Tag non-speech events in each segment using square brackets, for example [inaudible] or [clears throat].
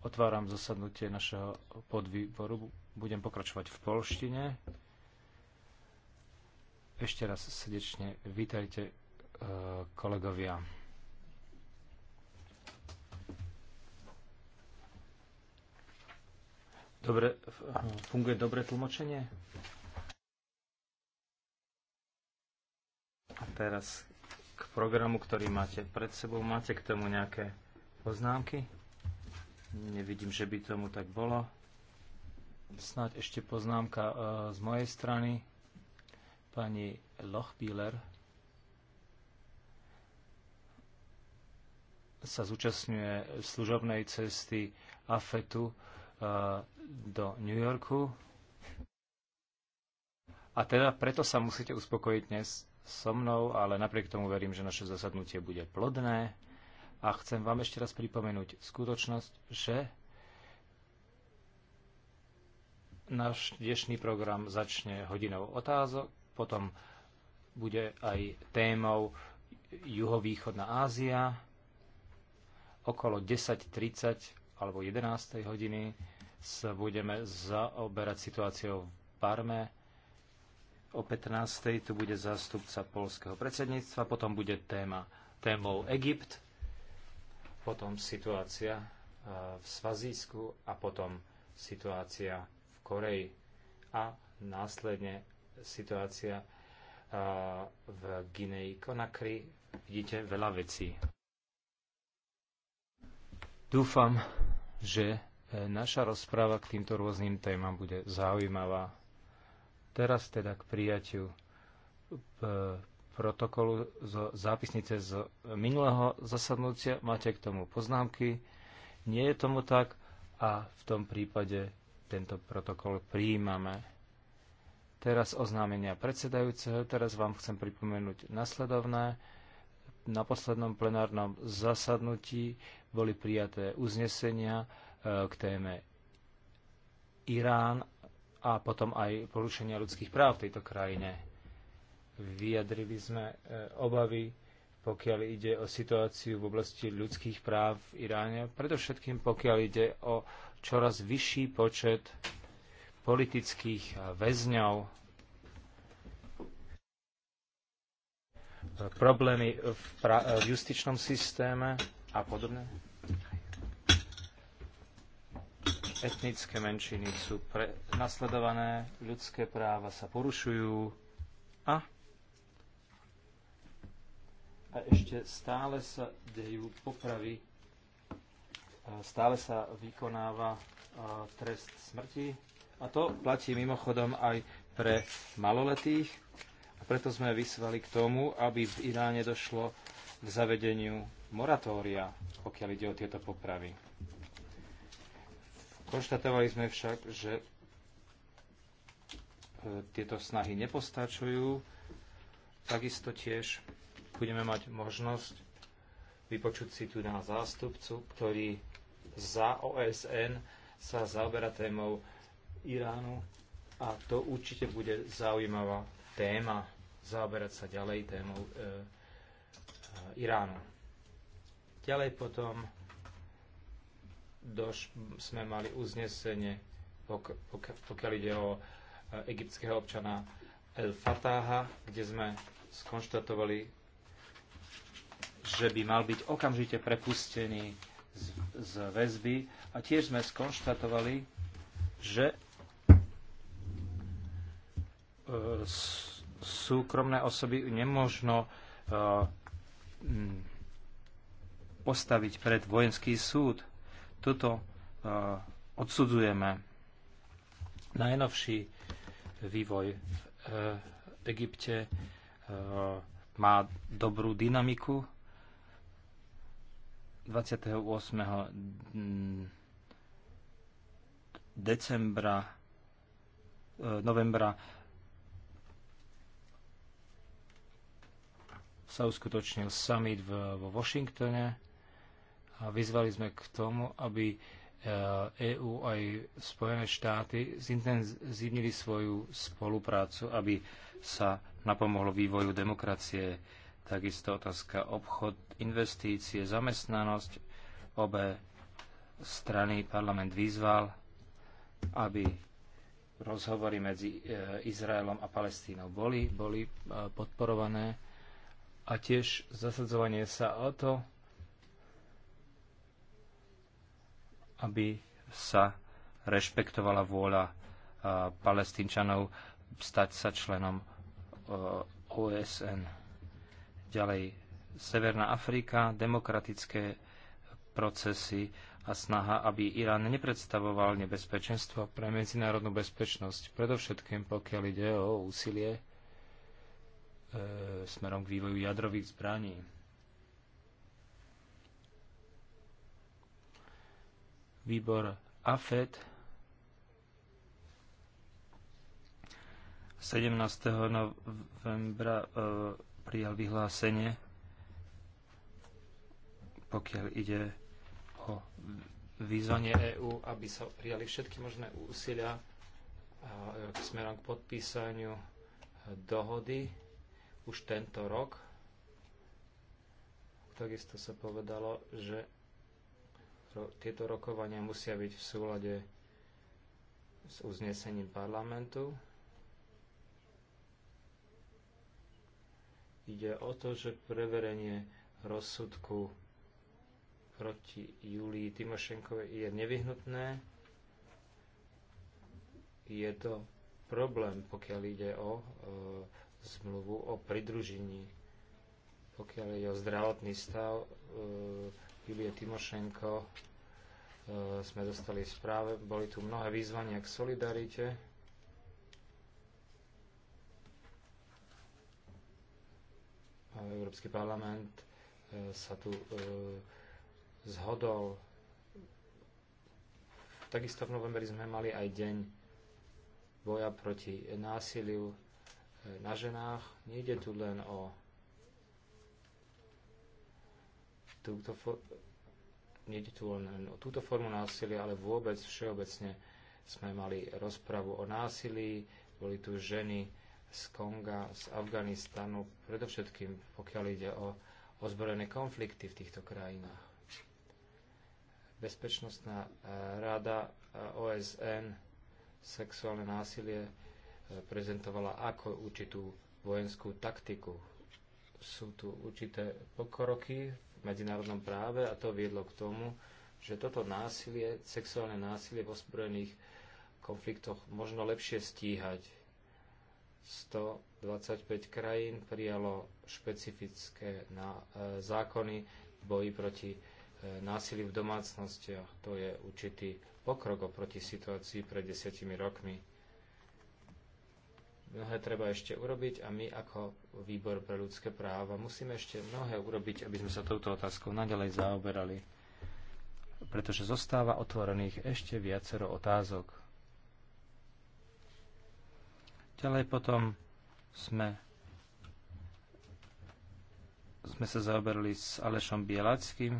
Otváram zasadnutie našeho podvýboru. Budem pokračovať v polštine. Ešte raz srdečne vítajte, e, kolegovia. Dobre, funguje dobre tlmočenie? A teraz k programu, ktorý máte pred sebou. Máte k tomu nejaké poznámky? Nevidím, že by tomu tak bolo. Snáď ešte poznámka e, z mojej strany. Pani Lochbíler sa zúčastňuje služobnej cesty AFETu e, do New Yorku. A teda preto sa musíte uspokojiť dnes so mnou, ale napriek tomu verím, že naše zasadnutie bude plodné. A chcem vám ešte raz pripomenúť skutočnosť, že náš dnešný program začne hodinou otázok, potom bude aj témou Juhovýchodná Ázia okolo 10.30 alebo 11. hodiny sa budeme zaoberať situáciou v Parme. O 15. tu bude zástupca polského predsedníctva, potom bude téma témou Egypt potom situácia e, v Svazísku a potom situácia v Koreji a následne situácia e, v Gineji Konakry. Vidíte veľa vecí. Dúfam, že e, naša rozpráva k týmto rôznym témam bude zaujímavá. Teraz teda k prijatiu protokolu z zápisnice z minulého zasadnutia. Máte k tomu poznámky? Nie je tomu tak a v tom prípade tento protokol prijímame. Teraz oznámenia predsedajúceho. Teraz vám chcem pripomenúť nasledovné. Na poslednom plenárnom zasadnutí boli prijaté uznesenia e, k téme Irán a potom aj porušenia ľudských práv v tejto krajine. Vyjadrili sme e, obavy, pokiaľ ide o situáciu v oblasti ľudských práv v Iráne, predovšetkým pokiaľ ide o čoraz vyšší počet politických e, väzňov. E, problémy v, v justičnom systéme a podobne. Etnické menšiny sú pre- nasledované, ľudské práva sa porušujú a a ešte stále sa dejú popravy, stále sa vykonáva trest smrti a to platí mimochodom aj pre maloletých a preto sme vysvali k tomu, aby v Iráne došlo k zavedeniu moratória, pokiaľ ide o tieto popravy. Konštatovali sme však, že e, tieto snahy nepostačujú, takisto tiež budeme mať možnosť vypočuť si tu na zástupcu, ktorý za OSN sa zaoberá témou Iránu a to určite bude zaujímavá téma zaoberať sa ďalej témou e, e, Iránu. Ďalej potom doš, sme mali uznesenie, pok, pok, pokiaľ ide o e, egyptského občana El Fataha, kde sme skonštatovali že by mal byť okamžite prepustený z, z väzby a tiež sme skonštatovali, že e, súkromné osoby nemôžno e, postaviť pred vojenský súd. Toto e, odsudzujeme. Najnovší vývoj v Egypte má dobrú dynamiku 28. Mm, decembra, e, novembra sa uskutočnil summit vo Washingtone a vyzvali sme k tomu, aby EÚ e aj Spojené štáty zintenzívnili svoju spoluprácu, aby sa napomohlo vývoju demokracie takisto otázka obchod, investície, zamestnanosť. Obe strany parlament vyzval, aby rozhovory medzi e, Izraelom a Palestínou boli, boli e, podporované a tiež zasadzovanie sa o to, aby sa rešpektovala vôľa e, palestínčanov stať sa členom OSN. Ďalej Severná Afrika, demokratické procesy a snaha, aby Irán nepredstavoval nebezpečenstvo pre medzinárodnú bezpečnosť, predovšetkým pokiaľ ide o úsilie e, smerom k vývoju jadrových zbraní. Výbor AFED 17. novembra e, prijal vyhlásenie, pokiaľ ide o výzvanie EÚ, aby sa prijali všetky možné úsilia k e, smerom k podpísaniu e, dohody už tento rok. Takisto sa povedalo, že tieto rokovania musia byť v súlade s uznesením parlamentu Ide o to, že preverenie rozsudku proti Julii Timošenkovej je nevyhnutné. Je to problém, pokiaľ ide o e, zmluvu o pridružení. Pokiaľ ide o zdravotný stav e, Julie Timošenko, e, sme dostali správe, boli tu mnohé výzvania k solidarite Európsky parlament e, sa tu e, zhodol. Takisto v novembri sme mali aj deň boja proti násiliu e, na ženách. Nejde tu len o túto nejde tu len o túto formu násilia, ale vôbec všeobecne sme mali rozpravu o násilí, boli tu ženy, z Konga, z Afganistanu, predovšetkým pokiaľ ide o ozbrojené konflikty v týchto krajinách. Bezpečnostná e, rada e, OSN sexuálne násilie e, prezentovala ako určitú vojenskú taktiku. Sú tu určité pokroky v medzinárodnom práve a to viedlo k tomu, že toto násilie, sexuálne násilie v ozbrojených konfliktoch možno lepšie stíhať 125 krajín prijalo špecifické na, e, zákony v boji proti e, násiliu v domácnostiach. To je určitý pokrok oproti situácii pred desiatimi rokmi. Mnohé treba ešte urobiť a my ako Výbor pre ľudské práva musíme ešte mnohé urobiť, aby sme sa touto otázkou nadalej zaoberali, pretože zostáva otvorených ešte viacero otázok. Ďalej potom sme, sme sa zaoberali s Alešom Bielackým,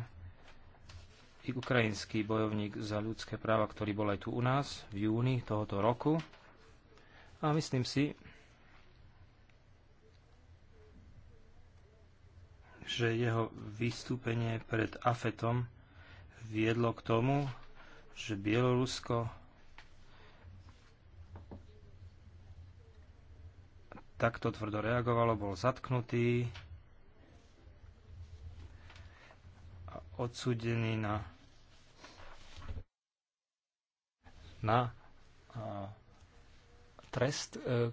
ukrajinský bojovník za ľudské práva, ktorý bol aj tu u nás v júni tohoto roku. A myslím si, že jeho vystúpenie pred Afetom viedlo k tomu, že Bielorusko takto tvrdo reagovalo, bol zatknutý a odsudený na na a, trest, e,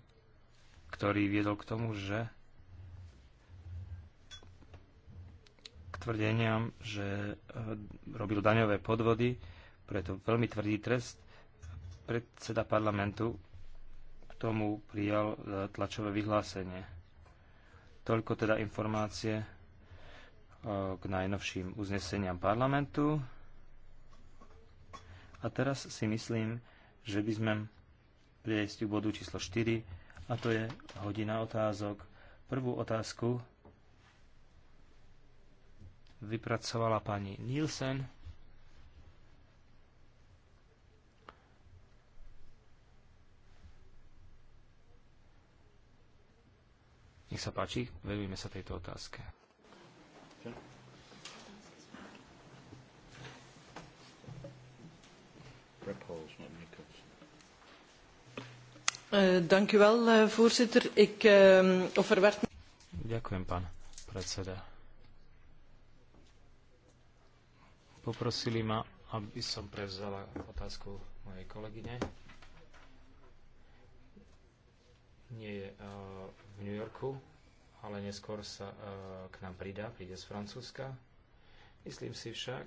ktorý viedol k tomu, že k tvrdeniam, že e, robil daňové podvody, preto veľmi tvrdý trest. Predseda parlamentu tomu prijal e, tlačové vyhlásenie. Toľko teda informácie e, k najnovším uzneseniam parlamentu. A teraz si myslím, že by sme prejsť k bodu číslo 4, a to je hodina otázok. Prvú otázku vypracovala pani Nielsen. Nech sa páči, venujme sa tejto otázke. Eh, eh, ehm, Ďakujem, pán predseda. Poprosili ma, aby som prevzala otázku mojej kolegyne. Nie je eh, v New Yorku, ale neskôr sa e, k nám pridá, príde z Francúzska. Myslím si však,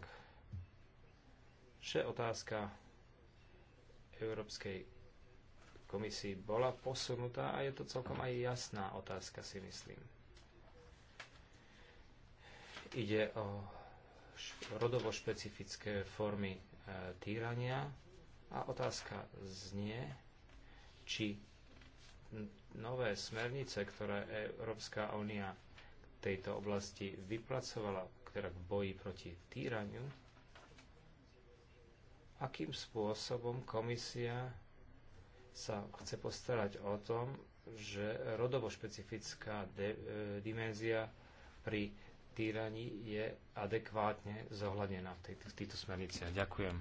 že otázka Európskej komisii bola posunutá a je to celkom aj jasná otázka, si myslím. Ide o rodovo špecifické formy e, týrania a otázka znie, či nové smernice, ktoré Európska únia v tejto oblasti vypracovala, ktorá v boji proti týraniu, akým spôsobom komisia sa chce postarať o tom, že rodovo špecifická de, e, dimenzia pri týraní je adekvátne zohľadnená v, tej, v týchto smerniciach. Ďakujem.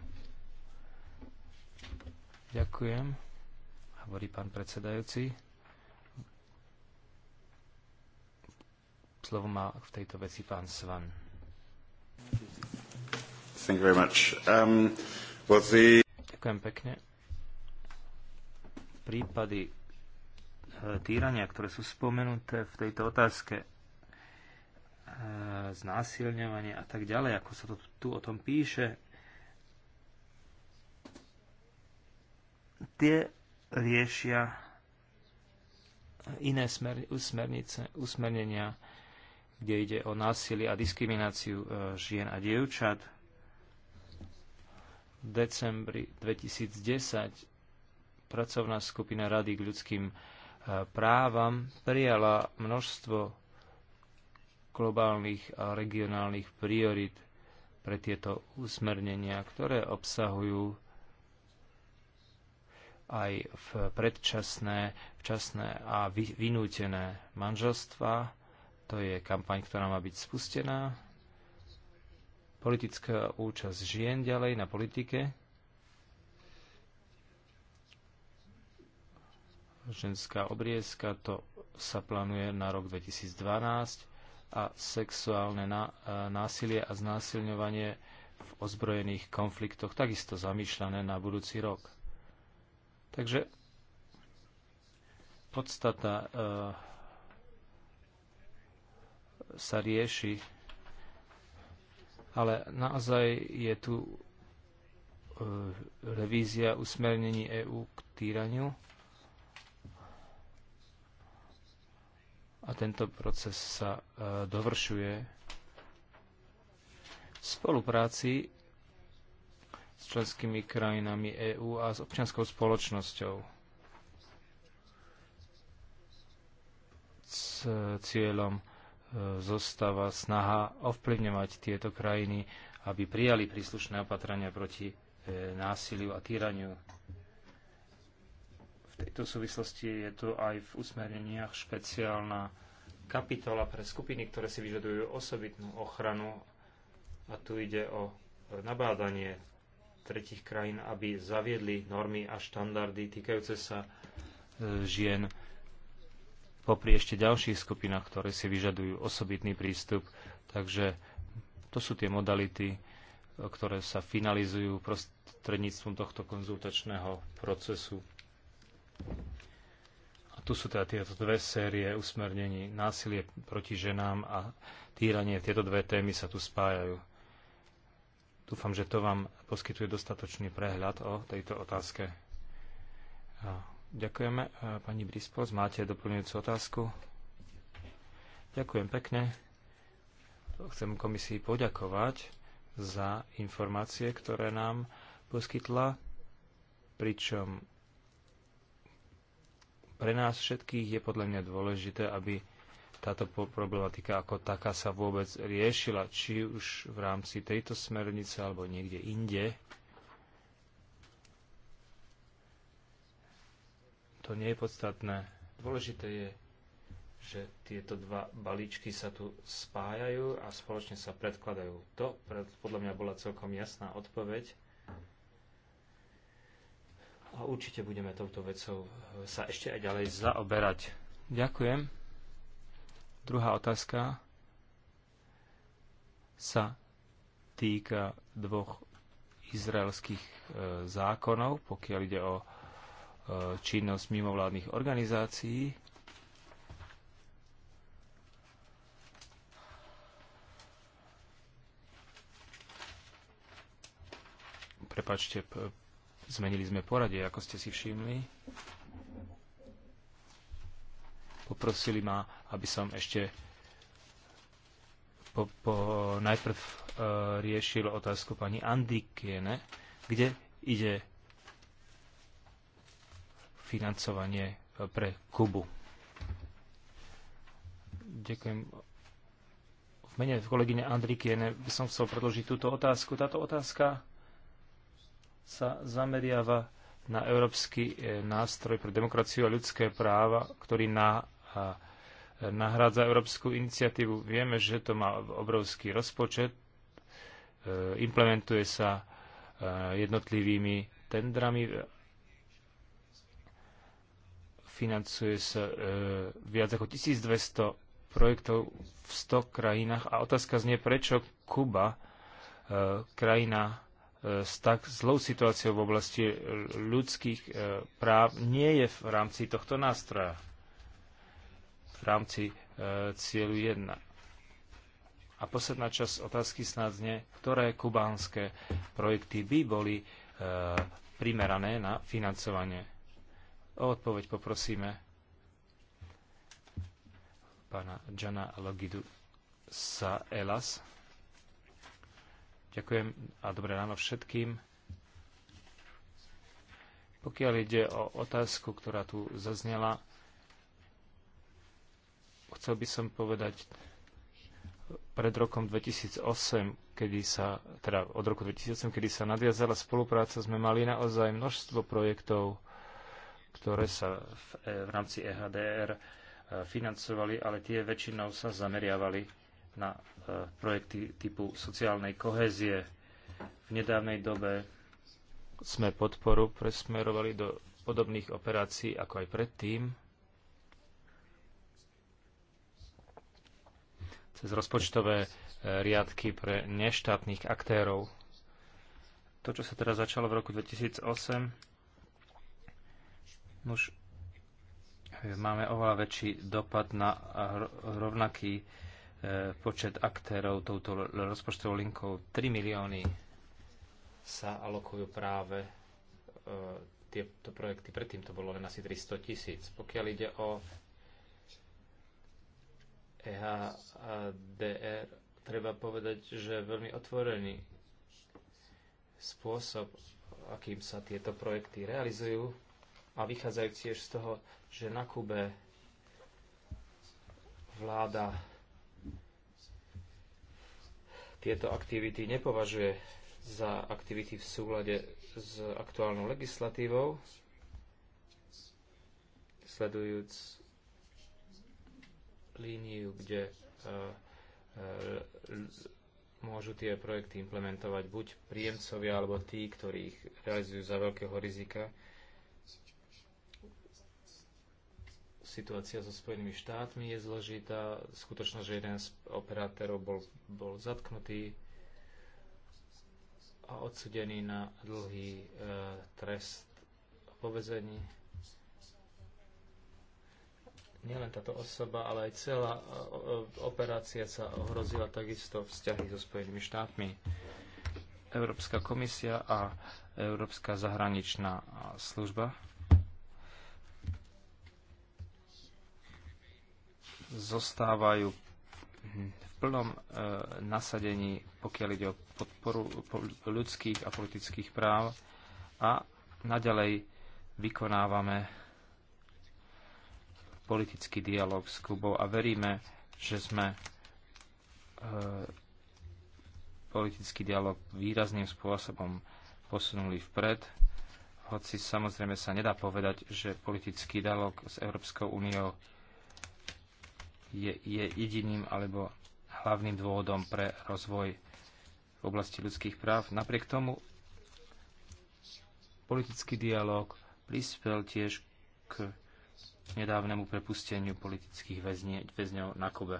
Ďakujem, hovorí pán predsedajúci. Slovo má v tejto veci pán Svan. Thank you very much. Um, well, the... Ďakujem pekne. Prípady e, týrania, ktoré sú spomenuté v tejto otázke, e, znásilňovanie a tak ďalej, ako sa to tu o tom píše, tie riešia iné smer, usmernice, usmernenia kde ide o násilie a diskrimináciu e, žien a dievčat. V decembri 2010 pracovná skupina Rady k ľudským e, právam prijala množstvo globálnych a regionálnych priorit pre tieto usmernenia, ktoré obsahujú aj v predčasné, včasné a vynútené manželstvá, to je kampaň, ktorá má byť spustená. Politická účasť žien ďalej na politike. Ženská obriezka, to sa plánuje na rok 2012 a sexuálne e, násilie a znásilňovanie v ozbrojených konfliktoch, takisto zamýšľané na budúci rok. Takže podstata e, sa rieši. Ale naozaj je tu e, revízia usmernení EÚ k týraniu. A tento proces sa e, dovršuje v spolupráci s členskými krajinami EÚ a s občianskou spoločnosťou s cieľom E, zostáva snaha ovplyvňovať tieto krajiny, aby prijali príslušné opatrenia proti e, násiliu a týraniu. V tejto súvislosti je tu aj v usmereniach špeciálna kapitola pre skupiny, ktoré si vyžadujú osobitnú ochranu a tu ide o nabádanie tretich krajín, aby zaviedli normy a štandardy týkajúce sa e, žien popri ešte ďalších skupinách, ktoré si vyžadujú osobitný prístup. Takže to sú tie modality, ktoré sa finalizujú prostredníctvom tohto konzultačného procesu. A tu sú teda tieto dve série usmernení násilie proti ženám a týranie. Tieto dve témy sa tu spájajú. Dúfam, že to vám poskytuje dostatočný prehľad o tejto otázke. Ďakujeme. Pani Brispos, máte doplňujúcu otázku? Ďakujem pekne. Chcem komisii poďakovať za informácie, ktoré nám poskytla, pričom pre nás všetkých je podľa mňa dôležité, aby táto problematika ako taká sa vôbec riešila, či už v rámci tejto smernice alebo niekde inde. To nie je podstatné. Dôležité je, že tieto dva balíčky sa tu spájajú a spoločne sa predkladajú. To pred, podľa mňa bola celkom jasná odpoveď. A určite budeme touto vecou e, sa ešte aj ďalej zaoberať. Ďakujem. Druhá otázka sa týka dvoch izraelských e, zákonov, pokiaľ ide o činnosť mimovládnych organizácií. Prepačte, zmenili sme poradie, ako ste si všimli. Poprosili ma, aby som ešte po, po, najprv e, riešil otázku pani Andrikiene, kde ide financovanie e, pre Kubu. Ďakujem. V mene kolegyne Andrikiene by som chcel predložiť túto otázku. Táto otázka sa zameriava na Európsky e, nástroj pre demokraciu a ľudské práva, ktorý na, a, e, nahrádza Európsku iniciatívu. Vieme, že to má obrovský rozpočet, implementuje sa jednotlivými tendrami financuje sa e, viac ako 1200 projektov v 100 krajinách a otázka znie, prečo Kuba, e, krajina e, s tak zlou situáciou v oblasti ľudských e, práv, nie je v rámci tohto nástroja, v rámci e, cieľu 1. A posledná časť otázky snad znie, ktoré kubánske projekty by boli e, primerané na financovanie O odpoveď poprosíme pána Jana Logidu sa Elas. Ďakujem a dobré ráno všetkým. Pokiaľ ide o otázku, ktorá tu zaznela, chcel by som povedať pred rokom 2008, kedy sa, teda od roku 2008, kedy sa nadviazala spolupráca, sme mali naozaj množstvo projektov, ktoré sa v, e, v rámci EHDR e, financovali, ale tie väčšinou sa zameriavali na e, projekty typu sociálnej kohézie. V nedávnej dobe sme podporu presmerovali do podobných operácií ako aj predtým. cez rozpočtové riadky pre neštátnych aktérov. To, čo sa teda začalo v roku 2008, Nuž, e, máme oveľa väčší dopad na rovnaký e, počet aktérov touto rozpočtovou linkou. 3 milióny sa alokujú práve e, tieto projekty. Predtým to bolo len asi 300 tisíc. Pokiaľ ide o EHDR, treba povedať, že veľmi otvorený spôsob, akým sa tieto projekty realizujú, a vychádzajú tiež z toho, že na Kube vláda tieto aktivity nepovažuje za aktivity v súlade s aktuálnou legislatívou, sledujúc líniu, kde e, e, môžu tie projekty implementovať buď príjemcovia, alebo tí, ktorých realizujú za veľkého rizika, Situácia so Spojenými štátmi je zložitá. Skutočnosť, že jeden z operátorov bol, bol zatknutý a odsudený na dlhý e, trest po vezení. Nielen táto osoba, ale aj celá e, operácia sa ohrozila takisto vzťahy so Spojenými štátmi. Európska komisia a Európska zahraničná služba zostávajú v plnom e, nasadení, pokiaľ ide o podporu ľudských a politických práv a naďalej vykonávame politický dialog s Kubou a veríme, že sme e, politický dialog výrazným spôsobom posunuli vpred, hoci samozrejme sa nedá povedať, že politický dialog s Európskou úniou je, je jediným alebo hlavným dôvodom pre rozvoj v oblasti ľudských práv. Napriek tomu politický dialog prispel tiež k nedávnemu prepusteniu politických väzňov na Kobe.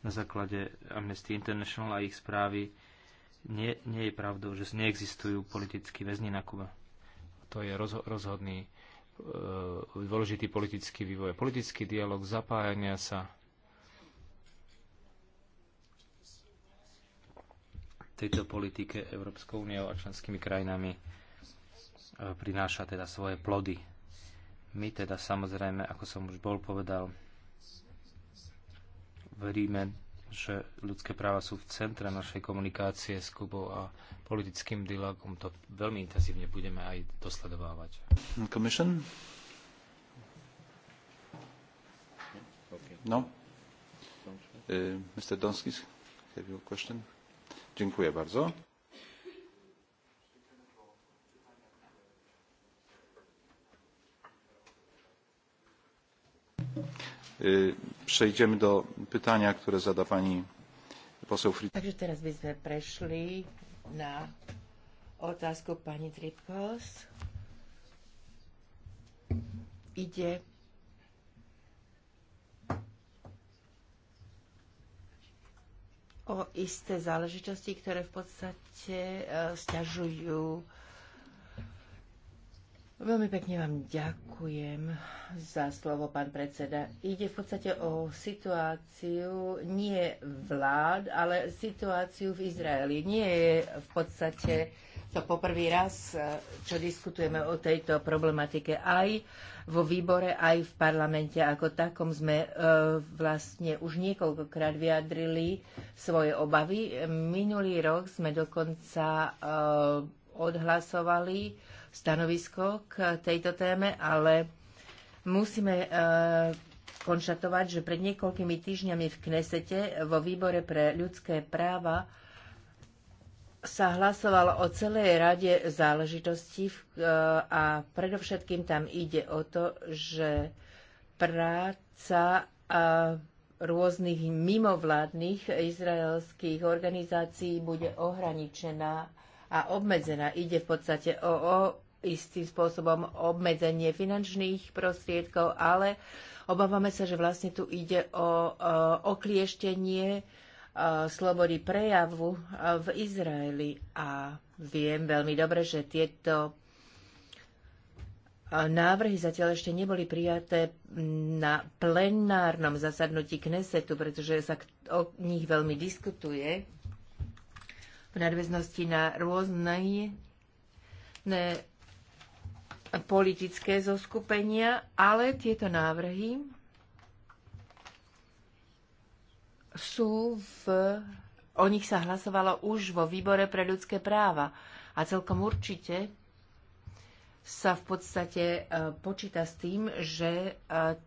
Na základe Amnesty International a ich správy nie, nie je pravdou, že neexistujú politickí väzni na Kube. To je rozhodný E, dôležitý politický vývoj, politický dialog, zapájania sa tejto politike Európskou úniou a členskými krajinami e, prináša teda svoje plody. My teda samozrejme, ako som už bol povedal, veríme že ľudské práva sú v centre našej komunikácie s Kubou a politickým dialogom to veľmi intenzívne budeme aj dosledovávať. Commission? No. E, Mr. Donskis, have you a question? Dziękuję bardzo. Y e, Przejdziemy do pytania, które zada pani poseł Takže teraz by sme prešli na otázku pani Tripkos. Ide o isté záležitosti, ktoré v podstate e, stiažujú Veľmi pekne vám ďakujem za slovo, pán predseda. Ide v podstate o situáciu nie vlád, ale situáciu v Izraeli. Nie je v podstate to poprvý raz, čo diskutujeme o tejto problematike aj vo výbore, aj v parlamente ako takom sme e, vlastne už niekoľkokrát vyjadrili svoje obavy. Minulý rok sme dokonca e, odhlasovali stanovisko k tejto téme, ale musíme e, konštatovať, že pred niekoľkými týždňami v Knesete vo výbore pre ľudské práva sa hlasovalo o celej rade záležitostí e, a predovšetkým tam ide o to, že práca e, rôznych mimovládnych izraelských organizácií bude ohraničená a obmedzená. Ide v podstate o, o istým spôsobom obmedzenie finančných prostriedkov, ale obávame sa, že vlastne tu ide o, oklieštenie e, slobody prejavu e, v Izraeli. A viem veľmi dobre, že tieto e, návrhy zatiaľ ešte neboli prijaté na plenárnom zasadnutí Knesetu, pretože sa o nich veľmi diskutuje v nadväznosti na rôzne politické zoskupenia, ale tieto návrhy sú v... O nich sa hlasovalo už vo výbore pre ľudské práva a celkom určite sa v podstate e, počíta s tým, že e,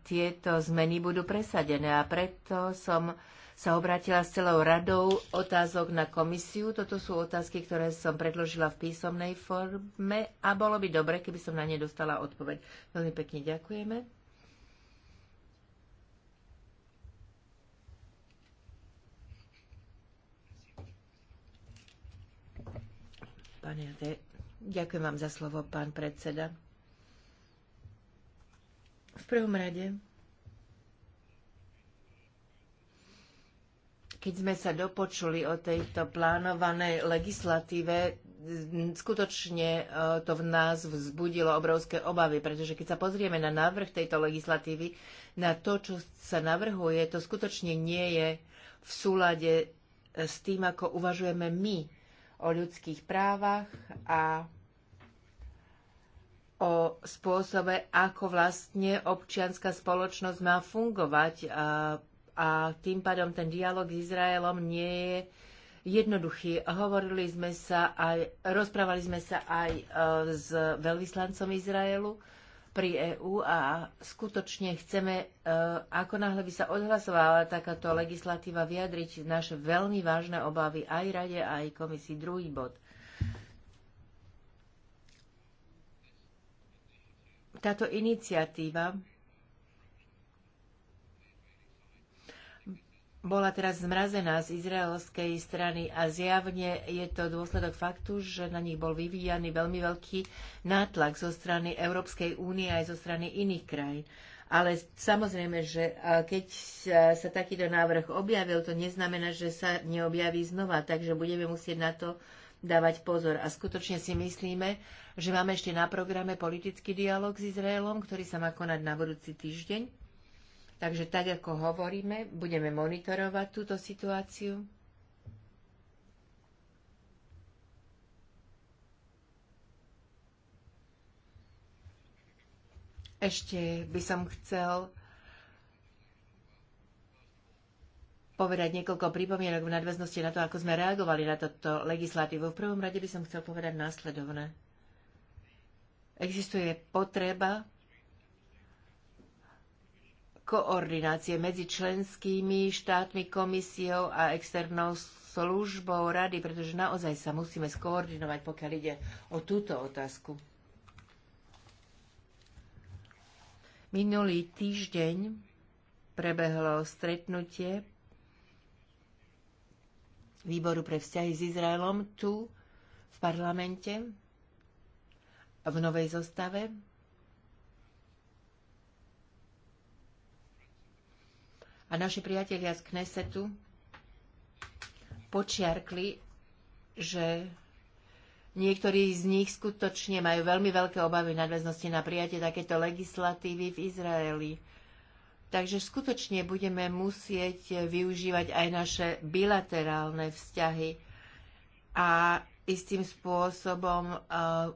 tieto zmeny budú presadené a preto som sa obrátila s celou radou otázok na komisiu. Toto sú otázky, ktoré som predložila v písomnej forme a bolo by dobre, keby som na ne dostala odpoveď. Veľmi pekne ďakujeme. Pane, ďakujem vám za slovo, pán predseda. V prvom rade Keď sme sa dopočuli o tejto plánovanej legislatíve, skutočne e, to v nás vzbudilo obrovské obavy, pretože keď sa pozrieme na návrh tejto legislatívy, na to, čo sa navrhuje, to skutočne nie je v súlade e, s tým, ako uvažujeme my o ľudských právach a o spôsobe, ako vlastne občianská spoločnosť má fungovať a tým pádom ten dialog s Izraelom nie je jednoduchý. Hovorili sme sa aj, rozprávali sme sa aj e, s veľvyslancom Izraelu pri EÚ a skutočne chceme, e, ako náhle by sa odhlasovala takáto legislatíva, vyjadriť naše veľmi vážne obavy aj rade, aj komisii. Druhý bod. Táto iniciatíva bola teraz zmrazená z izraelskej strany a zjavne je to dôsledok faktu, že na nich bol vyvíjaný veľmi veľký nátlak zo strany Európskej únie aj zo strany iných krajín. Ale samozrejme, že keď sa takýto návrh objavil, to neznamená, že sa neobjaví znova, takže budeme musieť na to dávať pozor. A skutočne si myslíme, že máme ešte na programe politický dialog s Izraelom, ktorý sa má konať na budúci týždeň Takže tak, ako hovoríme, budeme monitorovať túto situáciu. Ešte by som chcel povedať niekoľko pripomienok v nadväznosti na to, ako sme reagovali na toto legislatívu. V prvom rade by som chcel povedať následovné. Existuje potreba koordinácie medzi členskými štátmi, komisiou a externou službou rady, pretože naozaj sa musíme skoordinovať, pokiaľ ide o túto otázku. Minulý týždeň prebehlo stretnutie výboru pre vzťahy s Izraelom tu v parlamente v novej zostave A naši priatelia z Knesetu počiarkli, že niektorí z nich skutočne majú veľmi veľké obavy v nadväznosti na prijatie takéto legislatívy v Izraeli. Takže skutočne budeme musieť využívať aj naše bilaterálne vzťahy a istým spôsobom uh,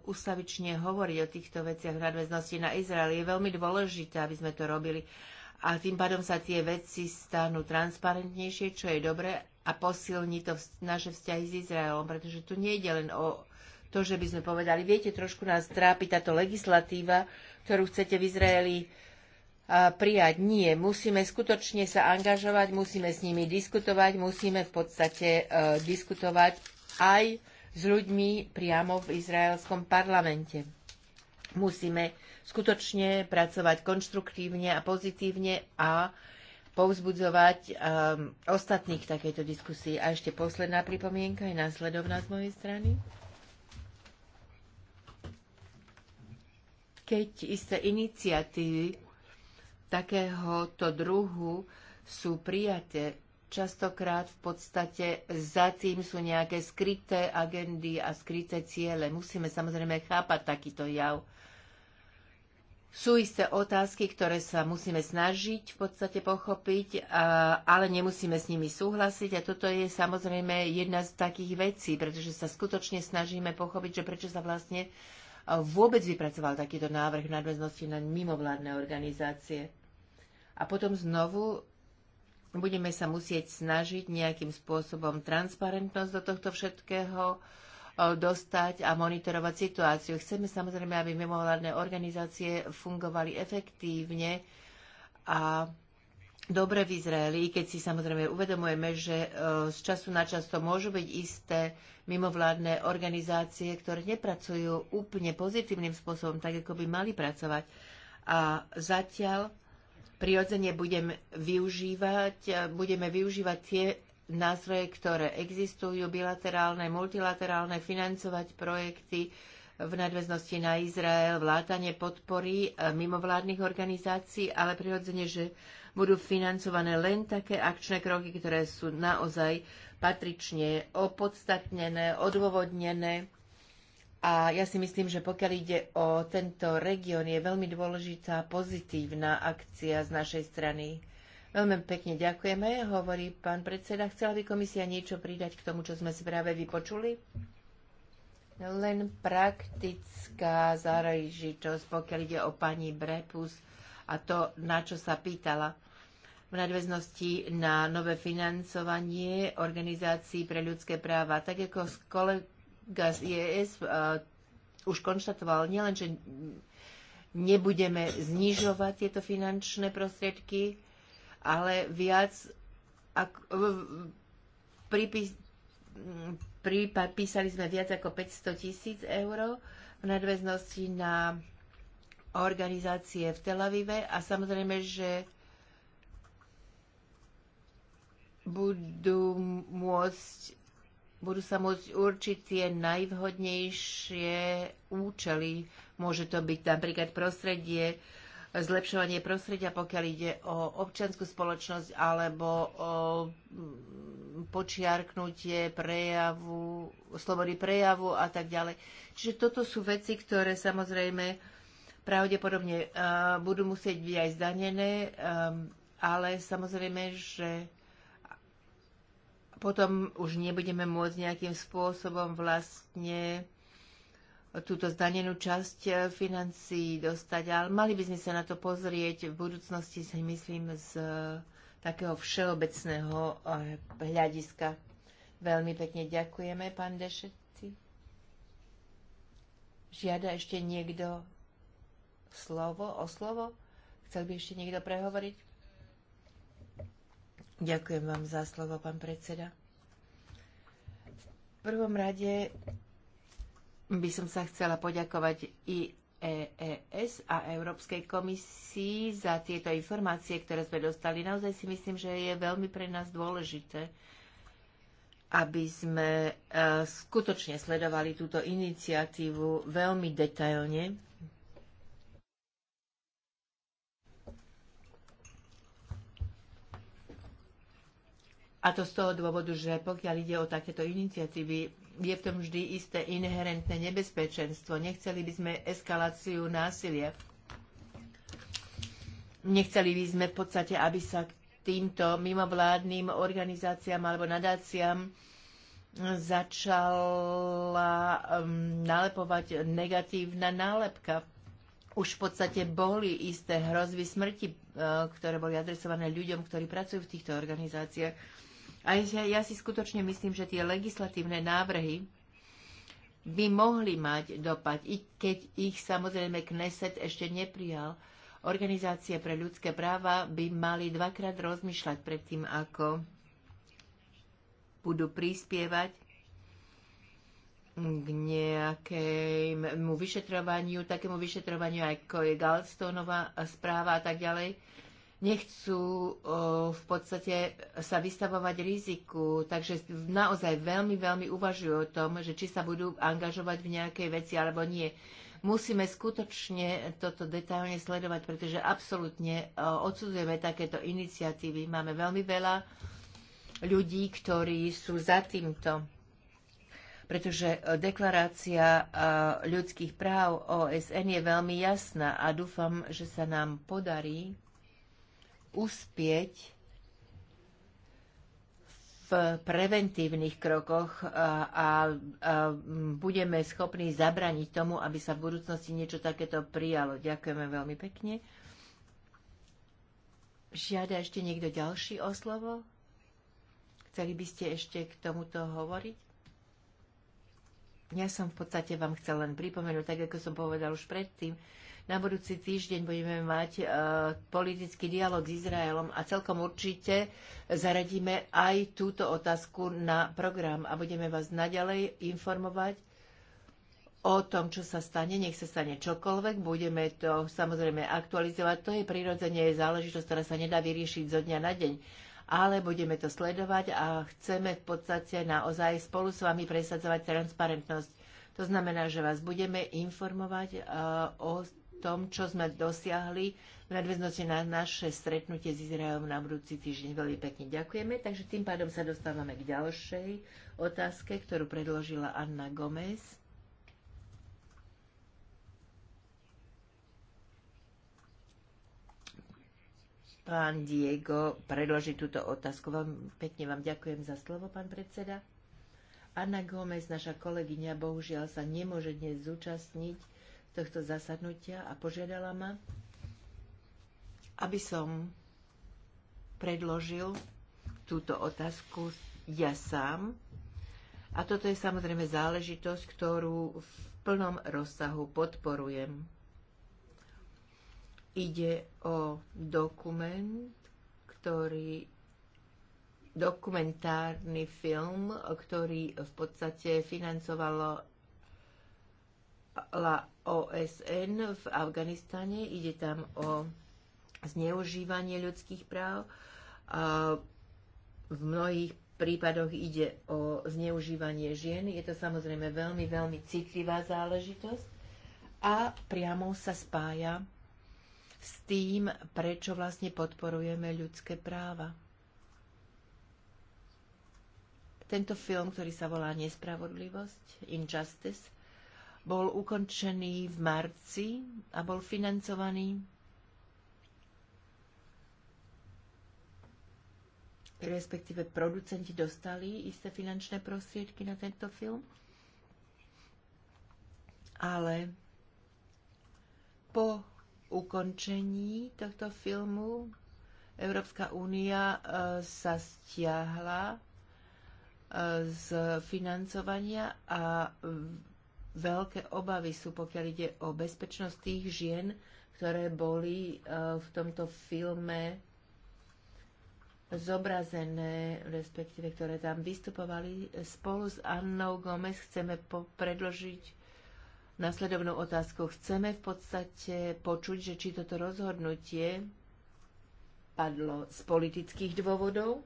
ustavične hovoriť o týchto veciach v nadväznosti na Izrael. Je veľmi dôležité, aby sme to robili a tým pádom sa tie veci stanú transparentnejšie, čo je dobre a posilní to naše vzťahy s Izraelom, pretože tu nie je len o to, že by sme povedali, viete, trošku nás trápi táto legislatíva, ktorú chcete v Izraeli prijať. Nie, musíme skutočne sa angažovať, musíme s nimi diskutovať, musíme v podstate uh, diskutovať aj s ľuďmi priamo v izraelskom parlamente. Musíme skutočne pracovať konštruktívne a pozitívne a povzbudzovať um, ostatných k takejto diskusii. A ešte posledná pripomienka je následovná z mojej strany. Keď isté iniciatívy takéhoto druhu sú prijaté, častokrát v podstate za tým sú nejaké skryté agendy a skryté ciele. Musíme samozrejme chápať takýto jav sú isté otázky, ktoré sa musíme snažiť v podstate pochopiť, ale nemusíme s nimi súhlasiť. A toto je samozrejme jedna z takých vecí, pretože sa skutočne snažíme pochopiť, že prečo sa vlastne vôbec vypracoval takýto návrh v nadväznosti na mimovládne organizácie. A potom znovu budeme sa musieť snažiť nejakým spôsobom transparentnosť do tohto všetkého E, dostať a monitorovať situáciu. Chceme samozrejme, aby mimovládne organizácie fungovali efektívne a dobre v Izraeli, keď si samozrejme uvedomujeme, že e, z času na čas to môžu byť isté mimovládne organizácie, ktoré nepracujú úplne pozitívnym spôsobom, tak ako by mali pracovať. A zatiaľ prirodzene budem využívať, e, budeme využívať tie nástroje, ktoré existujú, bilaterálne, multilaterálne, financovať projekty v nadväznosti na Izrael, vlátanie podpory e, mimovládnych organizácií, ale prirodzene, že budú financované len také akčné kroky, ktoré sú naozaj patrične opodstatnené, odôvodnené. A ja si myslím, že pokiaľ ide o tento región, je veľmi dôležitá pozitívna akcia z našej strany. Veľmi pekne ďakujeme, hovorí pán predseda. Chcela by komisia niečo pridať k tomu, čo sme práve vypočuli? Len praktická záležitosť, pokiaľ ide o pani Brepus a to, na čo sa pýtala v nadväznosti na nové financovanie organizácií pre ľudské práva. Tak ako kolega z IES uh, e, už konštatoval, nielen, že nebudeme znižovať tieto finančné prostriedky, ale viac ako, pripis, písali sme viac ako 500 tisíc eur v nadväznosti na organizácie v Tel Avive a samozrejme, že budú môcť budú sa môcť určiť tie najvhodnejšie účely. Môže to byť napríklad prostredie, zlepšovanie prostredia, pokiaľ ide o občianskú spoločnosť alebo o mm, počiarknutie prejavu, slobody prejavu a tak ďalej. Čiže toto sú veci, ktoré samozrejme pravdepodobne e, budú musieť byť aj zdanené, e, ale samozrejme, že potom už nebudeme môcť nejakým spôsobom vlastne túto zdanenú časť e, financií dostať, ale mali by sme sa na to pozrieť v budúcnosti, si myslím, z e, takého všeobecného e, hľadiska. Veľmi pekne ďakujeme, pán Dešetci. Žiada ešte niekto slovo, o slovo? Chcel by ešte niekto prehovoriť? Ďakujem vám za slovo, pán predseda. V prvom rade by som sa chcela poďakovať i EES a Európskej komisii za tieto informácie, ktoré sme dostali. Naozaj si myslím, že je veľmi pre nás dôležité, aby sme e, skutočne sledovali túto iniciatívu veľmi detailne. A to z toho dôvodu, že pokiaľ ide o takéto iniciatívy, je v tom vždy isté inherentné nebezpečenstvo. Nechceli by sme eskaláciu násilia. Nechceli by sme v podstate, aby sa k týmto mimovládnym organizáciám alebo nadáciám začala um, nalepovať negatívna nálepka. Už v podstate boli isté hrozby smrti, uh, ktoré boli adresované ľuďom, ktorí pracujú v týchto organizáciách. A ja si skutočne myslím, že tie legislatívne návrhy by mohli mať dopad, i keď ich samozrejme Kneset ešte neprijal. Organizácie pre ľudské práva by mali dvakrát rozmýšľať pred tým, ako budú prispievať k nejakému vyšetrovaniu, takému vyšetrovaniu, ako je Galstonová správa a tak ďalej nechcú v podstate sa vystavovať riziku, takže naozaj veľmi, veľmi uvažujú o tom, že či sa budú angažovať v nejakej veci alebo nie. Musíme skutočne toto detailne sledovať, pretože absolútne odsudzujeme takéto iniciatívy. Máme veľmi veľa ľudí, ktorí sú za týmto pretože deklarácia ľudských práv OSN je veľmi jasná a dúfam, že sa nám podarí uspieť v preventívnych krokoch a, a, a budeme schopní zabraniť tomu, aby sa v budúcnosti niečo takéto prijalo. Ďakujeme veľmi pekne. Žiada ešte niekto ďalší o slovo? Chceli by ste ešte k tomuto hovoriť? Ja som v podstate vám chcel len pripomenúť, tak ako som povedal už predtým, na budúci týždeň budeme mať e, politický dialog s Izraelom a celkom určite zaradíme aj túto otázku na program a budeme vás naďalej informovať o tom, čo sa stane, nech sa stane čokoľvek, budeme to samozrejme aktualizovať. To je prirodzene záležitosť, ktorá sa nedá vyriešiť zo dňa na deň. Ale budeme to sledovať a chceme v podstate naozaj spolu s vami presadzovať transparentnosť. To znamená, že vás budeme informovať e, o tom, čo sme dosiahli v nadväznosti na naše stretnutie s Izraelom na budúci týždeň. Veľmi pekne ďakujeme. Takže tým pádom sa dostávame k ďalšej otázke, ktorú predložila Anna Gomez. Pán Diego predloží túto otázku. Veľmi pekne vám ďakujem za slovo, pán predseda. Anna Gomez, naša kolegyňa, bohužiaľ sa nemôže dnes zúčastniť tohto zasadnutia a požiadala ma, aby som predložil túto otázku ja sám. A toto je samozrejme záležitosť, ktorú v plnom rozsahu podporujem. Ide o dokument, ktorý dokumentárny film, ktorý v podstate financovalo la OSN v Afganistane. Ide tam o zneužívanie ľudských práv. A v mnohých prípadoch ide o zneužívanie žien. Je to samozrejme veľmi, veľmi citlivá záležitosť a priamo sa spája s tým, prečo vlastne podporujeme ľudské práva. Tento film, ktorý sa volá Nespravodlivosť, Injustice, bol ukončený v marci a bol financovaný respektíve producenti dostali isté finančné prostriedky na tento film. Ale po ukončení tohto filmu Európska únia e, sa stiahla e, z financovania a veľké obavy sú, pokiaľ ide o bezpečnosť tých žien, ktoré boli e, v tomto filme zobrazené, respektíve ktoré tam vystupovali. Spolu s Annou Gomez chceme predložiť nasledovnú otázku. Chceme v podstate počuť, že či toto rozhodnutie padlo z politických dôvodov,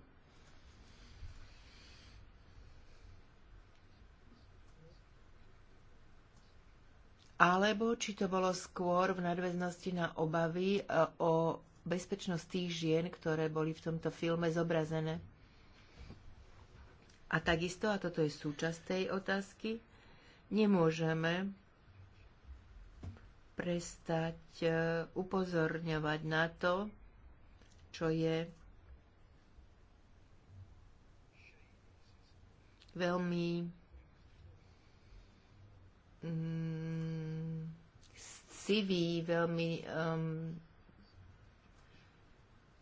alebo či to bolo skôr v nadväznosti na obavy e, o bezpečnosť tých žien, ktoré boli v tomto filme zobrazené. A takisto, a toto je súčasť tej otázky, nemôžeme prestať e, upozorňovať na to, čo je veľmi mm, sivý, veľmi um,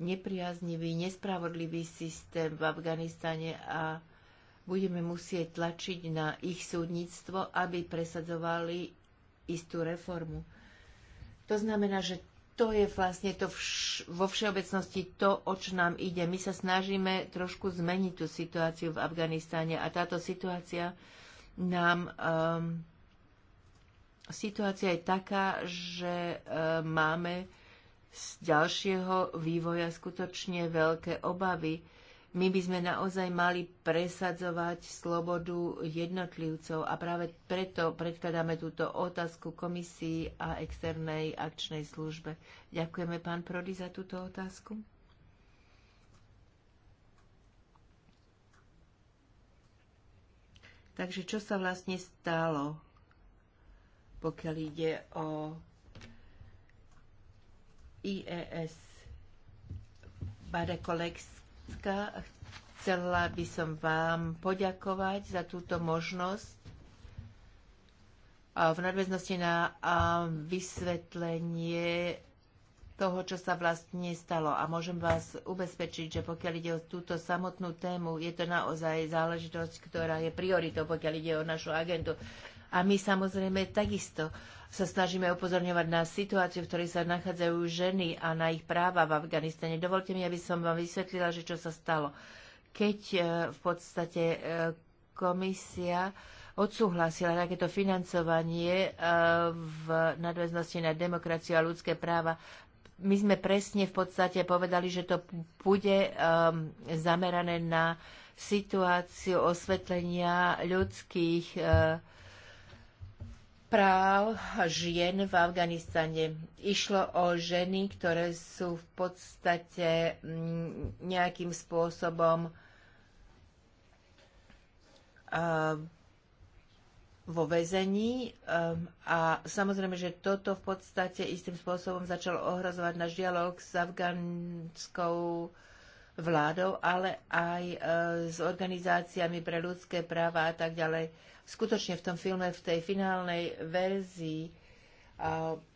nepriaznivý, nespravodlivý systém v Afganistane a budeme musieť tlačiť na ich súdnictvo, aby presadzovali istú reformu. To znamená, že to je vlastne to vš- vo všeobecnosti to, o čo nám ide. My sa snažíme trošku zmeniť tú situáciu v Afganistáne a táto situácia nám um, situácia je taká, že e, máme z ďalšieho vývoja skutočne veľké obavy. My by sme naozaj mali presadzovať slobodu jednotlivcov a práve preto predkladáme túto otázku komisii a externej akčnej službe. Ďakujeme, pán Prody, za túto otázku. Takže čo sa vlastne stalo pokiaľ ide o IES Barekolekska. Chcela by som vám poďakovať za túto možnosť v nadväznosti na vysvetlenie toho, čo sa vlastne stalo. A môžem vás ubezpečiť, že pokiaľ ide o túto samotnú tému, je to naozaj záležitosť, ktorá je prioritou, pokiaľ ide o našu agendu. A my samozrejme takisto sa snažíme upozorňovať na situáciu, v ktorej sa nachádzajú ženy a na ich práva v Afganistane. Dovolte mi, aby som vám vysvetlila, že čo sa stalo. Keď e, v podstate e, komisia odsúhlasila takéto financovanie e, v nadväznosti na demokraciu a ľudské práva, my sme presne v podstate povedali, že to bude um, zamerané na situáciu osvetlenia ľudských práv práv žien v Afganistane. Išlo o ženy, ktoré sú v podstate mm, nejakým spôsobom vo väzení um, a samozrejme, že toto v podstate istým spôsobom začalo ohrozovať náš dialog s afgánskou vládou, ale aj e, s organizáciami pre ľudské práva a tak ďalej skutočne v tom filme, v tej finálnej verzii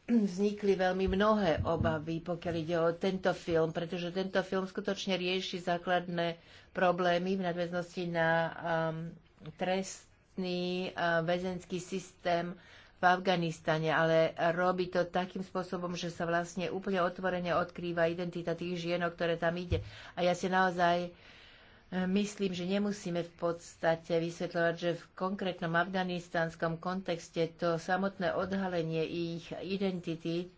vznikli veľmi mnohé obavy, pokiaľ ide o tento film, pretože tento film skutočne rieši základné problémy v nadväznosti na um, trestný uh, väzenský systém v Afganistane, ale robí to takým spôsobom, že sa vlastne úplne otvorene odkrýva identita tých žienok, ktoré tam ide. A ja si naozaj uh, Myslím, že nemusíme v podstate vysvetľovať, že v konkrétnom afganistánskom kontexte to samotné odhalenie ich identity,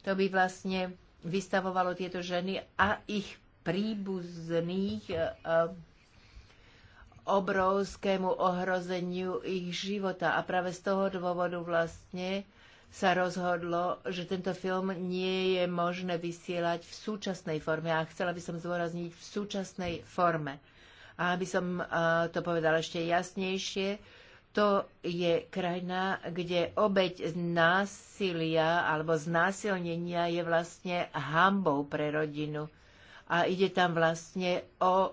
to by vlastne vystavovalo tieto ženy a ich príbuzných e, obrovskému ohrozeniu ich života. A práve z toho dôvodu vlastne sa rozhodlo, že tento film nie je možné vysielať v súčasnej forme. A chcela by som zdôrazniť v súčasnej forme. A aby som e, to povedala ešte jasnejšie, to je krajina, kde obeď násilia alebo znásilnenia je vlastne hambou pre rodinu. A ide tam vlastne o e,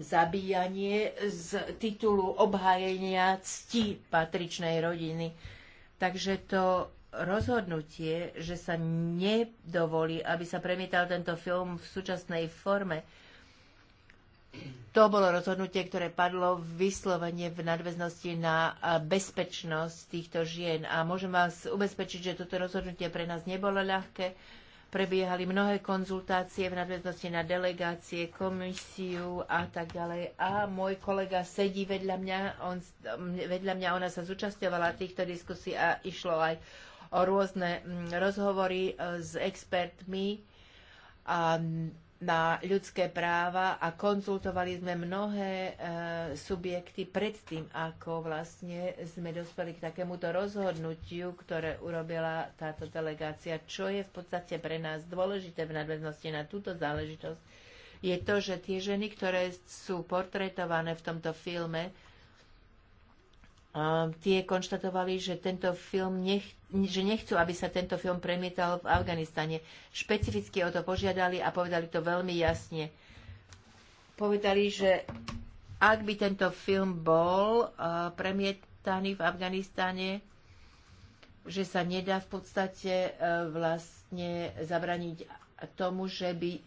zabíjanie z titulu obhájenia cti patričnej rodiny. Takže to rozhodnutie, že sa nedovolí, aby sa premietal tento film v súčasnej forme, to bolo rozhodnutie, ktoré padlo vyslovene v nadväznosti na bezpečnosť týchto žien. A môžem vás ubezpečiť, že toto rozhodnutie pre nás nebolo ľahké. Prebiehali mnohé konzultácie v nadväznosti na delegácie, komisiu a tak ďalej. A môj kolega sedí vedľa mňa, on, vedľa mňa ona sa zúčastňovala týchto diskusí a išlo aj o rôzne mm, rozhovory e, s expertmi. A na ľudské práva a konzultovali sme mnohé e, subjekty predtým, ako vlastne sme dospeli k takémuto rozhodnutiu, ktoré urobila táto delegácia. Čo je v podstate pre nás dôležité v nadväznosti na túto záležitosť, je to, že tie ženy, ktoré sú portretované v tomto filme, tie konštatovali, že tento film nech, že nechcú, aby sa tento film premietal v Afganistane. Špecificky o to požiadali a povedali to veľmi jasne. Povedali, že ak by tento film bol uh, premietaný v Afganistane, že sa nedá v podstate uh, vlastne zabraniť tomu, že by e,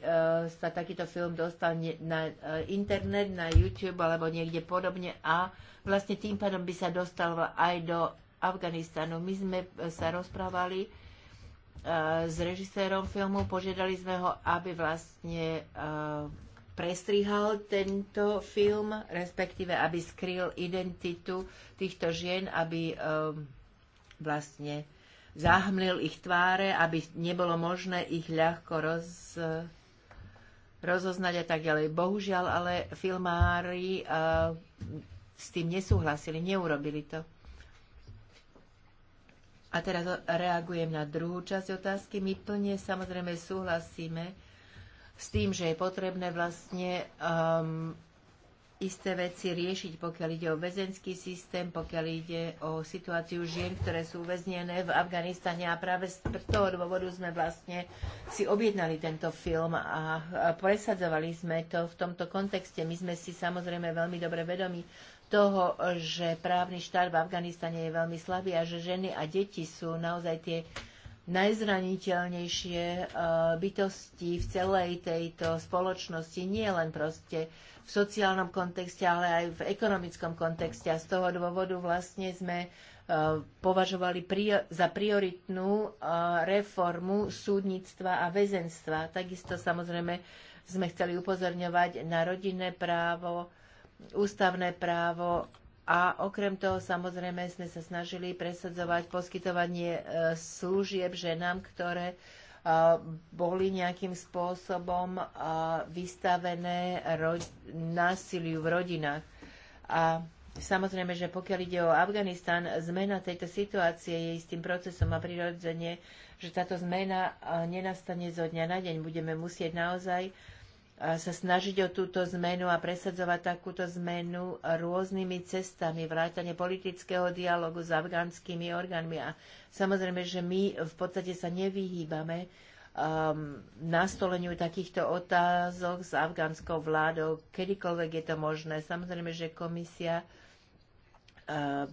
sa takýto film dostal na e, internet, na YouTube alebo niekde podobne a vlastne tým pádom by sa dostal aj do Afganistanu. My sme e, sa rozprávali s režisérom filmu, požiadali sme ho, aby vlastne prestrihal tento film, respektíve aby skryl identitu týchto žien, aby vlastne zahmlil ich tváre, aby nebolo možné ich ľahko roz, rozoznať a tak ďalej. Bohužiaľ, ale filmári uh, s tým nesúhlasili, neurobili to. A teraz reagujem na druhú časť otázky. My plne samozrejme súhlasíme s tým, že je potrebné vlastne um, isté veci riešiť, pokiaľ ide o väzenský systém, pokiaľ ide o situáciu žien, ktoré sú uväznené v Afganistane a práve z toho dôvodu sme vlastne si objednali tento film a presadzovali sme to v tomto kontexte. My sme si samozrejme veľmi dobre vedomi toho, že právny štát v Afganistane je veľmi slabý a že ženy a deti sú naozaj tie najzraniteľnejšie eh, bytosti v celej tejto spoločnosti, nie len proste v sociálnom kontexte, ale aj v ekonomickom kontexte. A z toho dôvodu vlastne sme eh, považovali za prioritnú eh, reformu súdnictva a väzenstva. Takisto samozrejme sme chceli upozorňovať na rodinné právo, ústavné právo a okrem toho samozrejme sme sa snažili presadzovať poskytovanie e, služieb ženám, ktoré e, boli nejakým spôsobom e, vystavené násiliu v rodinách. A samozrejme, že pokiaľ ide o Afganistan, zmena tejto situácie je istým procesom a prirodzene, že táto zmena nenastane zo dňa na deň. Budeme musieť naozaj sa snažiť o túto zmenu a presadzovať takúto zmenu rôznymi cestami, vrátane politického dialogu s afgánskymi orgánmi. A samozrejme, že my v podstate sa nevyhýbame um, nastoleniu takýchto otázok s afgánskou vládou, kedykoľvek je to možné. Samozrejme, že komisia uh,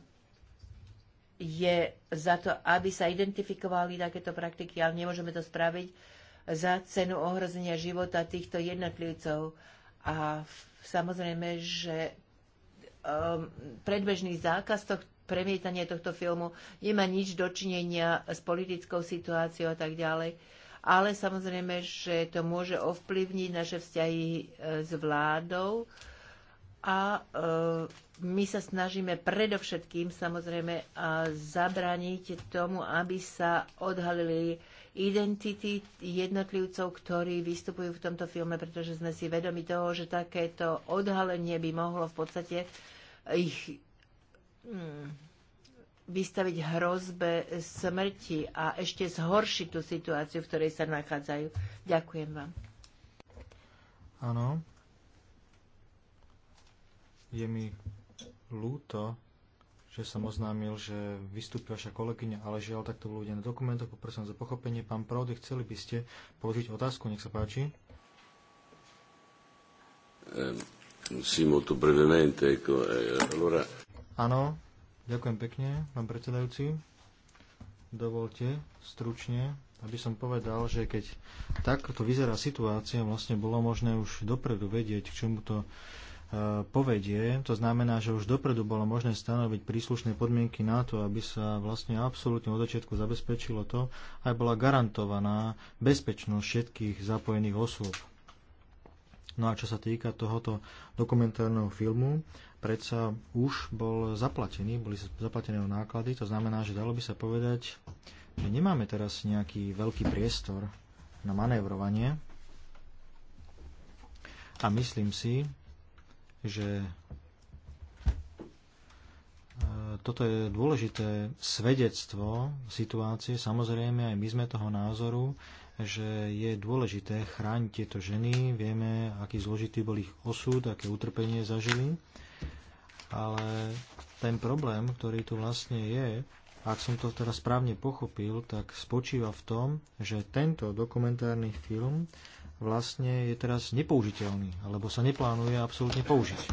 je za to, aby sa identifikovali takéto praktiky, ale nemôžeme to spraviť za cenu ohrozenia života týchto jednotlivcov. A samozrejme, že um, predbežný zákaz tohto premietania tohto filmu nemá nič dočinenia s politickou situáciou a tak ďalej. Ale samozrejme, že to môže ovplyvniť naše vzťahy e, s vládou a e, my sa snažíme predovšetkým samozrejme zabrániť tomu, aby sa odhalili identity jednotlivcov, ktorí vystupujú v tomto filme, pretože sme si vedomi toho, že takéto odhalenie by mohlo v podstate ich mm, vystaviť hrozbe smrti a ešte zhoršiť tú situáciu, v ktorej sa nachádzajú. Ďakujem vám. Áno. Je mi ľúto, že som oznámil, že vystúpi vaša kolegyňa, ale žiaľ, tak to bolo uvedené na dokumentoch. Poprosím za pochopenie. Pán Prody, chceli by ste položiť otázku? Nech sa páči. Ehm, sì, molto brevemente, ecco, eh, allora... Áno, ďakujem pekne, pán predsedajúci. Dovolte stručne, aby som povedal, že keď takto vyzerá situácia, vlastne bolo možné už dopredu vedieť, k čomu to povedie. To znamená, že už dopredu bolo možné stanoviť príslušné podmienky na to, aby sa vlastne absolútne od začiatku zabezpečilo to, aj bola garantovaná bezpečnosť všetkých zapojených osôb. No a čo sa týka tohoto dokumentárneho filmu, predsa už bol zaplatený, boli zaplatené náklady, to znamená, že dalo by sa povedať, že nemáme teraz nejaký veľký priestor na manévrovanie a myslím si, že e, toto je dôležité svedectvo situácie. Samozrejme, aj my sme toho názoru, že je dôležité chrániť tieto ženy. Vieme, aký zložitý bol ich osud, aké utrpenie zažili. Ale ten problém, ktorý tu vlastne je, ak som to teraz správne pochopil, tak spočíva v tom, že tento dokumentárny film vlastne je teraz nepoužiteľný, alebo sa neplánuje absolútne použiť. E,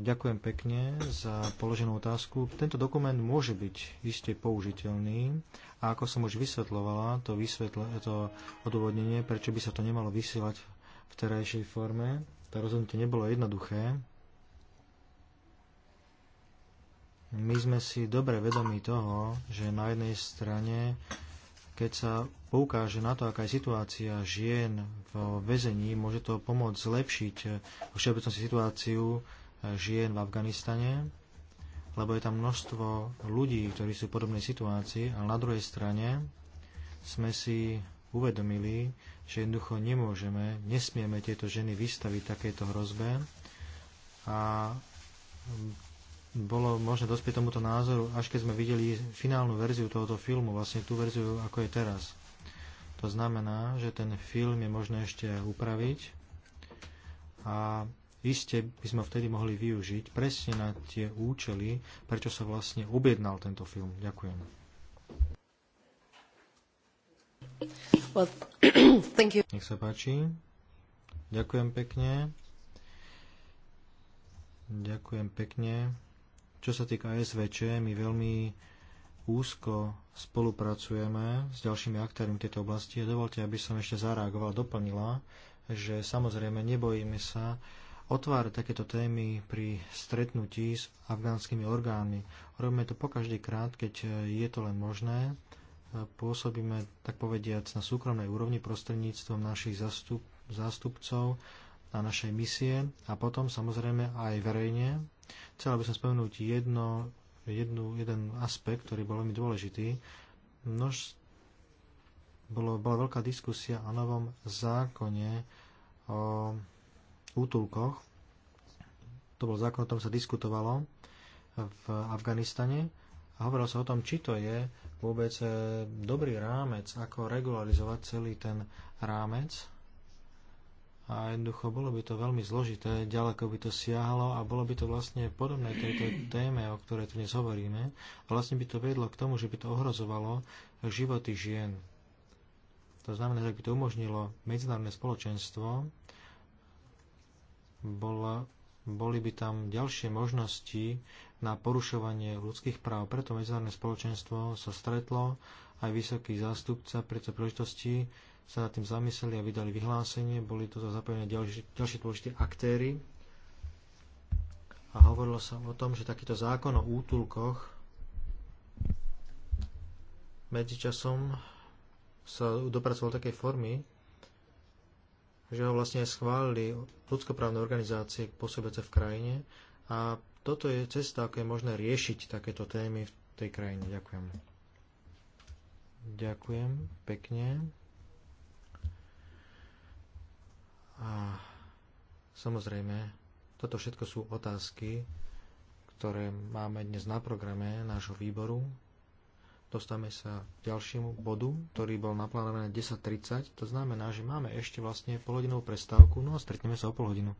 ďakujem pekne za položenú otázku. Tento dokument môže byť iste použiteľný a ako som už vysvetlovala, to, vysvetle, to odôvodnenie, prečo by sa to nemalo vysielať v terajšej forme, to rozhodnutie nebolo jednoduché. My sme si dobre vedomi toho, že na jednej strane keď sa poukáže na to, aká je situácia žien v väzení, môže to pomôcť zlepšiť všeobecnú situáciu eh, žien v Afganistane, lebo je tam množstvo ľudí, ktorí sú v podobnej situácii, ale na druhej strane sme si uvedomili, že jednoducho nemôžeme, nesmieme tieto ženy vystaviť takéto hrozbe a bolo možné dospieť tomuto názoru, až keď sme videli finálnu verziu tohoto filmu, vlastne tú verziu, ako je teraz. To znamená, že ten film je možné ešte upraviť a iste by sme vtedy mohli využiť presne na tie účely, prečo sa vlastne objednal tento film. Ďakujem. Well, [clears throat] thank you. Nech sa páči. Ďakujem pekne. Ďakujem pekne. Čo sa týka SVČ, my veľmi úzko spolupracujeme s ďalšími aktérmi tejto oblasti. A dovolte, aby som ešte zareagovala, doplnila, že samozrejme nebojíme sa otvárať takéto témy pri stretnutí s afgánskymi orgánmi. Robíme to po každý krát, keď je to len možné. Pôsobíme, tak povediac, na súkromnej úrovni prostredníctvom našich zástupcov na našej misie a potom samozrejme aj verejne Chcela by som spomenúť jedno, jednu, jeden aspekt, ktorý bol veľmi dôležitý. Množ, bolo, bola veľká diskusia o novom zákone o útulkoch. To bol zákon, o tom sa diskutovalo v Afganistane a hovorilo sa o tom, či to je vôbec eh, dobrý rámec, ako regularizovať celý ten rámec a jednoducho bolo by to veľmi zložité, ďaleko by to siahalo a bolo by to vlastne podobné tejto téme, o ktorej tu dnes hovoríme a vlastne by to vedlo k tomu, že by to ohrozovalo životy žien. To znamená, že by to umožnilo medzinárodné spoločenstvo, bola, boli by tam ďalšie možnosti na porušovanie ľudských práv. Preto medzinárodné spoločenstvo sa stretlo aj vysoký zástupca pre príležitosti sa nad tým zamysleli a vydali vyhlásenie. Boli to zapojené ďalší, ďalší dôležití aktéry. A hovorilo sa o tom, že takýto zákon o útulkoch medzičasom sa dopracoval takej formy, že ho vlastne aj schválili ľudskoprávne organizácie pôsobiace v krajine a toto je cesta, ako je možné riešiť takéto témy v tej krajine. Ďakujem. Ďakujem pekne. A samozrejme, toto všetko sú otázky, ktoré máme dnes na programe nášho výboru. Dostame sa k ďalšiemu bodu, ktorý bol naplánovaný na 10.30. To znamená, že máme ešte vlastne polhodinovú prestávku, no a stretneme sa o polhodinu.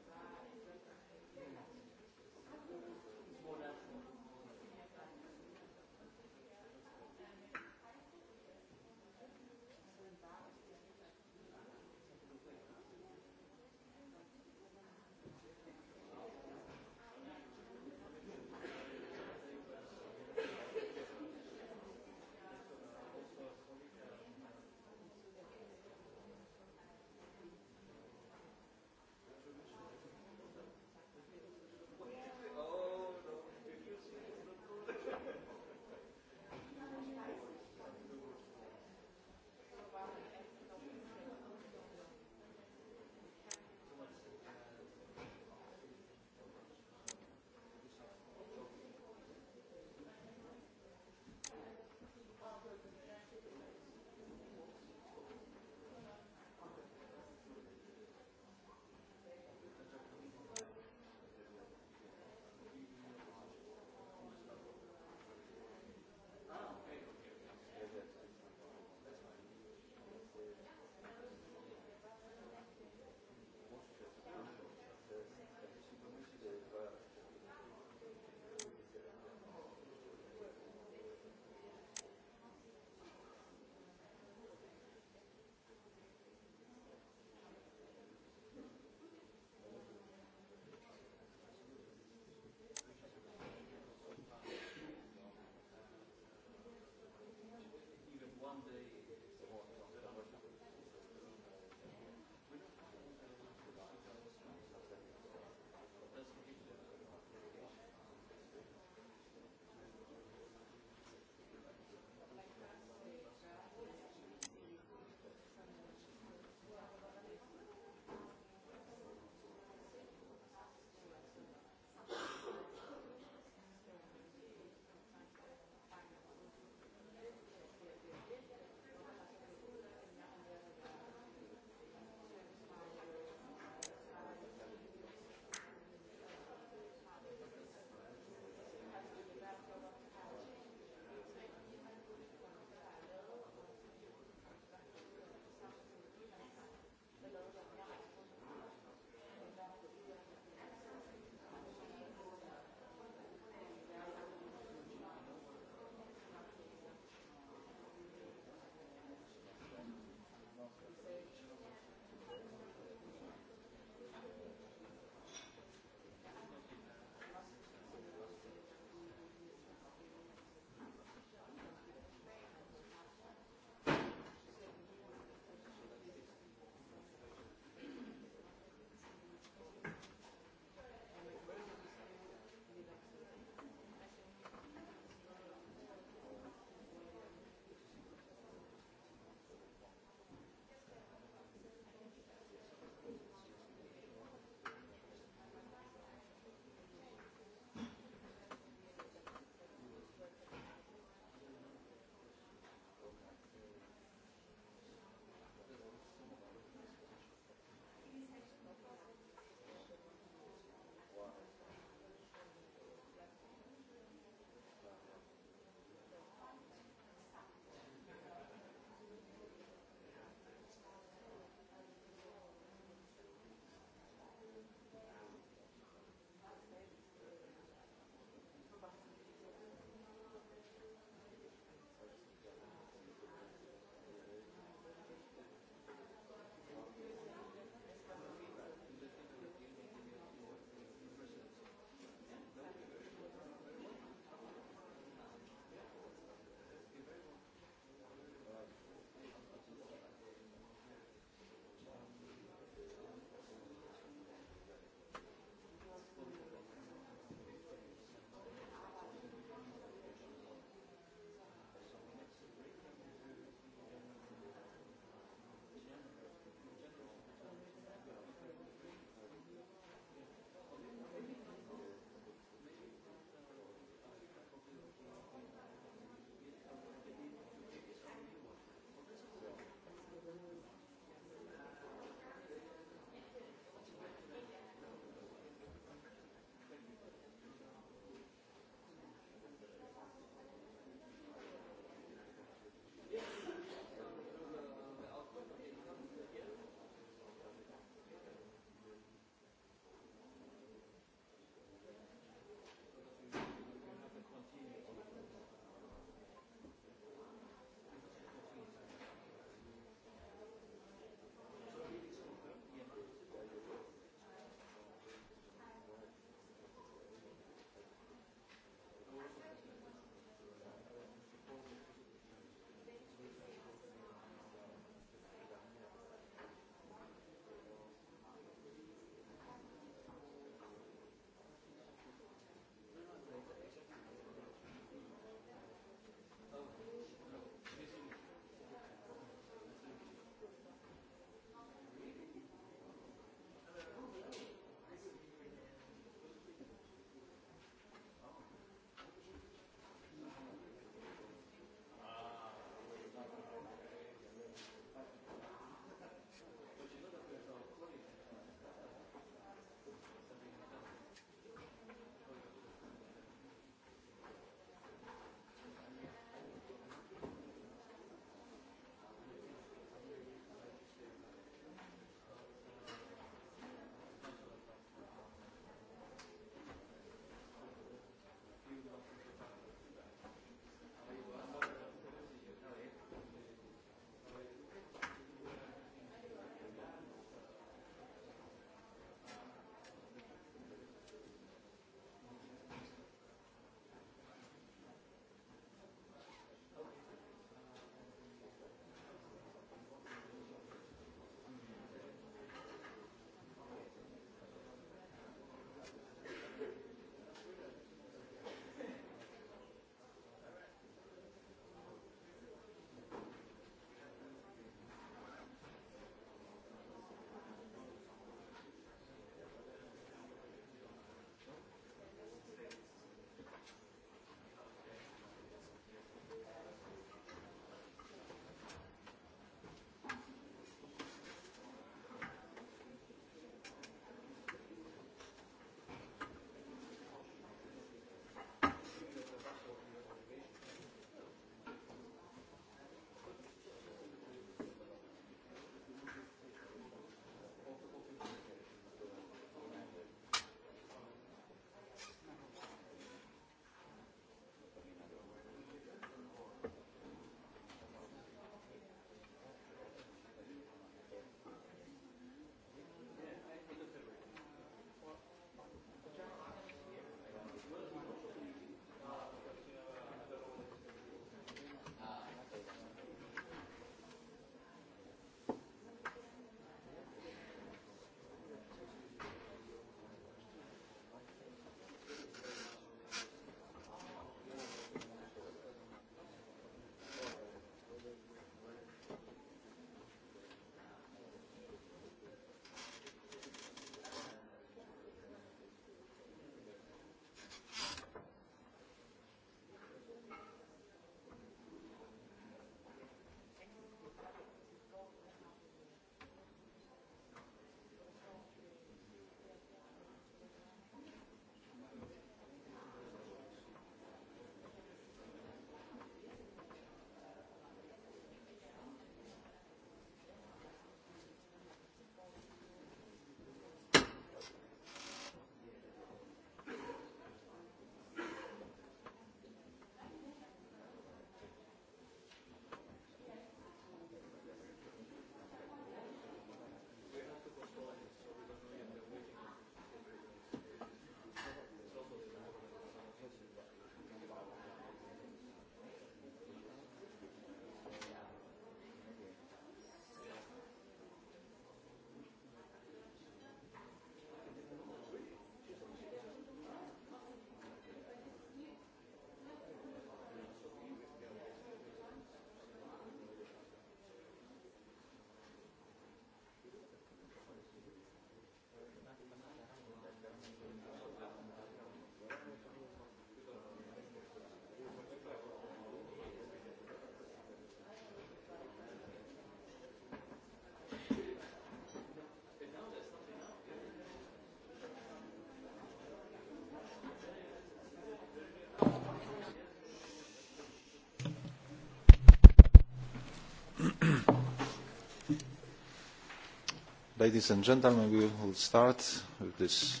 Ladies and gentlemen, we will start with this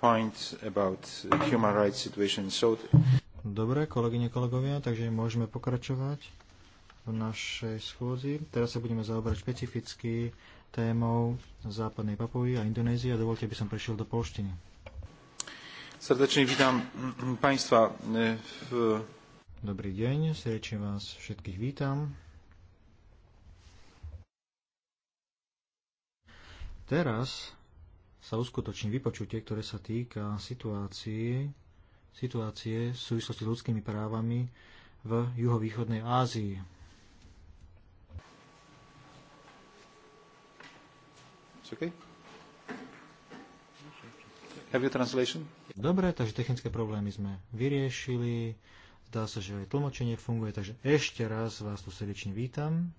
point about human rights situation in Saudi. Dobre, kolegyne, kolegovia, takže môžeme pokračovať v našej schôzi. Teraz sa budeme zaoberať špecificky témou Západnej Papuji a Indonézie. Dovolte, aby som prešiel do polštiny. Srdečne vítam państwa v... E, Dobrý deň, srdečne vás všetkých vítam Teraz sa uskutoční vypočutie, ktoré sa týka situácie, situácie v súvislosti s ľudskými právami v juhovýchodnej Ázii. Okay. Have you translation? Dobre, takže technické problémy sme vyriešili. Zdá sa, že aj tlmočenie funguje, takže ešte raz vás tu srdečne vítam.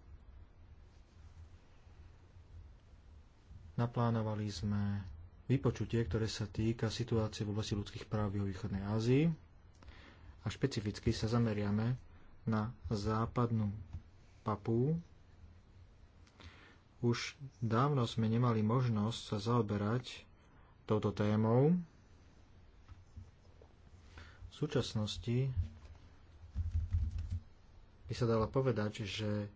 Naplánovali sme vypočutie, ktoré sa týka situácie v oblasti ľudských práv v východnej Ázii a špecificky sa zameriame na západnú papu. Už dávno sme nemali možnosť sa zaoberať touto témou. V súčasnosti by sa dalo povedať, že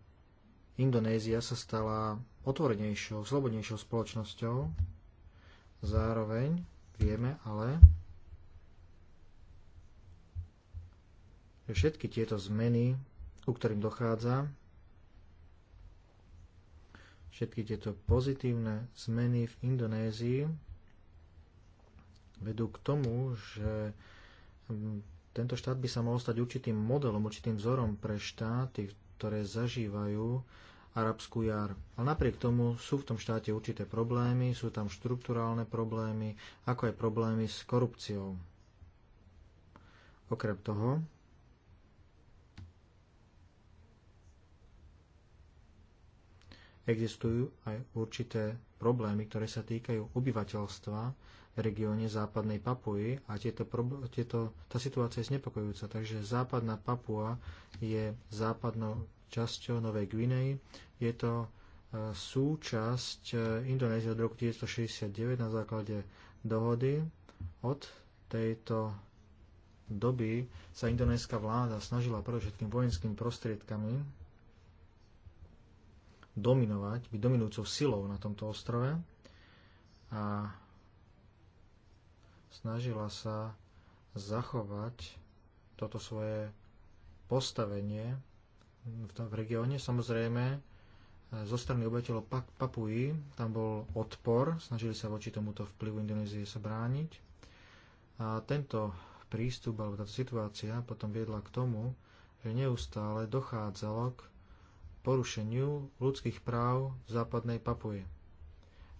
Indonézia sa stala otvorenejšou, slobodnejšou spoločnosťou. Zároveň vieme ale, že všetky tieto zmeny, ku ktorým dochádza, všetky tieto pozitívne zmeny v Indonézii vedú k tomu, že mm, tento štát by sa mohol stať určitým modelom, určitým vzorom pre štáty, ktoré zažívajú arabskú jar. Ale napriek tomu sú v tom štáte určité problémy, sú tam štruktúrálne problémy, ako aj problémy s korupciou. Okrem toho, existujú aj určité problémy, ktoré sa týkajú obyvateľstva v regióne západnej Papuji a tieto, tieto, tá situácia je znepokojujúca. Takže západná Papua je západnou časťou Novej Gvinei. Je to e, súčasť e, Indonézie od roku 1969 na základe dohody. Od tejto doby sa indonéska vláda snažila predovšetkým vojenskými prostriedkami dominovať, byť dominujúcou silou na tomto ostrove a snažila sa zachovať toto svoje postavenie v, v regióne. Samozrejme, e, zo strany obyvateľov Papuji tam bol odpor, snažili sa voči tomuto vplyvu Indonézie sa brániť. A tento prístup alebo táto situácia potom viedla k tomu, že neustále dochádzalo k porušeniu ľudských práv v západnej Papuje.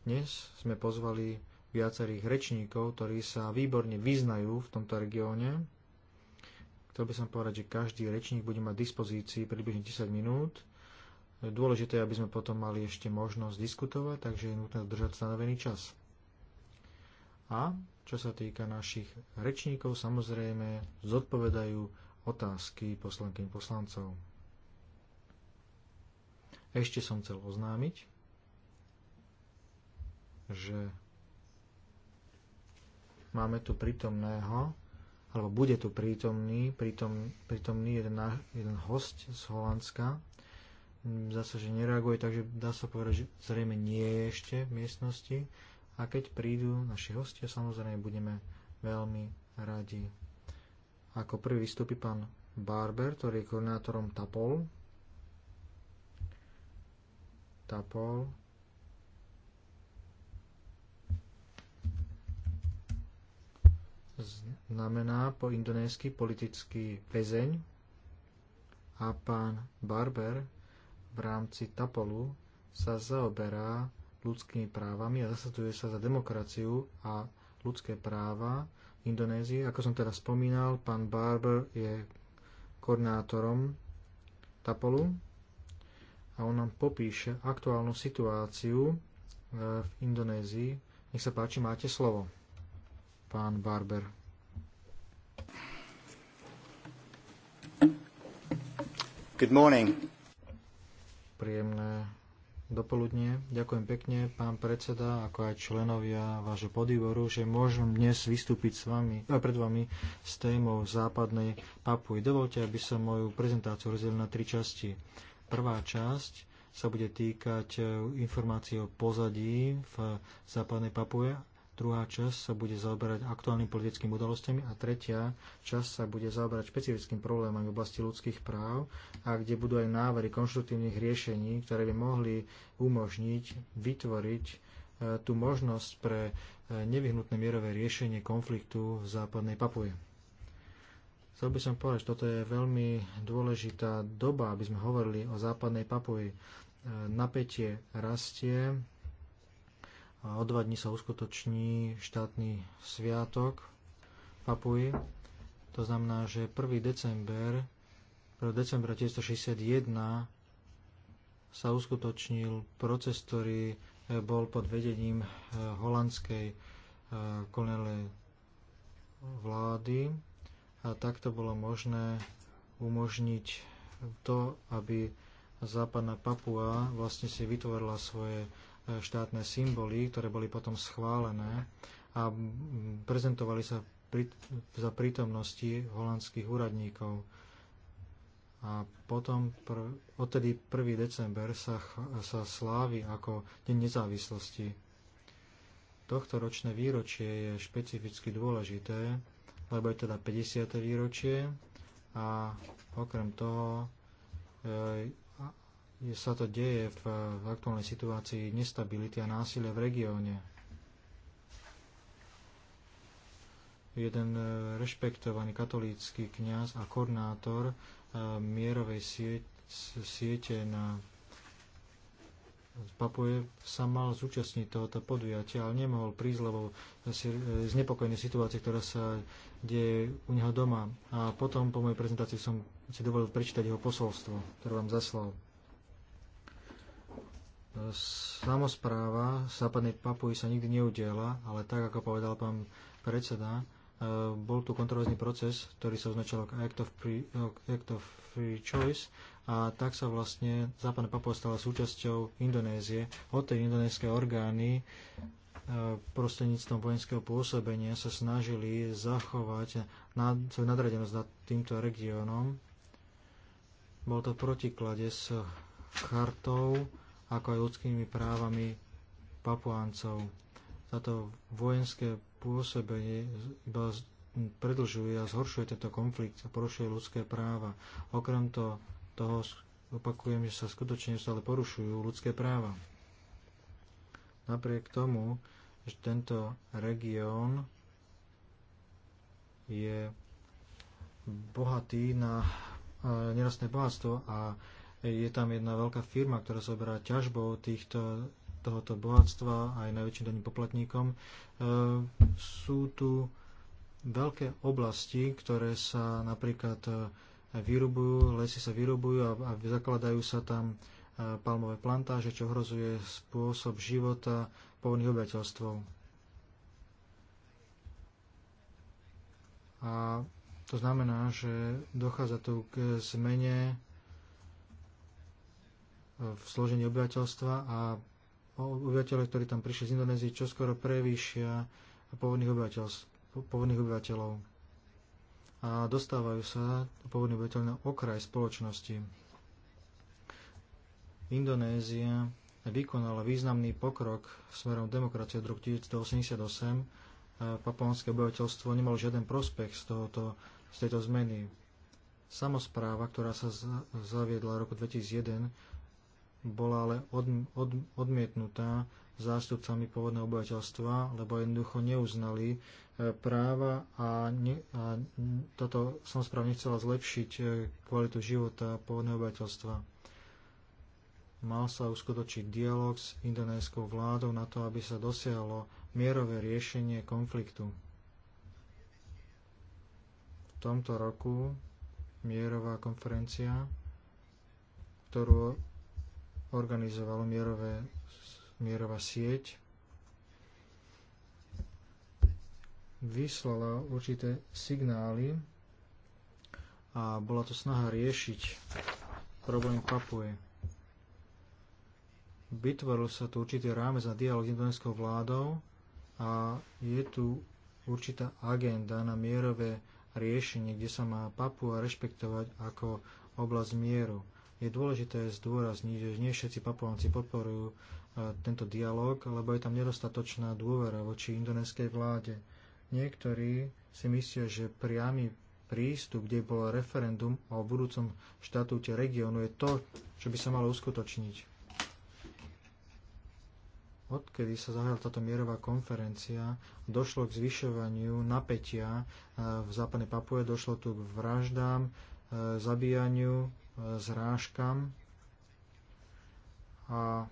Dnes sme pozvali viacerých rečníkov, ktorí sa výborne vyznajú v tomto regióne Chcel by som povedať, že každý rečník bude mať dispozícii približne 10 minút. Dôležité je, aby sme potom mali ešte možnosť diskutovať, takže je nutné držať stanovený čas. A čo sa týka našich rečníkov, samozrejme zodpovedajú otázky poslankyň poslancov. Ešte som chcel oznámiť, že máme tu prítomného alebo bude tu prítomný, prítom, prítomný jeden, jeden host z Holandska. Mm, Zase, že nereaguje, takže dá sa povedať, že zrejme nie je ešte v miestnosti. A keď prídu naši hostia, samozrejme budeme veľmi radi. Ako prvý vystúpi pán Barber, ktorý je koordinátorom TAPOL. TAPOL znamená po indonésky politický väzeň a pán Barber v rámci Tapolu sa zaoberá ľudskými právami a zasaduje sa za demokraciu a ľudské práva v Indonézii. Ako som teda spomínal, pán Barber je koordinátorom Tapolu a on nám popíše aktuálnu situáciu eh, v Indonézii. Nech sa páči, máte slovo pán Barber. Good morning. Príjemné dopoludnie. Ďakujem pekne, pán predseda, ako aj členovia vášho podýboru, že môžem dnes vystúpiť s vami, a e, pred vami s témou západnej Papuji. Dovolte, aby som moju prezentáciu rozdelil na tri časti. Prvá časť sa bude týkať e, informácií o pozadí v západnej Papuje druhá časť sa bude zaoberať aktuálnym politickým udalostiami a tretia časť sa bude zaoberať špecifickým problémami v oblasti ľudských práv a kde budú aj návrhy konštruktívnych riešení, ktoré by mohli umožniť vytvoriť e, tú možnosť pre e, nevyhnutné mierové riešenie konfliktu v západnej Papuje. Chcel by som povedať, že toto je veľmi dôležitá doba, aby sme hovorili o západnej Papuji. E, napätie rastie, a o dva dní sa uskutoční štátny sviatok Papuji. To znamená, že 1. december 1. decembra 1961 sa uskutočnil proces, ktorý eh, bol pod vedením eh, holandskej eh, kolonelej vlády a takto bolo možné umožniť to, aby západná Papua vlastne si vytvorila svoje štátne symboly, ktoré boli potom schválené a prezentovali sa za prítomnosti holandských úradníkov. A potom, pr, odtedy 1. december sa, sa slávi ako Deň nezávislosti. Tohto ročné výročie je špecificky dôležité, lebo je teda 50. výročie a okrem toho e, sa to deje v, v aktuálnej situácii nestability a násilie v regióne. Jeden e, rešpektovaný katolícky kňaz a koordinátor e, mierovej siete, siete na Papuje sa mal zúčastniť tohoto podujatia, ale nemohol prísť, lebo e, nepokojnej situácie, ktorá sa deje u neho doma. A potom po mojej prezentácii som si dovolil prečítať jeho posolstvo, ktoré vám zaslal. Samospráva západnej Papuji sa nikdy neudiela, ale tak, ako povedal pán predseda, e, bol tu kontroverzný proces, ktorý sa označil ako Act of, Free, Act of Free Choice a tak sa vlastne západná papuja stala súčasťou Indonézie. Od tej indonéskej orgány e, prostredníctvom vojenského pôsobenia sa snažili zachovať nad, svoju nadradenosť nad týmto regiónom. Bol to v protiklade s chartou ako aj ľudskými právami papuáncov. Táto vojenské pôsobenie iba predlžuje a zhoršuje tento konflikt a porušuje ľudské práva. Okrem to, toho opakujem, že sa skutočne stále porušujú ľudské práva. Napriek tomu, že tento región je bohatý na e, nerastné bohatstvo a je tam jedna veľká firma, ktorá sa oberá ťažbou týchto, tohoto bohatstva aj najväčším daným poplatníkom. E, sú tu veľké oblasti, ktoré sa napríklad e, vyrubujú, lesy sa vyrubujú a, a zakladajú sa tam e, palmové plantáže, čo ohrozuje spôsob života pôvodných obyvateľstvov. A to znamená, že dochádza tu k zmene v složení obyvateľstva a obyvateľe, ktorí tam prišli z Indonézie, čo skoro prevýšia pôvodných, pôvodných obyvateľov a dostávajú sa pôvodní obyvateľ na okraj spoločnosti. Indonézia vykonala významný pokrok smerom demokracie od roku 1988. Papuánske obyvateľstvo nemalo žiaden prospech z, tohoto, z tejto zmeny. Samozpráva, ktorá sa zaviedla v roku 2001, bola ale od, od, odmietnutá zástupcami pôvodného obyvateľstva, lebo jednoducho neuznali e, práva a, ne, a som správne chcela zlepšiť e, kvalitu života pôvodného obyvateľstva. Mal sa uskutočiť dialog s indonéskou vládou na to, aby sa dosiahlo mierové riešenie konfliktu. V tomto roku mierová konferencia, ktorú organizovalo mierové, mierová sieť, vyslala určité signály a bola to snaha riešiť problém Papuje. Vytvoril sa tu určitý rámec na dialog s indonéskou vládou a je tu určitá agenda na mierové riešenie, kde sa má Papua rešpektovať ako oblasť mieru. Je dôležité zdôrazniť, že nie všetci Papuánci podporujú e, tento dialog, lebo je tam nedostatočná dôvera voči indonéskej vláde. Niektorí si myslia, že priamy prístup, kde bolo referendum o budúcom štatúte regiónu, je to, čo by sa malo uskutočniť. Odkedy sa zahrala táto mierová konferencia, došlo k zvyšovaniu napätia e, v západnej Papue, došlo tu k vraždám, e, zabíjaniu zrážkam a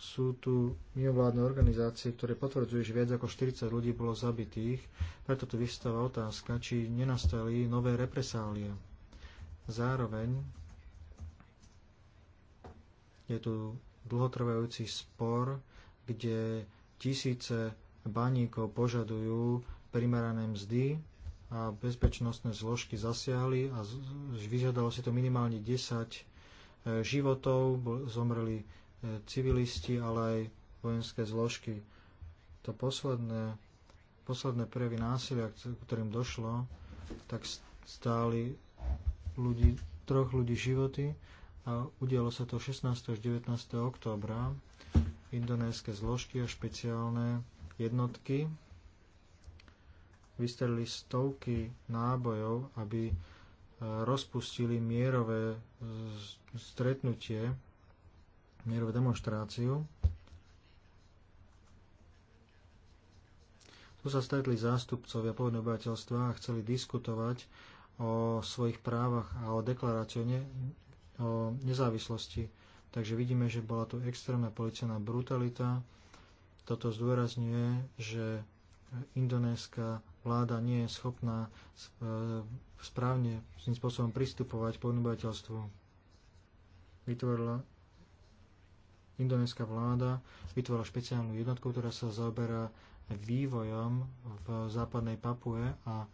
sú tu mimovládne organizácie, ktoré potvrdzujú, že viac ako 40 ľudí bolo zabitých, preto tu vystáva otázka, či nenastali nové represálie. Zároveň je tu dlhotrvajúci spor, kde tisíce baníkov požadujú primerané mzdy a bezpečnostné zložky zasiahli a vyžadalo si to minimálne 10 e, životov, zomreli e, civilisti, ale aj vojenské zložky. To posledné, posledné prejavy násilia, ktorým došlo, tak stáli ľudí, troch ľudí životy a udialo sa to 16. až 19. októbra. Indonéske zložky a špeciálne jednotky vystrelili stovky nábojov, aby e, rozpustili mierové e, stretnutie, mierovú demonstráciu. Tu sa stretli zástupcovia pôvodného obyvateľstva a chceli diskutovať o svojich právach a o deklaráciu o, ne, o nezávislosti. Takže vidíme, že bola tu extrémna policajná brutalita. Toto zdôrazňuje, že indonéska vláda nie je schopná e, správne tým spôsobom pristupovať po obyvateľstvu. Vytvorila indonéska vláda vytvorila špeciálnu jednotku, ktorá sa zaoberá vývojom v západnej Papue a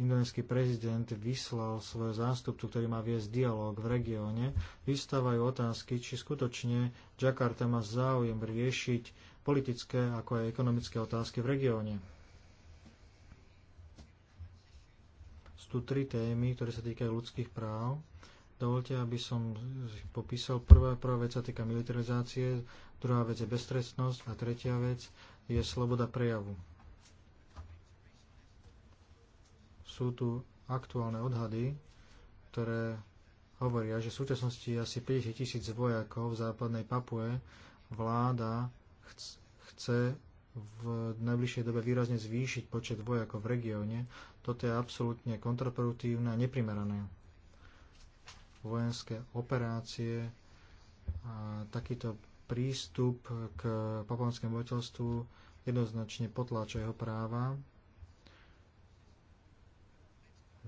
indonéský prezident vyslal svoj zástupcu, ktorý má viesť dialog v regióne. Vystávajú otázky, či skutočne Jakarta má záujem riešiť politické ako aj ekonomické otázky v regióne. Sú tu tri témy, ktoré sa týkajú ľudských práv. Dovolte, aby som popísal. Prvá, prvá vec sa týka militarizácie, druhá vec je beztrestnosť a tretia vec je sloboda prejavu. Sú tu aktuálne odhady, ktoré hovoria, že v súčasnosti asi 50 tisíc vojakov v západnej Papue vláda chce v najbližšej dobe výrazne zvýšiť počet vojakov v regióne. Toto je absolútne kontraproduktívne a neprimerané. Vojenské operácie a takýto prístup k papuánskému obyvateľstvu jednoznačne potláča jeho práva.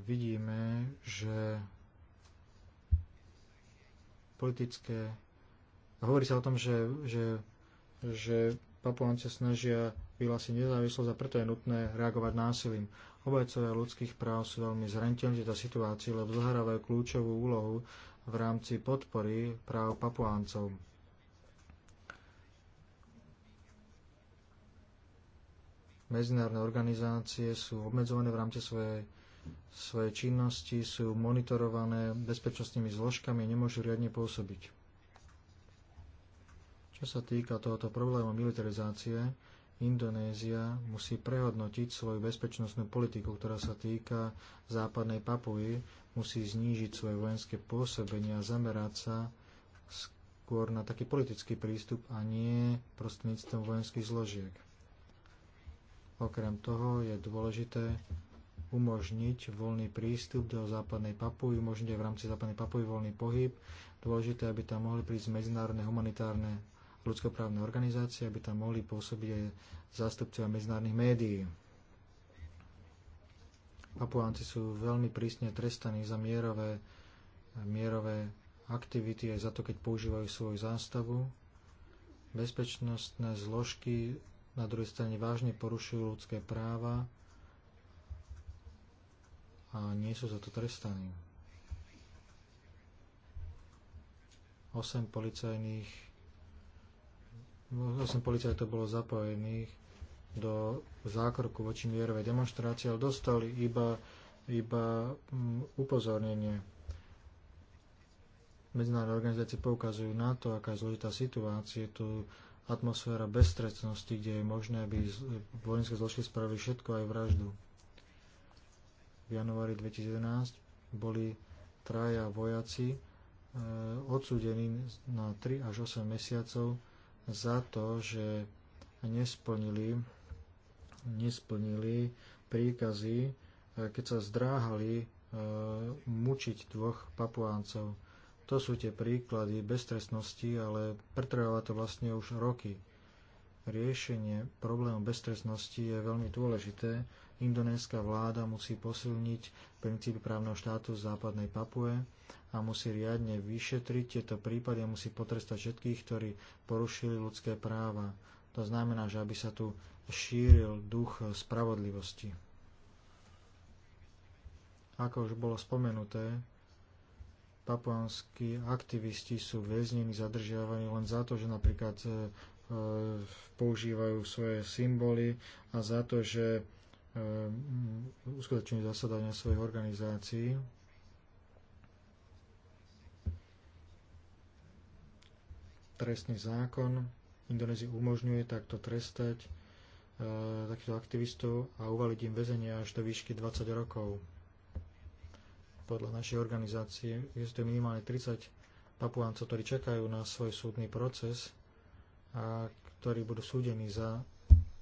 Vidíme, že politické Hovorí sa o tom, že, že že Papuánci snažia vyhlásiť nezávislosť a preto je nutné reagovať násilím. Obajcovia ľudských práv sú veľmi zraniteľní do situácii, lebo zohrávajú kľúčovú úlohu v rámci podpory práv Papuáncov. Medzinárodné organizácie sú obmedzované v rámci svojej, svojej činnosti, sú monitorované bezpečnostnými zložkami a nemôžu riadne pôsobiť. Čo sa týka tohoto problému militarizácie, Indonézia musí prehodnotiť svoju bezpečnostnú politiku, ktorá sa týka západnej Papuji, musí znížiť svoje vojenské pôsobenie a zamerať sa skôr na taký politický prístup a nie prostredníctvom vojenských zložiek. Okrem toho je dôležité umožniť voľný prístup do západnej Papuji, umožniť aj v rámci západnej Papuji voľný pohyb. Dôležité, aby tam mohli prísť medzinárodné humanitárne ľudskoprávne organizácie, aby tam mohli pôsobiť aj zástupcovia medzinárodných médií. Papuánci sú veľmi prísne trestaní za mierové, mierové aktivity, aj za to, keď používajú svoju zástavu. Bezpečnostné zložky na druhej strane vážne porušujú ľudské práva a nie sú za to trestaní. 8 policajných 8 policajtov bolo zapojených do zákroku voči mierovej demonstrácii, ale dostali iba, iba mm, upozornenie. Medzinárodné organizácie poukazujú na to, aká je zložitá situácia. Je tu atmosféra bezstrecnosti, kde je možné, aby vojenské zložky spravili všetko aj vraždu. V januári 2011 boli traja vojaci e, odsúdení na 3 až 8 mesiacov za to, že nesplnili, nesplnili príkazy, e, keď sa zdráhali e, mučiť dvoch papuáncov. To sú tie príklady beztrestnosti, ale pretrváva to vlastne už roky. Riešenie problému beztrestnosti je veľmi dôležité. Indonéska vláda musí posilniť princípy právneho štátu v západnej Papue a musí riadne vyšetriť tieto prípady a musí potrestať všetkých, ktorí porušili ľudské práva. To znamená, že aby sa tu šíril duch spravodlivosti. Ako už bolo spomenuté, papuánsky aktivisti sú väznení, zadržiavaní len za to, že napríklad e, používajú svoje symboly a za to, že e, uskutočňujú zasadania svojich organizácií. trestný zákon Indonézii umožňuje takto trestať e, takýchto aktivistov a uvaliť im väzenie až do výšky 20 rokov. Podľa našej organizácie to minimálne 30 papuáncov, ktorí čakajú na svoj súdny proces a ktorí budú súdení za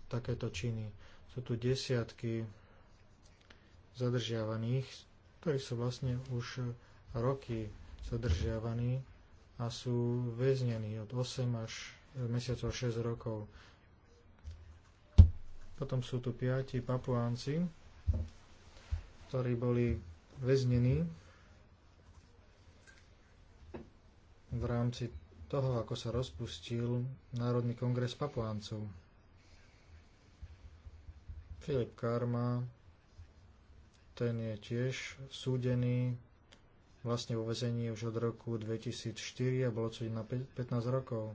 takéto činy. Sú tu desiatky zadržiavaných, ktorí sú vlastne už roky zadržiavaní a sú väznení od 8 až mesiacov 6 rokov. Potom sú tu piati papuánci, ktorí boli väznení v rámci toho, ako sa rozpustil Národný kongres Papuáncov. Filip Karma, ten je tiež súdený vlastne vo vezení už od roku 2004 a bol odsúdený na 15 rokov.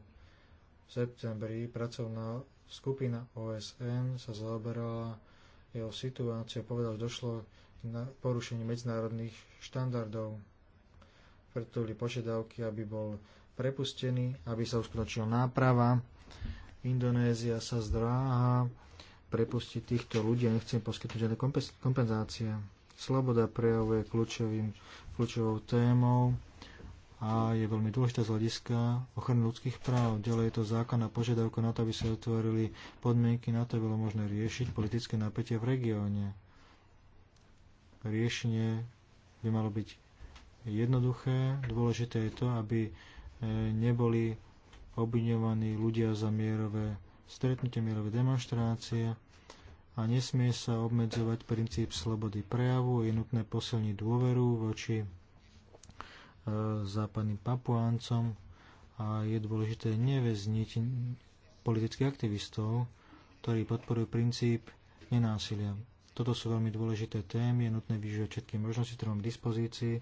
V septembri pracovná skupina OSN sa zaoberala jeho situáciou a povedala, že došlo k porušeniu medzinárodných štandardov. Preto boli požiadavky, aby bol prepustený, aby sa uskutočnila náprava. Indonézia sa zdráha prepustiť týchto ľudí a nechcem poskytnúť žiadne kompenzácie. Sloboda prejavu je kľúčovým, kľúčovou témou a je veľmi dôležitá z hľadiska ochrany ľudských práv. Ďalej je to zákon a požiadavka na to, aby sa otvorili podmienky na to, aby bolo možné riešiť politické napätie v regióne. Riešenie by malo byť jednoduché. Dôležité je to, aby e, neboli obviňovaní ľudia za mierové stretnutie, mierové demonstrácie a nesmie sa obmedzovať princíp slobody prejavu. Je nutné posilniť dôveru voči e, západným papuáncom a je dôležité neväzniť politických aktivistov, ktorí podporujú princíp nenásilia. Toto sú veľmi dôležité témy, je nutné vyžiť všetky možnosti, ktoré mám k dispozícii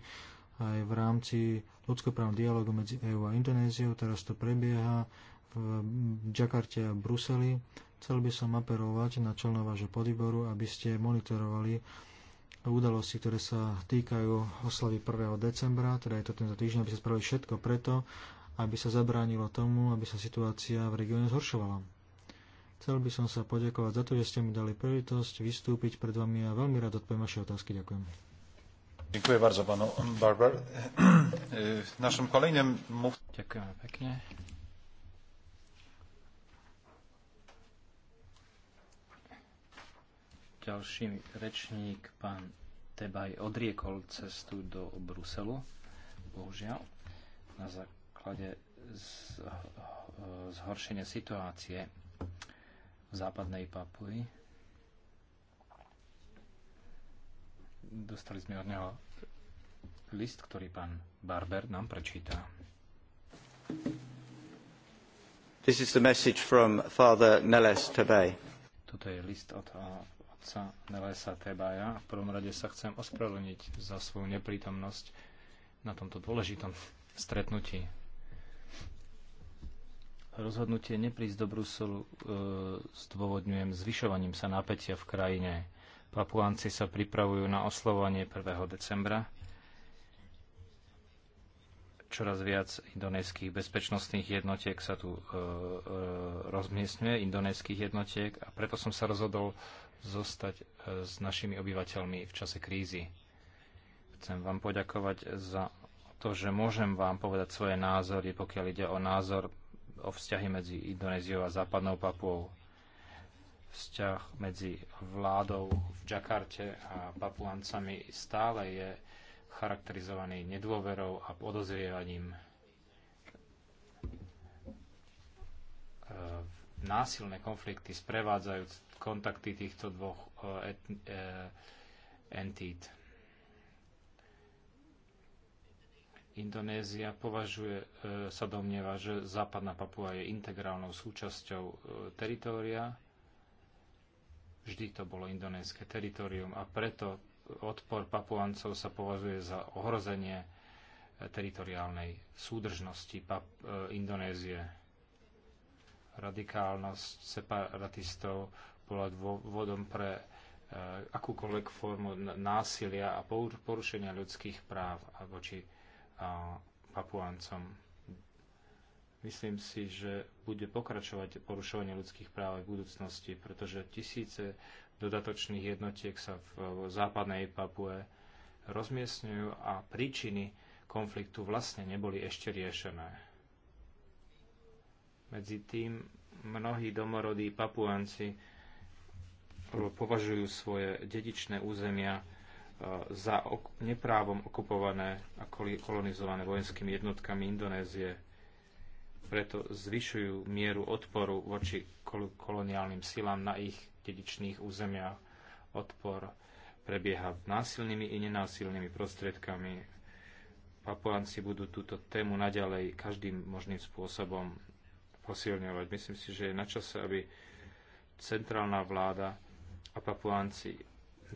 aj v rámci ľudskoprávneho dialogu medzi EÚ a Indonéziou. Teraz to prebieha v Džakarte a Bruseli Chcel by som aperovať na členov vášho podvýboru, aby ste monitorovali udalosti, ktoré sa týkajú oslavy 1. decembra, teda je to tento týždeň, aby sa spravili všetko preto, aby sa zabránilo tomu, aby sa situácia v regióne zhoršovala. Chcel by som sa poďakovať za to, že ste mi dali príležitosť vystúpiť pred vami a veľmi rád odpoviem vaše otázky. Ďakujem. Ďakujem bardzo panu Barber. [clears throat] Našom kolejnym Ďakujem pekne. Ďalší rečník, pán Tebaj, odriekol cestu do Bruselu, bohužiaľ, na základe zhoršenia situácie v západnej Papuji. Dostali sme od neho list, ktorý pán Barber nám prečíta. This is the message from Father Neles Tebej. Toto je list od zástupca Nelesa Tebaja. V prvom rade sa chcem ospravedlniť za svoju neprítomnosť na tomto dôležitom stretnutí. Rozhodnutie neprísť do Bruselu e, zdôvodňujem zvyšovaním sa napätia v krajine. Papuánci sa pripravujú na oslovanie 1. decembra. Čoraz viac indonéskych bezpečnostných jednotiek sa tu e, e, rozmiestňuje, indonéskych jednotiek, a preto som sa rozhodol zostať e, s našimi obyvateľmi v čase krízy. Chcem vám poďakovať za to, že môžem vám povedať svoje názory, pokiaľ ide o názor o vzťahy medzi Indonéziou a Západnou Papuou. Vzťah medzi vládou v Džakarte a Papuancami stále je charakterizovaný nedôverou a podozrievaním. V e, násilné konflikty sprevádzajú kontakty týchto dvoch e, e, entít. Indonézia považuje, e, sa domnieva, že západná Papua je integrálnou súčasťou teritória. Vždy to bolo indonéske teritorium a preto odpor Papuancov sa považuje za ohrozenie teritoriálnej súdržnosti Indonézie radikálnosť separatistov bola dôvodom pre e, akúkoľvek formu násilia a porušenia ľudských práv voči Papuáncom. Myslím si, že bude pokračovať porušovanie ľudských práv aj v budúcnosti, pretože tisíce dodatočných jednotiek sa v západnej Papue rozmiestňujú a príčiny konfliktu vlastne neboli ešte riešené. Medzi tým mnohí domorodí papuanci považujú svoje dedičné územia e, za neprávom okupované a kolonizované vojenskými jednotkami Indonézie. Preto zvyšujú mieru odporu voči koloniálnym silám na ich dedičných územiach. Odpor prebieha násilnými i nenásilnými prostriedkami. Papuanci budú túto tému naďalej každým možným spôsobom posilňovať. Myslím si, že je na čase, aby centrálna vláda a papuánci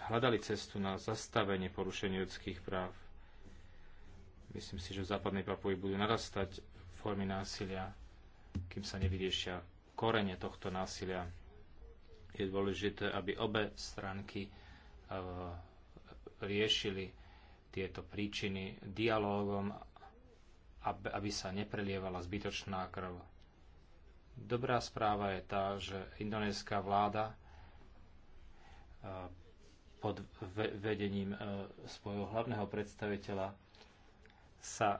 hľadali cestu na zastavenie porušenia ľudských práv. Myslím si, že v západnej Papuji budú narastať formy násilia, kým sa nevyriešia korene tohto násilia. Je dôležité, aby obe stránky eh, riešili tieto príčiny dialógom, aby sa neprelievala zbytočná krv Dobrá správa je tá, že indonéská vláda e, pod vedením e, svojho hlavného predstaviteľa sa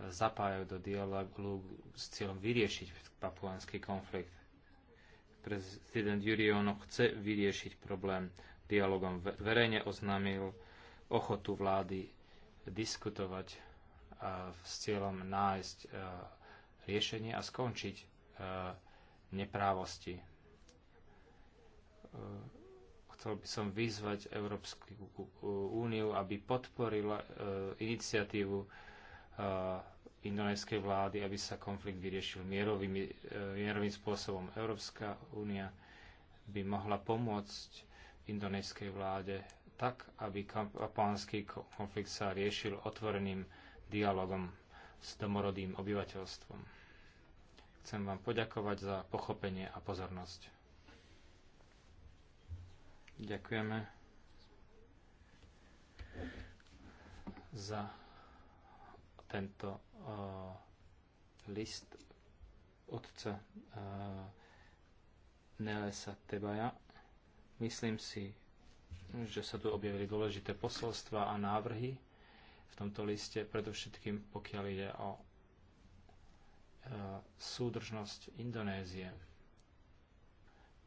zapájajú do dialogu s cieľom vyriešiť papuánsky konflikt. Prezident Juriono chce vyriešiť problém dialogom. Verejne oznámil ochotu vlády diskutovať s cieľom nájsť e, riešenie a skončiť e, neprávosti. E, chcel by som vyzvať Európsku úniu, aby podporila e, iniciatívu indonéskej vlády, aby sa konflikt vyriešil mierovým, mierovým spôsobom. Európska únia by mohla pomôcť indonéskej vláde tak, aby kampánsky konflikt sa riešil otvoreným dialogom s domorodým obyvateľstvom. Chcem vám poďakovať za pochopenie a pozornosť. Ďakujeme za tento uh, list otca uh, Nelesa Tebaja. Myslím si, že sa tu objavili dôležité posolstva a návrhy v tomto liste, predovšetkým pokiaľ ide o E, súdržnosť Indonézie.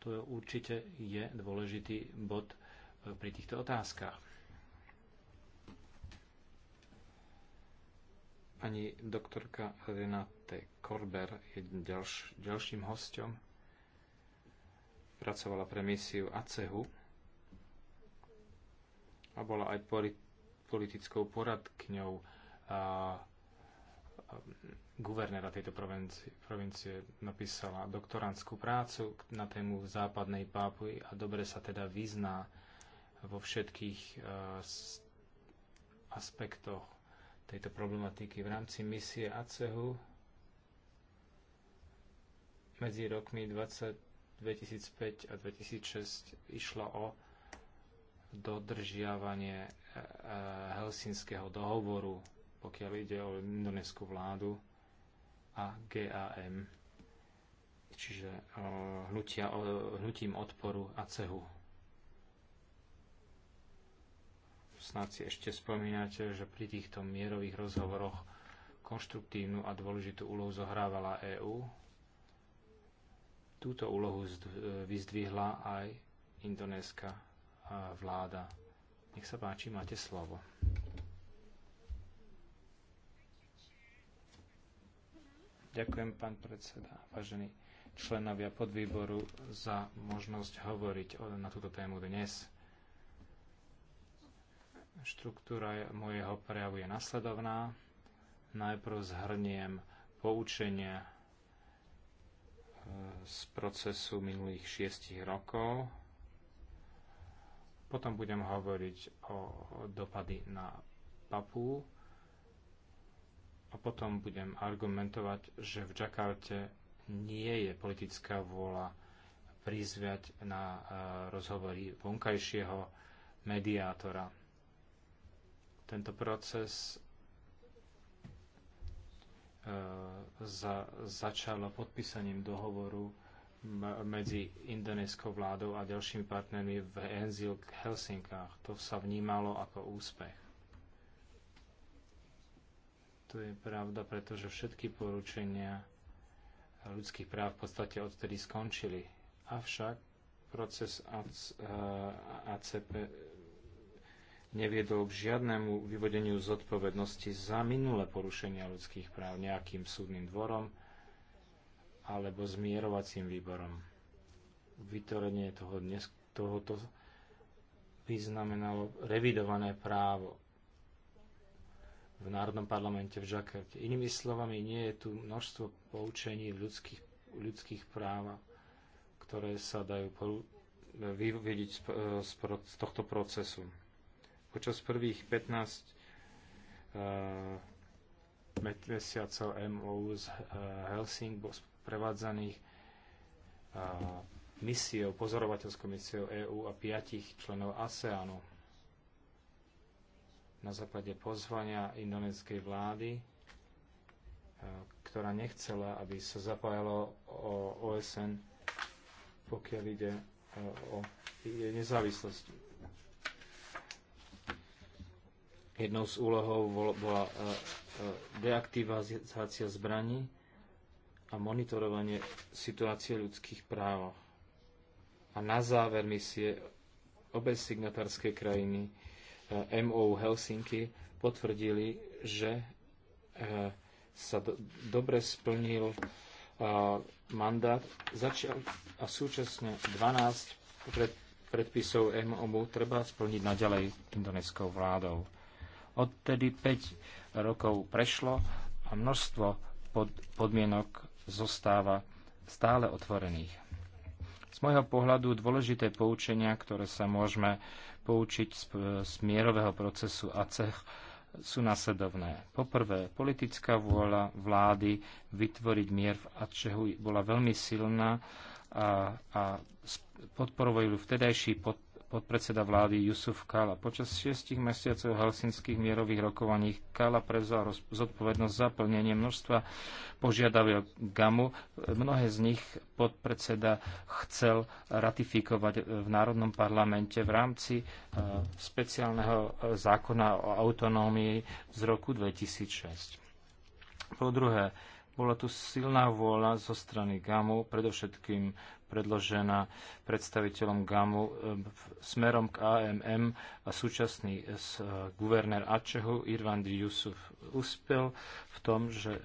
To určite je dôležitý bod e, pri týchto otázkach. Pani doktorka Renate Korber je ďalš, ďalším hostom. Pracovala pre misiu ACEHU a bola aj politickou poradkňou a, a, guvernéra tejto provincie, provincie napísala doktorantskú prácu na tému západnej pápuji a dobre sa teda vyzná vo všetkých e, aspektoch tejto problematiky v rámci misie ACEHu medzi rokmi 20, 2005 a 2006 išlo o dodržiavanie e, e, Helsinského dohovoru, pokiaľ ide o indonesku vládu a GAM, čiže hnutia, hnutím odporu a cehu. Snad si ešte spomínate, že pri týchto mierových rozhovoroch konštruktívnu a dôležitú úlohu zohrávala EÚ. Túto úlohu e, vyzdvihla aj indonéska e, vláda. Nech sa páči, máte slovo. Ďakujem, pán predseda, vážení členovia podvýboru za možnosť hovoriť na túto tému dnes. Štruktúra mojeho prejavu je nasledovná. Najprv zhrniem poučenie e, z procesu minulých šiestich rokov. Potom budem hovoriť o dopady na papu a potom budem argumentovať, že v Džakarte nie je politická vôľa prizviať na e, rozhovory vonkajšieho mediátora. Tento proces e, za, začalo podpísaním dohovoru medzi indonéskou vládou a ďalšími partnermi v Enzil v Helsinkách. To sa vnímalo ako úspech. To je pravda, pretože všetky poručenia ľudských práv v podstate odtedy skončili. Avšak proces ACP eh, neviedol k žiadnemu vyvodeniu zodpovednosti za minulé porušenia ľudských práv nejakým súdnym dvorom alebo zmierovacím výborom. Vytvorenie toho dnes, tohoto by znamenalo revidované právo v Národnom parlamente v Žakarte. Inými slovami, nie je tu množstvo poučení v ľudských, ľudských právach, ktoré sa dajú vyvedieť z, z, z tohto procesu. Počas prvých 15 uh, eh, mesiacov MOU z uh, Helsing bol prevádzaných uh, eh, misiou, pozorovateľskou misiou EÚ a piatich členov ASEANu na základe pozvania indonéskej vlády, e, ktorá nechcela, aby sa zapájalo o OSN, pokiaľ ide e, o jej nezávislosť. Jednou z úlohov bola e, deaktivizácia zbraní a monitorovanie situácie ľudských práv. A na záver misie obe signatárske krajiny E, MOU Helsinky potvrdili, že e, sa do, dobre splnil e, mandát začal a súčasne 12 pred, predpisov MOU treba splniť naďalej indoneskou vládou. Odtedy 5 rokov prešlo a množstvo pod, podmienok zostáva stále otvorených z môjho pohľadu dôležité poučenia, ktoré sa môžeme poučiť z, z mierového procesu ACEH, sú nasledovné. Poprvé, politická vôľa vlády vytvoriť mier v Ačehu bola veľmi silná a, a podporovali vtedajší pod, podpredseda vlády Jusuf Kala. Počas šiestich mesiacov helsinských mierových rokovaní Kala prevzal zodpovednosť za plnenie množstva požiadavia GAMU. Mnohé z nich podpredseda chcel ratifikovať v Národnom parlamente v rámci e, speciálneho e, zákona o autonómii z roku 2006. Po druhé, bola tu silná vôľa zo strany GAMU, predovšetkým predložená predstaviteľom GAMU eh, smerom k AMM a súčasný eh, eh, guvernér Ačehu Irvandi Yusuf uspel v tom, že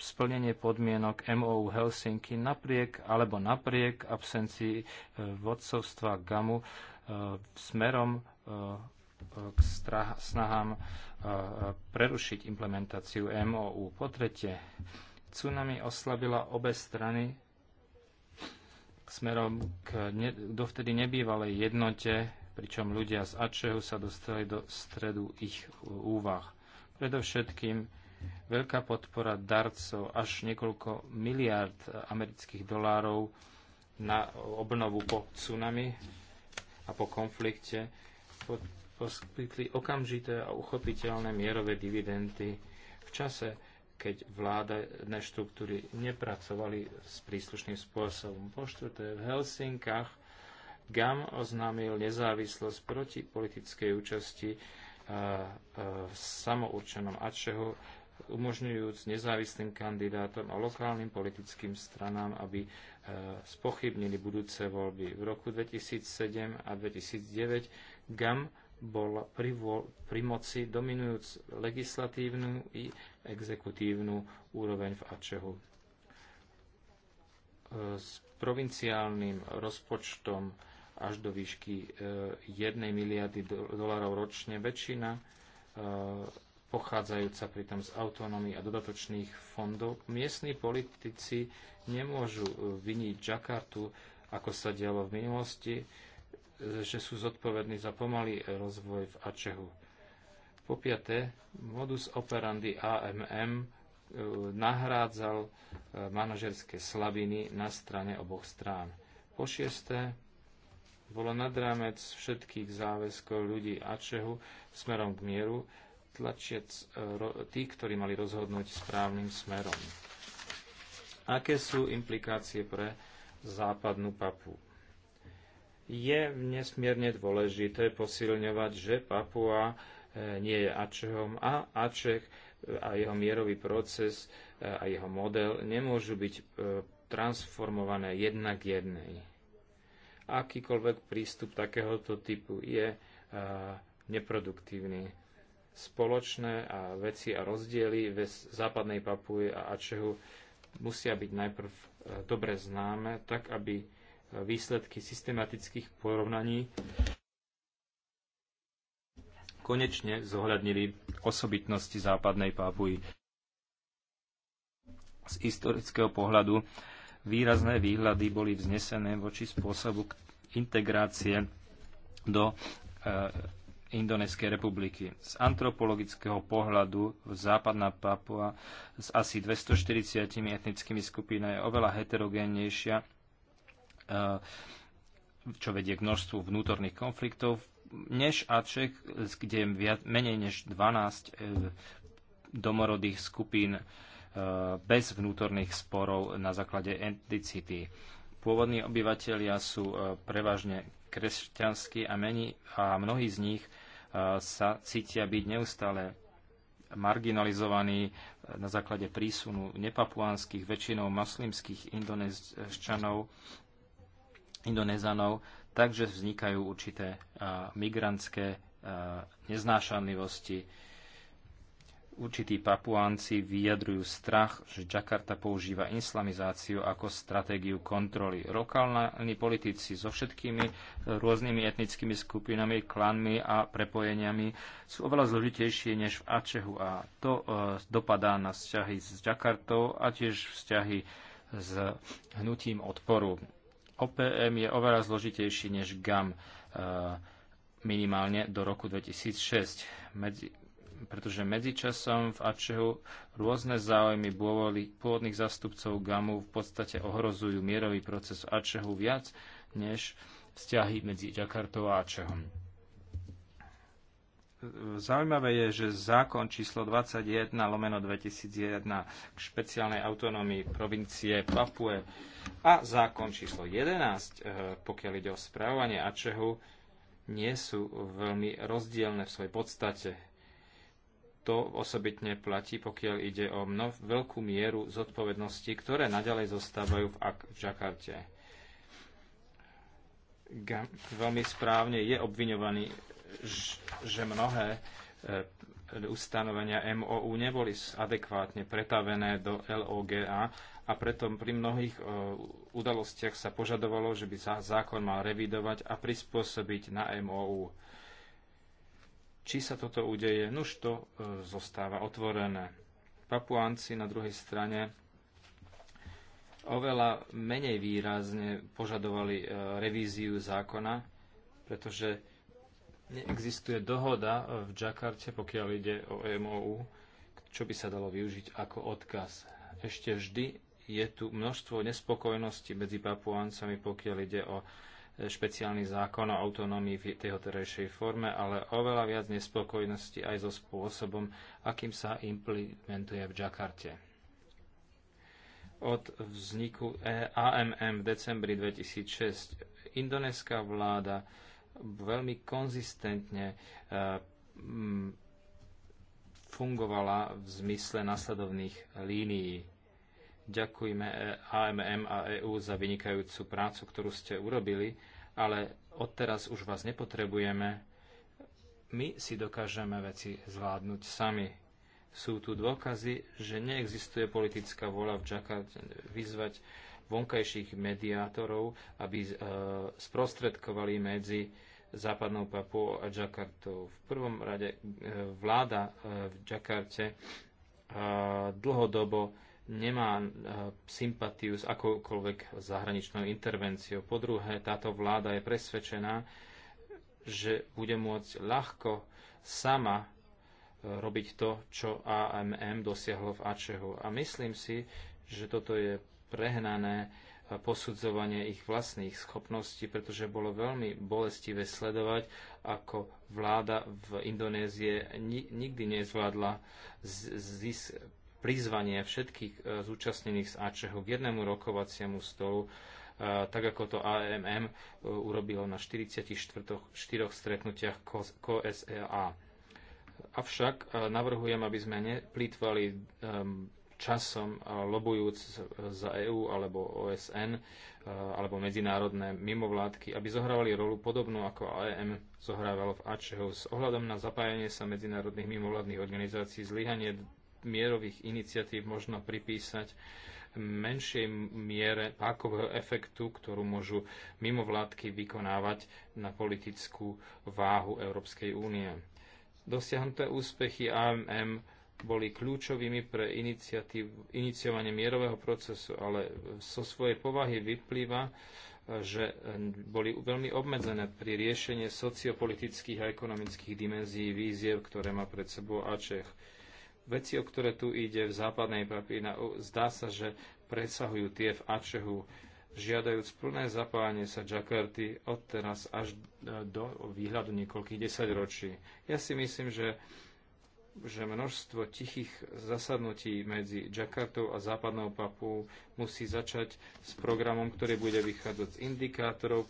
splnenie podmienok MOU Helsinki napriek alebo napriek absencii vodcovstva GAMU smerom k snahám prerušiť implementáciu MOU. Po tretie, tsunami oslabila obe strany smerom k ne, dovtedy nebývalej jednote, pričom ľudia z Ačehu sa dostali do stredu ich úvah. Predovšetkým veľká podpora darcov až niekoľko miliárd amerických dolárov na obnovu po tsunami a po konflikte poskytli okamžité a uchopiteľné mierové dividendy v čase, keď vládne štruktúry nepracovali s príslušným spôsobom. Po štvrté, v Helsinkách GAM oznámil nezávislosť proti politickej účasti e, e, v samourčenom Ačeho, umožňujúc nezávislým kandidátom a lokálnym politickým stranám, aby e, spochybnili budúce voľby. V roku 2007 a 2009 GAM bola pri, pri moci dominujúc legislatívnu i exekutívnu úroveň v Ačehu. E, s provinciálnym rozpočtom až do výšky 1 e, miliardy dolárov ročne väčšina e, pochádzajúca pritom z autonómii a dodatočných fondov, miestni politici nemôžu viniť Jakartu, ako sa dialo v minulosti, že sú zodpovední za pomalý rozvoj v Ačehu. Po piaté, modus operandi AMM e, nahrádzal e, manažerské slabiny na strane oboch strán. Po šiesté, bolo nad rámec všetkých záväzkov ľudí Ačehu smerom k mieru tlačiec e, tí, ktorí mali rozhodnúť správnym smerom. Aké sú implikácie pre západnú papu? je nesmierne dôležité posilňovať, že Papua e, nie je Ačehom a Ačech a jeho mierový proces e, a jeho model nemôžu byť e, transformované jedna k jednej. Akýkoľvek prístup takéhoto typu je neproduktívny. Spoločné a veci a rozdiely v západnej Papuje a Ačehu musia byť najprv dobre známe, tak aby výsledky systematických porovnaní konečne zohľadnili osobitnosti západnej Pápuji. Z historického pohľadu výrazné výhľady boli vznesené voči spôsobu integrácie do eh, Indonéskej republiky. Z antropologického pohľadu západná Papua s asi 240 etnickými skupinami je oveľa heterogénnejšia Eh, čo vedie k množstvu vnútorných konfliktov. Než Aček, kde je viac, menej než 12 eh, domorodých skupín eh, bez vnútorných sporov na základe etnicity. Pôvodní obyvateľia sú prevažne kresťanskí a, meni, a mnohí z nich sa cítia byť neustále marginalizovaní na základe prísunu nepapuánskych, väčšinou maslimských indonézčanov Indonézanov, takže vznikajú určité migrantské neznášanlivosti. Určití papuánci vyjadrujú strach, že Jakarta používa islamizáciu ako stratégiu kontroly. Lokálni politici so všetkými rôznymi etnickými skupinami, klanmi a prepojeniami sú oveľa zložitejšie než v Ačehu a to e, dopadá na vzťahy s Jakartou a tiež vzťahy s hnutím odporu. OPM je oveľa zložitejší než GAM eh, minimálne do roku 2006, medzi, pretože medzičasom v Ačehu rôzne záujmy bôvoli, pôvodných zastupcov GAMu v podstate ohrozujú mierový proces Ačehu viac než vzťahy medzi Jakartou a Ačehom. Zaujímavé je, že zákon číslo 21 lomeno 2001 k špeciálnej autonómii provincie Papue a zákon číslo 11, eh, pokiaľ ide o správanie Ačehu, nie sú veľmi rozdielne v svojej podstate. To osobitne platí, pokiaľ ide o mnoh- veľkú mieru zodpovednosti, ktoré naďalej zostávajú v, Ak- v Žakarte. Gam- veľmi správne je obviňovaný že mnohé e, ustanovenia MOU neboli adekvátne pretavené do LOGA a preto pri mnohých e, udalostiach sa požadovalo, že by sa zákon mal revidovať a prispôsobiť na MOU. Či sa toto udeje? Nuž to e, zostáva otvorené. Papuánci na druhej strane oveľa menej výrazne požadovali revíziu zákona, pretože Neexistuje dohoda v Džakarte, pokiaľ ide o MOU, čo by sa dalo využiť ako odkaz. Ešte vždy je tu množstvo nespokojnosti medzi Papuáncami, pokiaľ ide o e, špeciálny zákon o autonómii v tej terejšej forme, ale oveľa viac nespokojnosti aj so spôsobom, akým sa implementuje v Džakarte. Od vzniku e AMM v decembri 2006 indonéská vláda veľmi konzistentne eh, mm, fungovala v zmysle nasledovných línií. Ďakujeme AMM eh, a EU za vynikajúcu prácu, ktorú ste urobili, ale odteraz už vás nepotrebujeme. My si dokážeme veci zvládnuť sami. Sú tu dôkazy, že neexistuje politická vôľa v Džakarte vyzvať vonkajších mediátorov, aby eh, sprostredkovali medzi západnou Papuou a Džakartou. V prvom rade e, vláda e, v Džakarte e, dlhodobo nemá sympatiu s akoukoľvek zahraničnou intervenciou. Po druhé, táto vláda je presvedčená, že bude môcť ľahko sama robiť to, čo AMM dosiahlo v Ačehu. A myslím si, že toto je prehnané posudzovanie ich vlastných schopností, pretože bolo veľmi bolestivé sledovať, ako vláda v Indonézie nikdy nezvládla zis prizvanie všetkých e, zúčastnených z Ačehu k jednému rokovaciemu stolu, e, tak ako to AMM e, urobilo na 44 stretnutiach KSEA. Avšak navrhujem, aby sme neplýtvali časom eh, lobujúc za EÚ alebo OSN eh, alebo medzinárodné mimovládky, aby zohrávali rolu podobnú ako AEM zohrávalo v Ačehu. S ohľadom na zapájanie sa medzinárodných mimovládnych organizácií zlyhanie mierových iniciatív možno pripísať menšej miere pákového efektu, ktorú môžu mimovládky vykonávať na politickú váhu Európskej únie. Dosiahnuté úspechy AMM boli kľúčovými pre iniciovanie mierového procesu, ale zo svojej povahy vyplýva, že boli veľmi obmedzené pri riešení sociopolitických a ekonomických dimenzií víziev, ktoré má pred sebou Ačech. Veci, o ktoré tu ide v západnej papíne, zdá sa, že presahujú tie v Ačehu, žiadajúc plné zapájanie sa Jakarty od teraz až do výhľadu niekoľkých desaťročí. Ja si myslím, že že množstvo tichých zasadnutí medzi Džakartou a západnou Papu musí začať s programom, ktorý bude vychádzať z indikátorov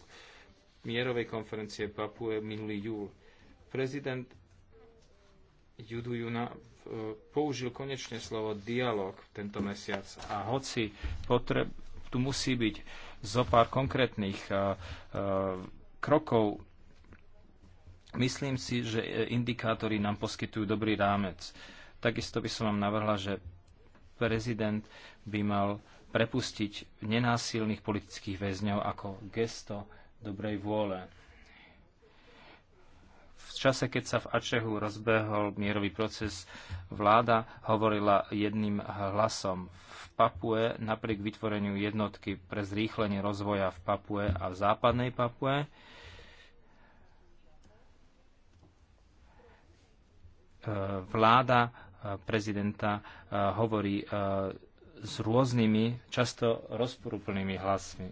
mierovej konferencie Papue minulý júl. Prezident Judu Juna e, použil konečne slovo dialog tento mesiac a hoci potreb, tu musí byť zo pár konkrétnych a, e, a, e, krokov Myslím si, že e, indikátory nám poskytujú dobrý rámec. Takisto by som vám navrhla, že prezident by mal prepustiť nenásilných politických väzňov ako gesto dobrej vôle. V čase, keď sa v Ačehu rozbehol mierový proces, vláda hovorila jedným hlasom. V Papue napriek vytvoreniu jednotky pre zrýchlenie rozvoja v Papue a v západnej Papue vláda e, prezidenta e, hovorí e, s rôznymi, často rozporúplnými hlasmi.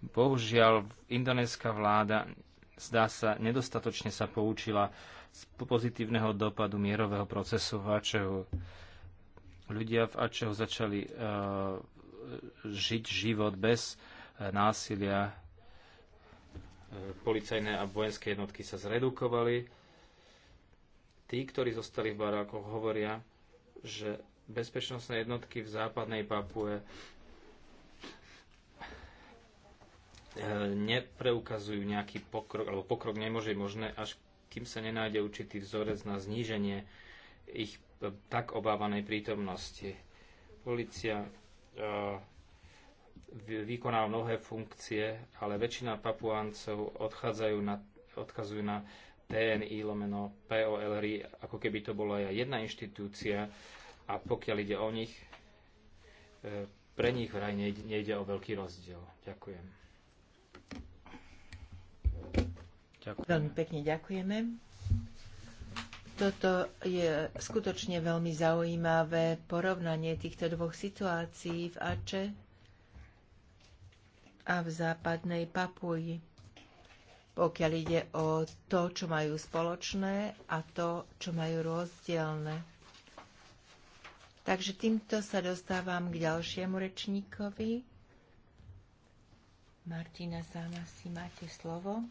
Bohužiaľ, indonéska vláda zdá sa nedostatočne sa poučila z pozitívneho dopadu mierového procesu v Ačehu. Ľudia v Ačehu začali uh, žiť život bez násilia. Policajné a vojenské jednotky sa zredukovali Tí, ktorí zostali v barákoch, hovoria, že bezpečnostné jednotky v západnej Papue eh, nepreukazujú nejaký pokrok, alebo pokrok nemôže možné, až kým sa nenájde určitý vzorec na zníženie ich eh, tak obávanej prítomnosti. Polícia eh, vykonáva mnohé funkcie, ale väčšina papuáncov odchádzajú na, odkazujú na TNI lomeno POLRI, ako keby to bola aj jedna inštitúcia a pokiaľ ide o nich, e, pre nich vraj nejde o veľký rozdiel. Ďakujem. Ďakujem. Veľmi pekne ďakujeme. Toto je skutočne veľmi zaujímavé porovnanie týchto dvoch situácií v Ače a v západnej Papuji pokiaľ ide o to, čo majú spoločné a to, čo majú rozdielne. Takže týmto sa dostávam k ďalšiemu rečníkovi. Martina Zána, si máte slovo.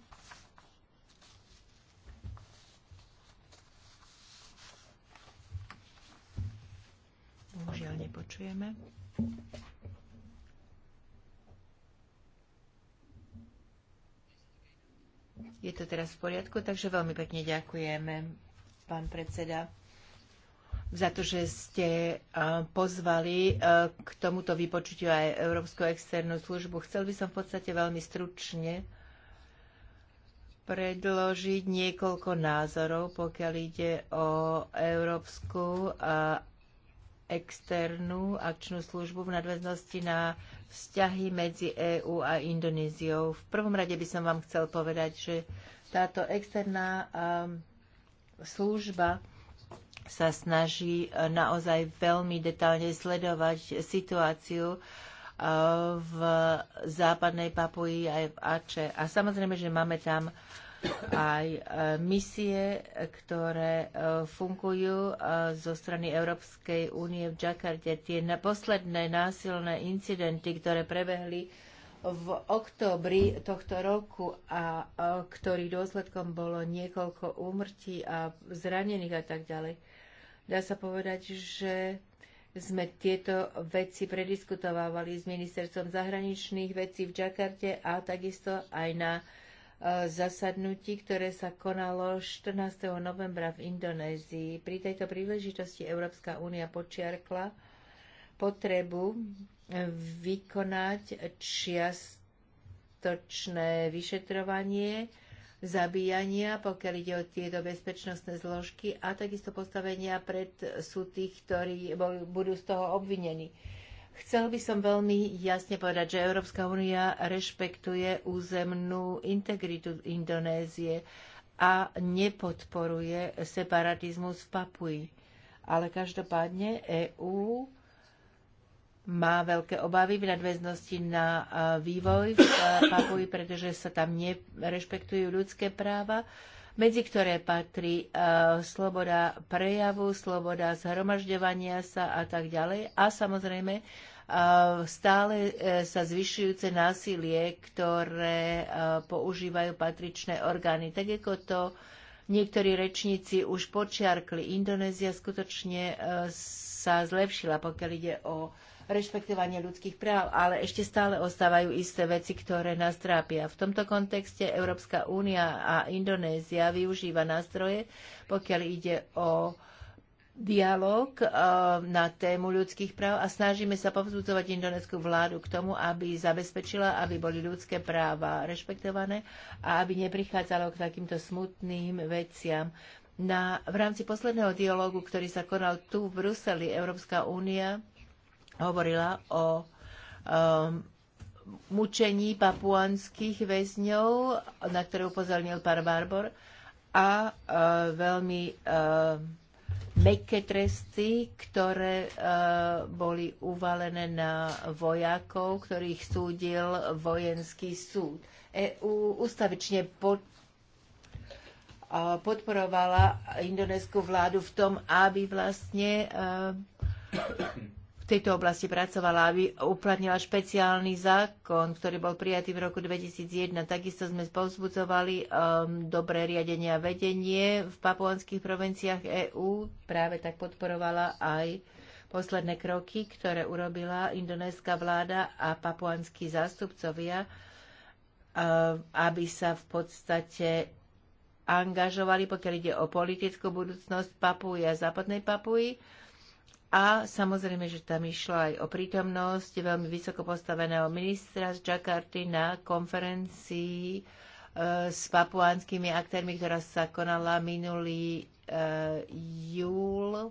Bohužiaľ nepočujeme. Je to teraz v poriadku, takže veľmi pekne ďakujeme, pán predseda, za to, že ste pozvali k tomuto vypočutiu aj Európsku externú službu. Chcel by som v podstate veľmi stručne predložiť niekoľko názorov, pokiaľ ide o Európsku externú akčnú službu v nadväznosti na vzťahy medzi EÚ a Indonéziou. V prvom rade by som vám chcel povedať, že táto externá um, služba sa snaží uh, naozaj veľmi detálne sledovať situáciu uh, v západnej Papuji aj v Ače. A samozrejme, že máme tam aj e, misie, ktoré e, fungujú e, zo strany Európskej únie v Džakarte. Tie posledné násilné incidenty, ktoré prebehli v októbri tohto roku a ktorý dôsledkom bolo niekoľko úmrtí a zranených a tak ďalej. Dá sa povedať, že sme tieto veci prediskutovávali s ministerstvom zahraničných vecí v Džakarte a takisto aj na uh, Eh, zasadnutí, ktoré sa konalo 14. novembra v Indonézii. Pri tejto príležitosti Európska únia počiarkla potrebu eh, vykonať čiastočné vyšetrovanie zabíjania, pokiaľ ide o tieto bezpečnostné zložky a takisto postavenia pred sú tých, ktorí budú z toho obvinení. Chcel by som veľmi jasne povedať, že Európska únia rešpektuje územnú integritu Indonézie a nepodporuje separatizmus v Papui. Ale každopádne EÚ má veľké obavy v nadväznosti na vývoj v Papui, pretože sa tam nerešpektujú ľudské práva medzi ktoré patrí sloboda prejavu, sloboda zhromažďovania sa a tak ďalej. A samozrejme stále e, sa zvyšujúce násilie, ktoré e, používajú patričné orgány. Tak ako to niektorí rečníci už počiarkli, Indonézia skutočne e, sa zlepšila, pokiaľ ide o rešpektovanie ľudských práv, ale ešte stále ostávajú isté veci, ktoré nás trápia. V tomto kontexte Európska únia a Indonézia využíva nástroje, pokiaľ ide o dialog eh, na tému ľudských práv a snažíme sa povzbudzovať indonéskú vládu k tomu, aby zabezpečila, aby boli ľudské práva rešpektované a aby neprichádzalo k takýmto smutným veciam. Na, v rámci posledného dialogu, ktorý sa konal tu v Bruseli, Európska únia hovorila o um, mučení papuanských väzňov, na ktoré upozornil pán Barbor, a uh, veľmi uh, meké tresty, ktoré e, boli uvalené na vojakov, ktorých súdil vojenský súd. EU ustavične pod e, podporovala indonésku vládu v tom, aby vlastne e, tejto oblasti pracovala, aby uplatnila špeciálny zákon, ktorý bol prijatý v roku 2001. Takisto sme povzbudzovali um, dobré riadenie a vedenie v papuánskych provinciách EÚ. Práve tak podporovala aj posledné kroky, ktoré urobila indonéska vláda a papuánsky zástupcovia, um, aby sa v podstate angažovali, pokiaľ ide o politickú budúcnosť Papuji a západnej Papuji a samozrejme, že tam išlo aj o prítomnosť veľmi vysoko postaveného ministra z Jakarty na konferencii e, s papuánskymi aktérmi, ktorá sa konala minulý e, júl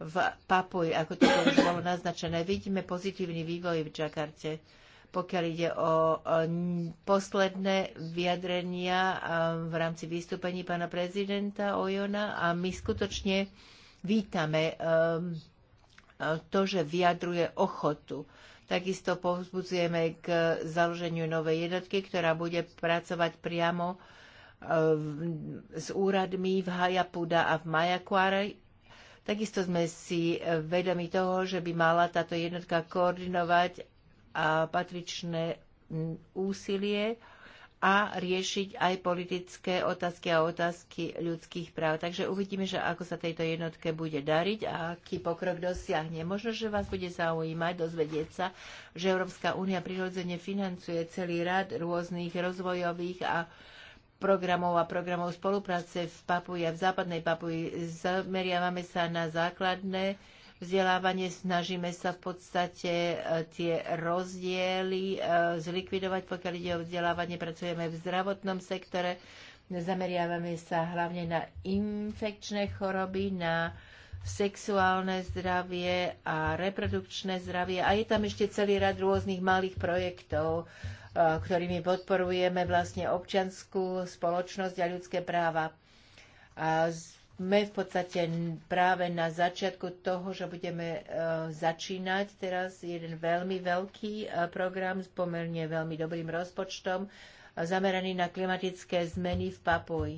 v Papuji, ako to bolo naznačené. Vidíme pozitívny vývoj v Jakarte, Pokiaľ ide o posledné vyjadrenia v rámci vystúpení pána prezidenta Ojona a my skutočne vítame e, to, že vyjadruje ochotu. Takisto povzbudzujeme k založeniu novej jednotky, ktorá bude pracovať priamo e, s úradmi v Hajapuda a v Majakuare. Takisto sme si e, vedomi toho, že by mala táto jednotka koordinovať a patričné úsilie a riešiť aj politické otázky a otázky ľudských práv. Takže uvidíme, že ako sa tejto jednotke bude dariť a aký pokrok dosiahne. Možno, že vás bude zaujímať dozvedieť sa, že Európska únia prirodzene financuje celý rad rôznych rozvojových a programov a programov spolupráce v Papuji a v západnej Papuji. Zameriavame sa na základné vzdelávanie. Snažíme sa v podstate e, tie rozdiely e, zlikvidovať, pokiaľ ide o vzdelávanie. Pracujeme v zdravotnom sektore, zameriavame sa hlavne na infekčné choroby, na sexuálne zdravie a reprodukčné zdravie. A je tam ešte celý rad rôznych malých projektov, e, ktorými podporujeme vlastne občanskú spoločnosť a ľudské práva. A sme v podstate práve na začiatku toho, že budeme e, začínať teraz jeden veľmi veľký e, program s pomerne veľmi dobrým rozpočtom e, zameraný na klimatické zmeny v Papuji.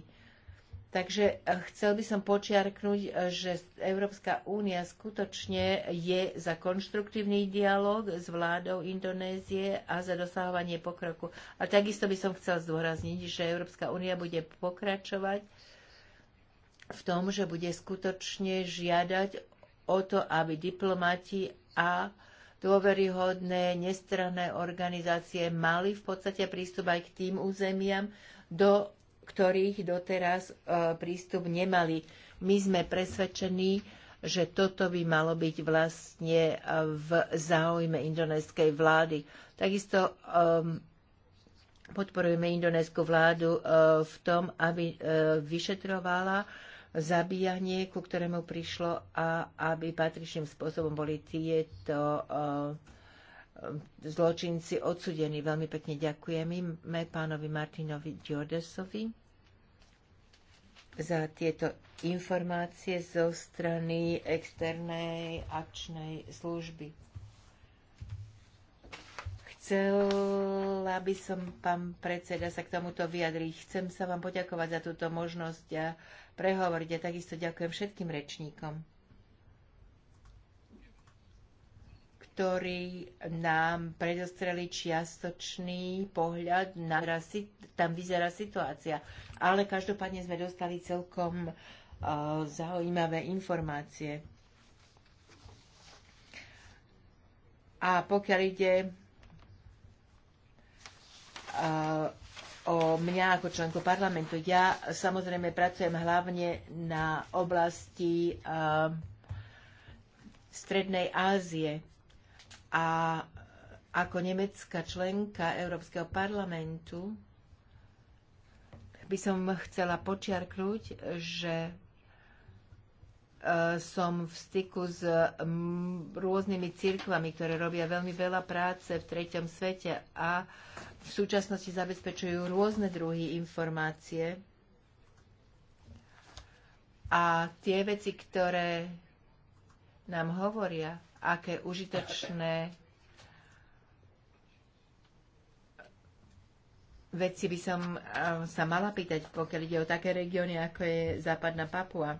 Takže chcel by som počiarknúť, že Európska únia skutočne je za konštruktívny dialog s vládou Indonézie a za dosahovanie pokroku. A takisto by som chcel zdôrazniť, že Európska únia bude pokračovať v tom, že bude skutočne žiadať o to, aby diplomati a dôveryhodné nestranné organizácie mali v podstate prístup aj k tým územiam, do ktorých doteraz e, prístup nemali. My sme presvedčení, že toto by malo byť vlastne e, v záujme indonéskej vlády. Takisto e, podporujeme indonésku vládu v tom, aby vyšetrovala zabíjanie, ku ktorému prišlo a aby patričným spôsobom boli tieto eh, zločinci odsudení. Veľmi pekne ďakujeme pánovi Martinovi Diodesovi za tieto informácie zo strany externej akčnej služby. Chcela by som, pán predseda, sa k tomuto vyjadriť. Chcem sa vám poďakovať za túto možnosť a prehovoriť. A takisto ďakujem všetkým rečníkom, ktorí nám predostreli čiastočný pohľad na tam vyzerá situácia. Ale každopádne sme dostali celkom e, zaujímavé informácie. A pokiaľ ide uh, o mňa ako členku parlamentu. Ja samozrejme pracujem hlavne na oblasti uh, Strednej Ázie a ako nemecká členka Európskeho parlamentu by som chcela počiarknúť, že ehm, som v styku s rôznymi cirkvami, ktoré robia veľmi veľa práce v treťom svete a v súčasnosti zabezpečujú rôzne druhy informácie a tie veci, ktoré nám hovoria, aké užitočné veci by som eh, sa mala pýtať, pokiaľ ide o také regióny, ako je západná Papua.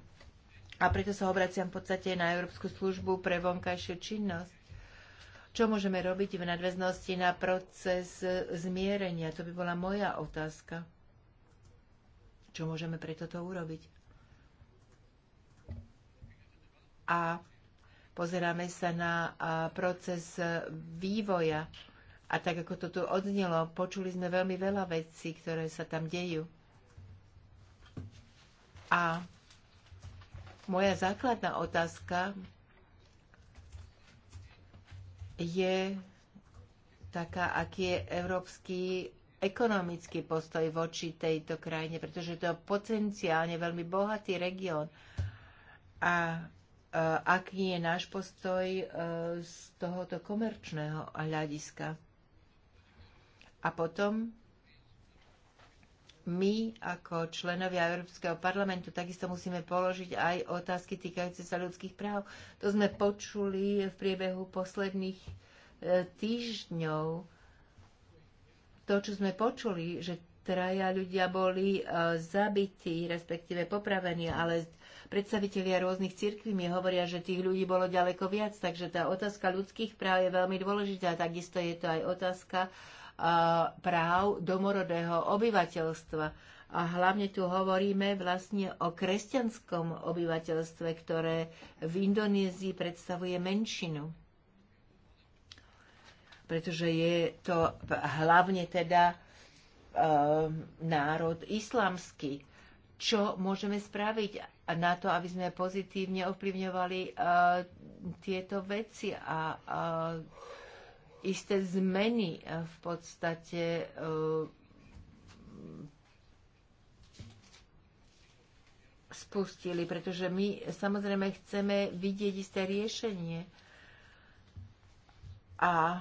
A preto sa obraciam v podstate na Európsku službu pre vonkajšiu činnosť čo môžeme robiť v nadväznosti na proces zmierenia? To by bola moja otázka. Čo môžeme pre toto urobiť? A pozeráme sa na proces vývoja. A tak, ako to tu odznelo, počuli sme veľmi veľa vecí, ktoré sa tam dejú. A moja základná otázka je taká, aký je európsky ekonomický postoj voči tejto krajine, pretože to je potenciálne veľmi bohatý región. A e, aký je náš postoj e, z tohoto komerčného hľadiska. A potom my ako členovia Európskeho parlamentu takisto musíme položiť aj otázky týkajúce sa ľudských práv. To sme počuli v priebehu posledných e, týždňov. To, čo sme počuli, že traja ľudia boli e, zabití, respektíve popravení, ale predstavitelia rôznych církví mi hovoria, že tých ľudí bolo ďaleko viac, takže tá otázka ľudských práv je veľmi dôležitá. Takisto je to aj otázka práv domorodého obyvateľstva. A hlavne tu hovoríme vlastne o kresťanskom obyvateľstve, ktoré v Indonézii predstavuje menšinu. Pretože je to hlavne teda e, národ islamský. Čo môžeme spraviť na to, aby sme pozitívne ovplyvňovali e, tieto veci a e, isté zmeny e, v podstate e, spustili, pretože my samozrejme chceme vidieť isté riešenie. A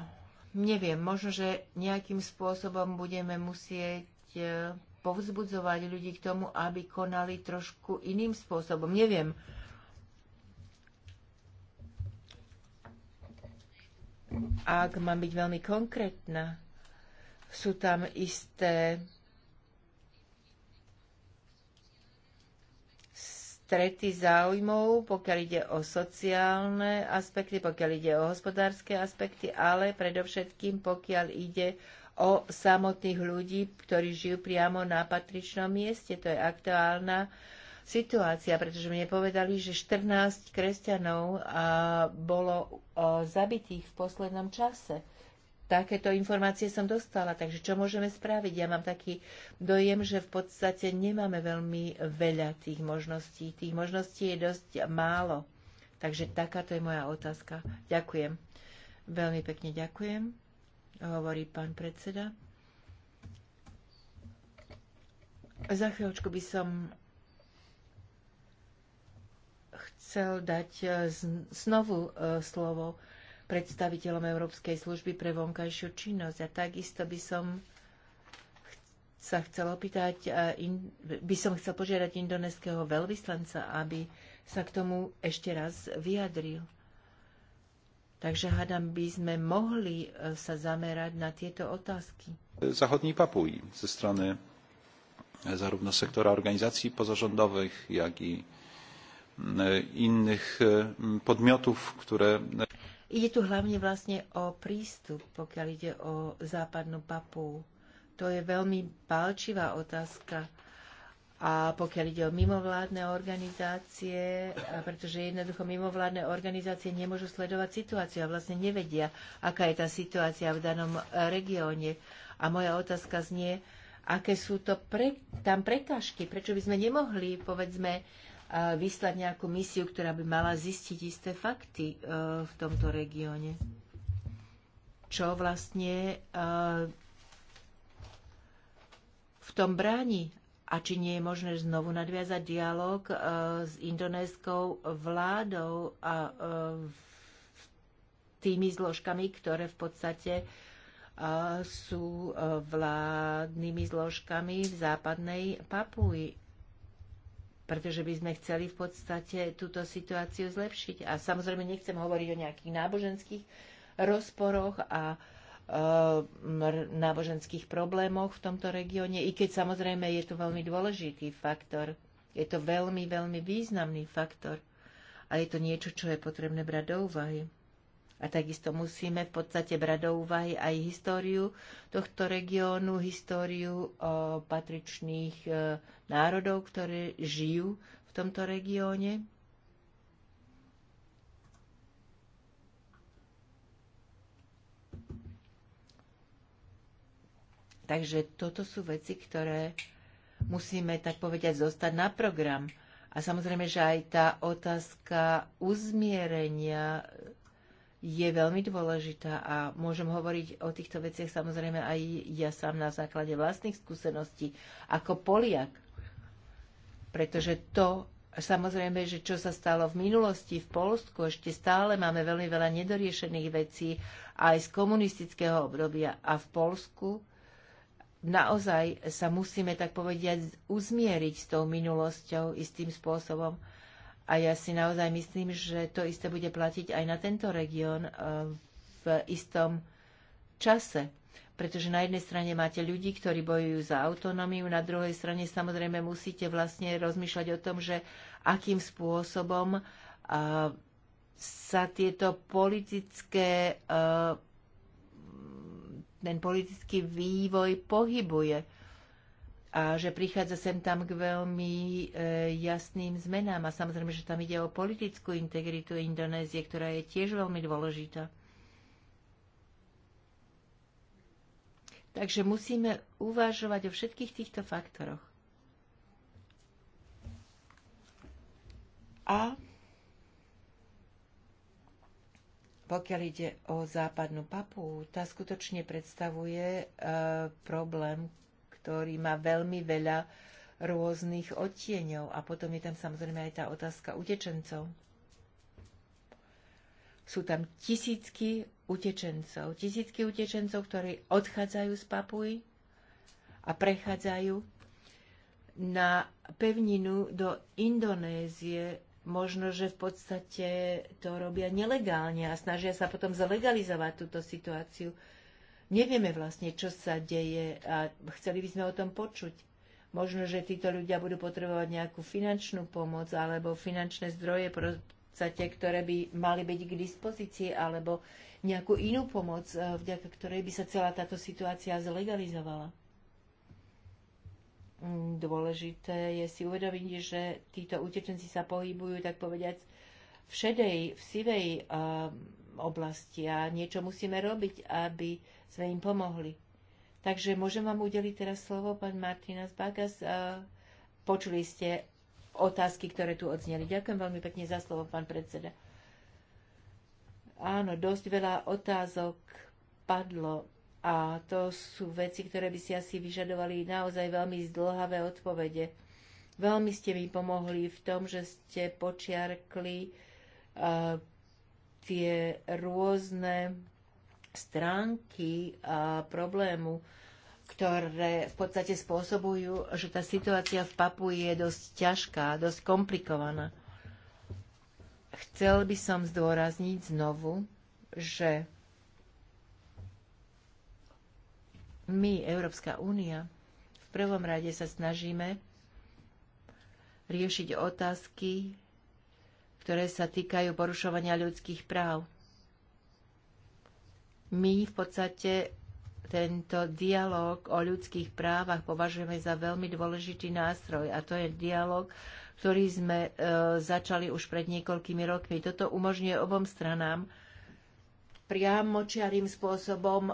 neviem, možno, že nejakým spôsobom budeme musieť e, povzbudzovať ľudí k tomu, aby konali trošku iným spôsobom. Neviem, ak mám byť veľmi konkrétna, sú tam isté strety záujmov, pokiaľ ide o sociálne aspekty, pokiaľ ide o hospodárske aspekty, ale predovšetkým pokiaľ ide o samotných ľudí, ktorí žijú priamo na patričnom mieste. To je aktuálna uh, situácia, pretože mne povedali, že 14 kresťanov bolo zabitých v poslednom čase. Takéto informácie som dostala, takže čo môžeme spraviť? Ja mám taký dojem, že v podstate nemáme veľmi veľa tých možností. Tých možností je dosť málo. Takže takáto je moja otázka. Ďakujem. Veľmi pekne ďakujem, hovorí pán predseda. Za chvíľočku by som chcel dať e, znovu e, slovo predstaviteľom Európskej služby pre vonkajšiu činnosť. A takisto by som sa chcel opýtať, e, by som chcel požiadať indoneského veľvyslanca, aby sa k tomu ešte raz vyjadril. Takže hádam, by sme mohli sa zamerať na tieto otázky. Zachodní papuji ze strany zarówno sektora organizacji pozarządowych, jak i E, innych e, podmiotów, które. E, ide tu hlavne vlastne o prístup, pokiaľ ide o západnú papu. To je veľmi palčivá otázka. A pokiaľ ide o mimovládne organizácie, pretože jednoducho mimovládne organizácie nemôžu sledovať situáciu a vlastne nevedia, aká je tá situácia v danom regióne. A moja otázka znie, aké sú to pre, tam prekážky, prečo by sme nemohli, povedzme, vyslať nejakú misiu, ktorá by mala zistiť isté fakty e, v tomto regióne. Čo vlastne e, v tom bráni? A či nie je možné znovu nadviazať dialog e, s indonéskou vládou a tými zložkami, ktoré v podstate sú vládnymi zložkami v západnej Papui pretože by sme chceli v podstate túto situáciu zlepšiť. A samozrejme nechcem hovoriť o nejakých náboženských rozporoch a e, náboženských problémoch v tomto regióne, i keď samozrejme je to veľmi dôležitý faktor. Je to veľmi, veľmi významný faktor. A je to niečo, čo je potrebné brať do úvahy. A takisto musíme v podstate brať do úvahy aj históriu tohto regiónu, históriu o patričných e, národov, ktoré žijú v tomto regióne. Takže toto sú veci, ktoré musíme, tak povedať, zostať na program. A samozrejme, že aj tá otázka uzmierenia je veľmi dôležitá a môžem hovoriť o týchto veciach samozrejme aj ja sám na základe vlastných skúseností ako Poliak. Pretože to samozrejme, že čo sa stalo v minulosti v Polsku, ešte stále máme veľmi veľa nedoriešených vecí aj z komunistického obdobia a v Polsku naozaj sa musíme, tak povediať, uzmieriť s tou minulosťou istým spôsobom a ja si naozaj myslím, že to isté bude platiť aj na tento región e, v istom čase. Pretože na jednej strane máte ľudí, ktorí bojujú za autonómiu, na druhej strane samozrejme musíte vlastne rozmýšľať o tom, že akým spôsobom e, sa tieto politické, e, ten politický vývoj pohybuje a že prichádza sem tam k veľmi e, jasným zmenám. A samozrejme, že tam ide o politickú integritu Indonézie, ktorá je tiež veľmi dôležitá. Takže musíme uvažovať o všetkých týchto faktoroch. A pokiaľ ide o západnú papu, tá skutočne predstavuje e, problém, ktorý má veľmi veľa rôznych odtieňov. A potom je tam samozrejme aj tá otázka utečencov. Sú tam tisícky utečencov. Tisícky utečencov, ktorí odchádzajú z Papuji a prechádzajú na pevninu do Indonézie, možno, že v podstate to robia nelegálne a snažia sa potom zalegalizovať túto situáciu nevieme vlastne, čo sa deje a chceli by sme o tom počuť. Možno, že títo ľudia budú potrebovať nejakú finančnú pomoc alebo finančné zdroje, podstate, ktoré by mali byť k dispozícii, alebo nejakú inú pomoc, e, vďaka ktorej by sa celá táto situácia zlegalizovala. Mm, dôležité je si uvedomiť, že títo utečenci sa pohybujú, tak povediať, v šedej, v sivej oblasti a niečo musíme robiť, aby sme im pomohli. Takže môžem vám udeliť teraz slovo, pán Martina Bagas. E, počuli ste otázky, ktoré tu odzneli. Ďakujem veľmi pekne za slovo, pán predseda. Áno, dosť veľa otázok padlo a to sú veci, ktoré by si asi vyžadovali naozaj veľmi zdlhavé odpovede. Veľmi ste mi pomohli v tom, že ste počiarkli uh, tie rôzne stránky a problému, ktoré v podstate spôsobujú, že tá situácia v Papu je dosť ťažká, dosť komplikovaná. Chcel by som zdôrazniť znovu, že my, Európska únia, v prvom rade sa snažíme riešiť otázky ktoré sa týkajú porušovania ľudských práv. My v podstate tento dialog o ľudských právach považujeme za veľmi dôležitý nástroj a to je dialog, ktorý sme e, začali už pred niekoľkými rokmi. Toto umožňuje obom stranám priamočiarým spôsobom e,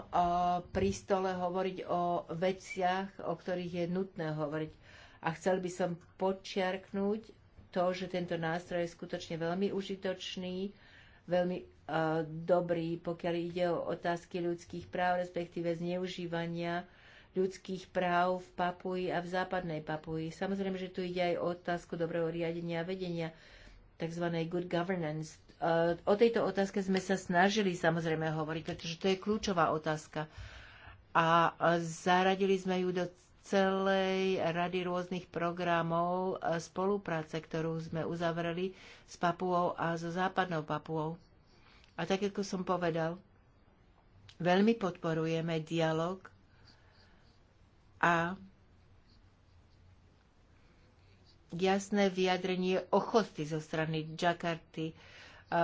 pri stole hovoriť o veciach, o ktorých je nutné hovoriť. A chcel by som počiarknúť, to, že tento nástroj je skutočne veľmi užitočný, veľmi uh, dobrý, pokiaľ ide o otázky ľudských práv, respektíve zneužívania ľudských práv v Papuji a v západnej Papuji. Samozrejme, že tu ide aj o otázku dobrého riadenia a vedenia, tzv. good governance. Uh, o tejto otázke sme sa snažili samozrejme hovoriť, pretože to je kľúčová otázka. A uh, zaradili sme ju do celej rady rôznych programov e, spolupráce, ktorú sme uzavreli s Papuou a so západnou Papuou. A tak, ako som povedal, veľmi podporujeme dialog a jasné vyjadrenie ochoty zo strany Jakarty, e,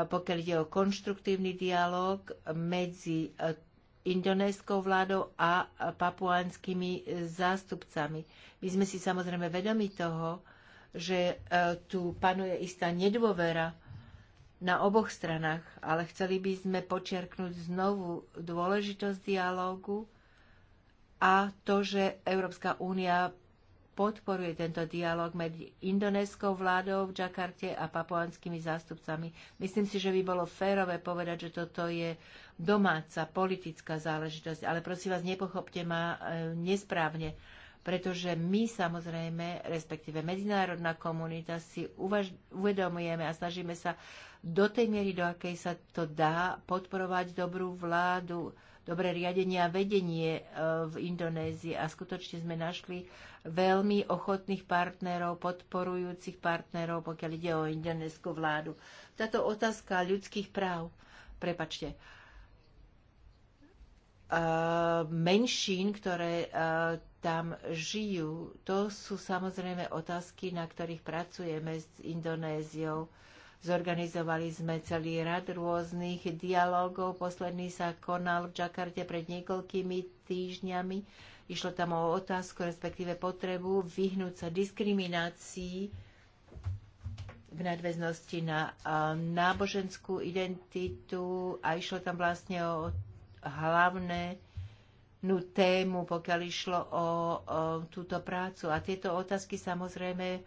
pokiaľ ide o konštruktívny dialog medzi e, indonéskou vládou a papuánskymi zástupcami. My sme si samozrejme vedomi toho, že e, tu panuje istá nedôvera na oboch stranách, ale chceli by sme počiarknúť znovu dôležitosť dialógu a to, že Európska únia podporuje tento dialog medzi indonéskou vládou v Džakarte a papuánskymi zástupcami. Myslím si, že by bolo férové povedať, že toto je domáca politická záležitosť. Ale prosím vás, nepochopte ma e, nesprávne, pretože my samozrejme, respektíve medzinárodná komunita si uvaž- uvedomujeme a snažíme sa do tej miery, do akej sa to dá, podporovať dobrú vládu, dobré riadenie a vedenie e, v Indonézii a skutočne sme našli veľmi ochotných partnerov, podporujúcich partnerov, pokiaľ ide o indonéskú vládu. Táto otázka ľudských práv, prepačte, E, menšín, ktoré e, tam žijú. To sú samozrejme otázky, na ktorých pracujeme s Indonéziou. Zorganizovali sme celý rad rôznych dialogov. Posledný sa konal v Džakarte pred niekoľkými týždňami. Išlo tam o otázku, respektíve potrebu vyhnúť sa diskriminácii v nadväznosti na e, náboženskú identitu a išlo tam vlastne o hlavné nú tému, pokiaľ išlo o, o túto prácu. A tieto otázky samozrejme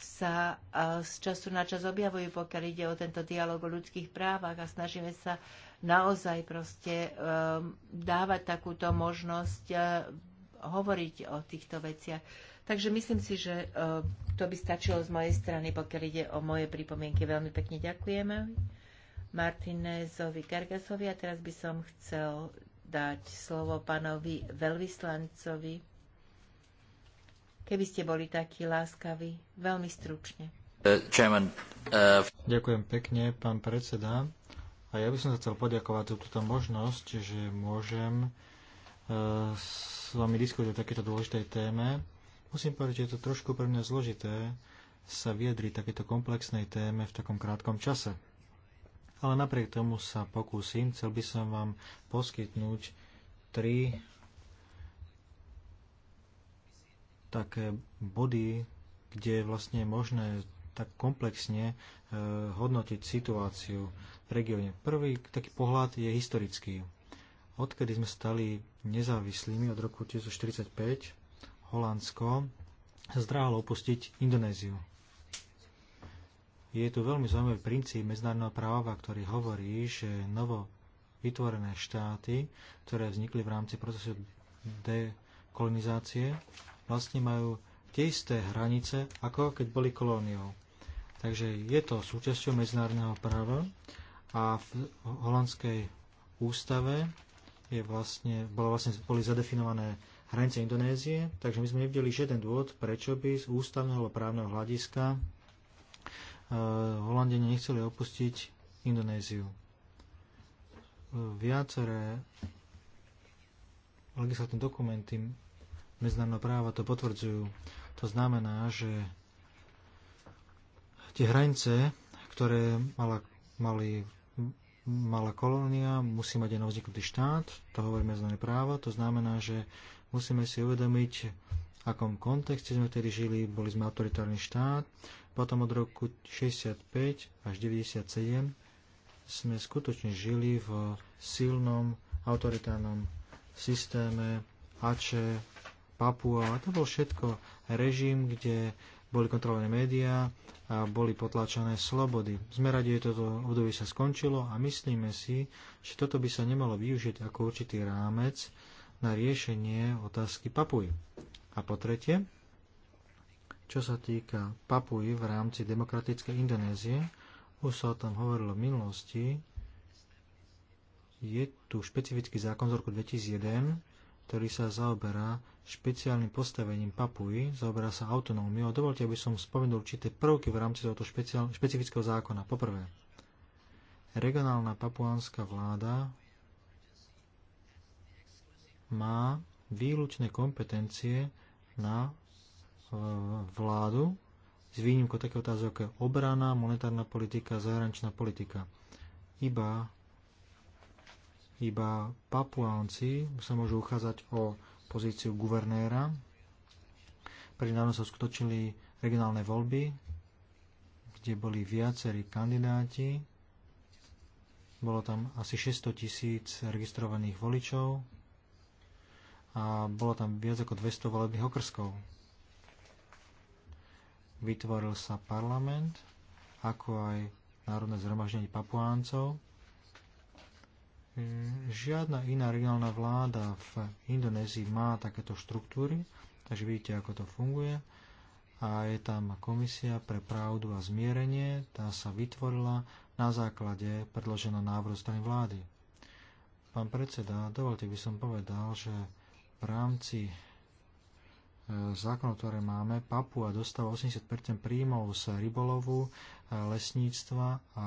sa z času na čas objavujú, pokiaľ ide o tento dialog o ľudských právach a snažíme sa naozaj proste um, dávať takúto možnosť uh, hovoriť o týchto veciach. Takže myslím si, že uh, to by stačilo z mojej strany, pokiaľ ide o moje pripomienky. Veľmi pekne ďakujeme. Martinezovi Gargasovi a teraz by som chcel dať slovo pánovi veľvyslancovi. Keby ste boli takí láskaví, veľmi stručne. Uh, chairman, uh... Ďakujem pekne, pán predseda. A ja by som sa chcel poďakovať za túto možnosť, že môžem uh, s vami diskutovať o takéto dôležitej téme. Musím povedať, že je to trošku pre mňa zložité sa vyjadriť takéto komplexnej téme v takom krátkom čase ale napriek tomu sa pokúsim. Chcel by som vám poskytnúť tri také body, kde vlastne je možné tak komplexne e, hodnotiť situáciu v regióne. Prvý taký pohľad je historický. Odkedy sme stali nezávislými od roku 1945, Holandsko zdráhalo opustiť Indonéziu je tu veľmi zaujímavý princíp medzinárodného práva, ktorý hovorí, že novo vytvorené štáty, ktoré vznikli v rámci procesu dekolonizácie, vlastne majú tie isté hranice, ako keď boli kolóniou. Takže je to súčasťou medzinárodného práva a v holandskej ústave je vlastne, bolo vlastne, boli zadefinované hranice Indonézie, takže my sme nevideli žiaden dôvod, prečo by z ústavného alebo právneho hľadiska Eh, Holandiani nechceli opustiť Indonéziu. Eh, Viaceré legislatívne dokumenty medzinárodného práva to potvrdzujú. To znamená, že tie hranice, ktoré mala, mali, mala kolónia, musí mať aj novzniknutý štát, to hovorí medzinárodné právo, to znamená, že musíme si uvedomiť, v akom kontexte sme vtedy žili, boli sme autoritárny štát, potom od roku 65 až 97 sme skutočne žili v silnom autoritárnom systéme Ače, Papua. A to bol všetko režim, kde boli kontrolované médiá a boli potláčané slobody. Sme radi, že toto obdobie sa skončilo a myslíme si, že toto by sa nemalo využiť ako určitý rámec na riešenie otázky Papuj. A po tretie, čo sa týka Papuji v rámci demokratickej Indonézie, už sa o tom hovorilo v minulosti, je tu špecifický zákon z roku 2001, ktorý sa zaoberá špeciálnym postavením Papuji, zaoberá sa autonómiou. Dovolte, aby som spomenul určité prvky v rámci tohoto špeciál, špecifického zákona. Poprvé, regionálna papuánska vláda má výlučné kompetencie na E, vládu, s výnimkou také otázok ako obrana, monetárna politika, zahraničná politika. Iba, iba papuánci sa môžu uchádzať o pozíciu guvernéra. Prednávno sa skutočili regionálne voľby, kde boli viacerí kandidáti. Bolo tam asi 600 tisíc registrovaných voličov a bolo tam viac ako 200 volebných okrskov vytvoril sa parlament, ako aj Národné zhromaždenie Papuáncov. Žiadna iná regionálna vláda v Indonézii má takéto štruktúry, takže vidíte, ako to funguje. A je tam komisia pre pravdu a zmierenie, tá sa vytvorila na základe predloženého návrhu strany vlády. Pán predseda, dovolte by som povedal, že v rámci zákonov, ktoré máme, Papua dostáva 80 príjmov z rybolovu, e, lesníctva a,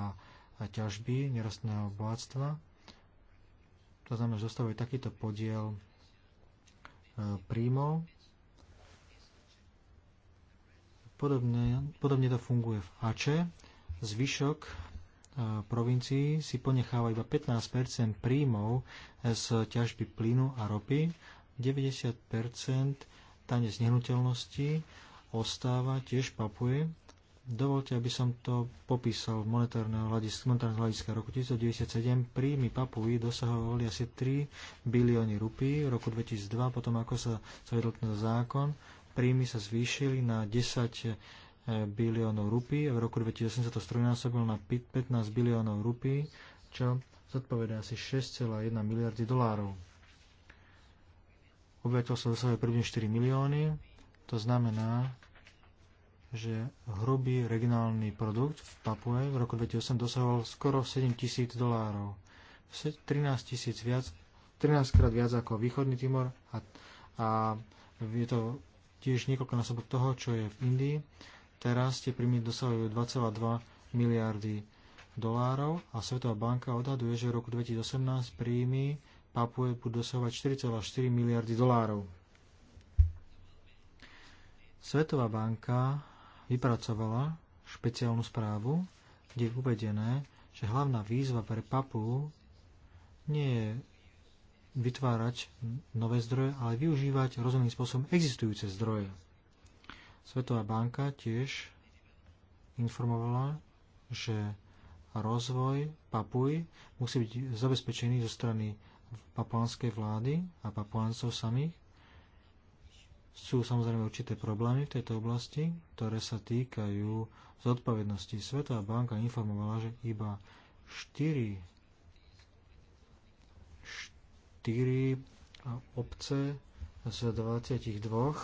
ťažby nerastného bohatstva. To znamená, že dostávajú takýto podiel e, príjmov. Podobne, podobne to funguje v Ače. Zvyšok e, provincií si ponecháva iba 15 príjmov z ťažby plynu a ropy, 90 dane z nehnuteľnosti ostáva tiež Papuje. Dovolte, aby som to popísal monetárneho hľadiska, monetárneho hľadiska roku 1997. Príjmy Papuji dosahovali asi 3 bilióny rupí. V roku 2002, potom ako sa zavedol ten zákon, príjmy sa zvýšili na 10 eh, biliónov rupí. V roku 2008 sa to strojnásobilo na 15 biliónov rupí, čo zodpovedá asi 6,1 miliardy dolárov obyvateľstvo dosahuje približne 4 milióny. To znamená, že hrubý regionálny produkt v Papue v roku 2008 dosahoval skoro 7 tisíc dolárov. 13 tisíc viac, 13 krát viac ako východný Timor a, a je to tiež niekoľko násobok toho, čo je v Indii. Teraz tie príjmy dosahujú 2,2 miliardy dolárov a Svetová banka odhaduje, že v roku 2018 príjmy Papue budú dosahovať 4,4 miliardy dolárov. Svetová banka vypracovala špeciálnu správu, kde je uvedené, že hlavná výzva pre Papu nie je vytvárať nové zdroje, ale využívať rozumným spôsobom existujúce zdroje. Svetová banka tiež informovala, že rozvoj Papuj musí byť zabezpečený zo strany papuánskej vlády a papuáncov samých. Sú samozrejme určité problémy v tejto oblasti, ktoré sa týkajú zodpovednosti. Svetová banka informovala, že iba 4, 4 obce z 22,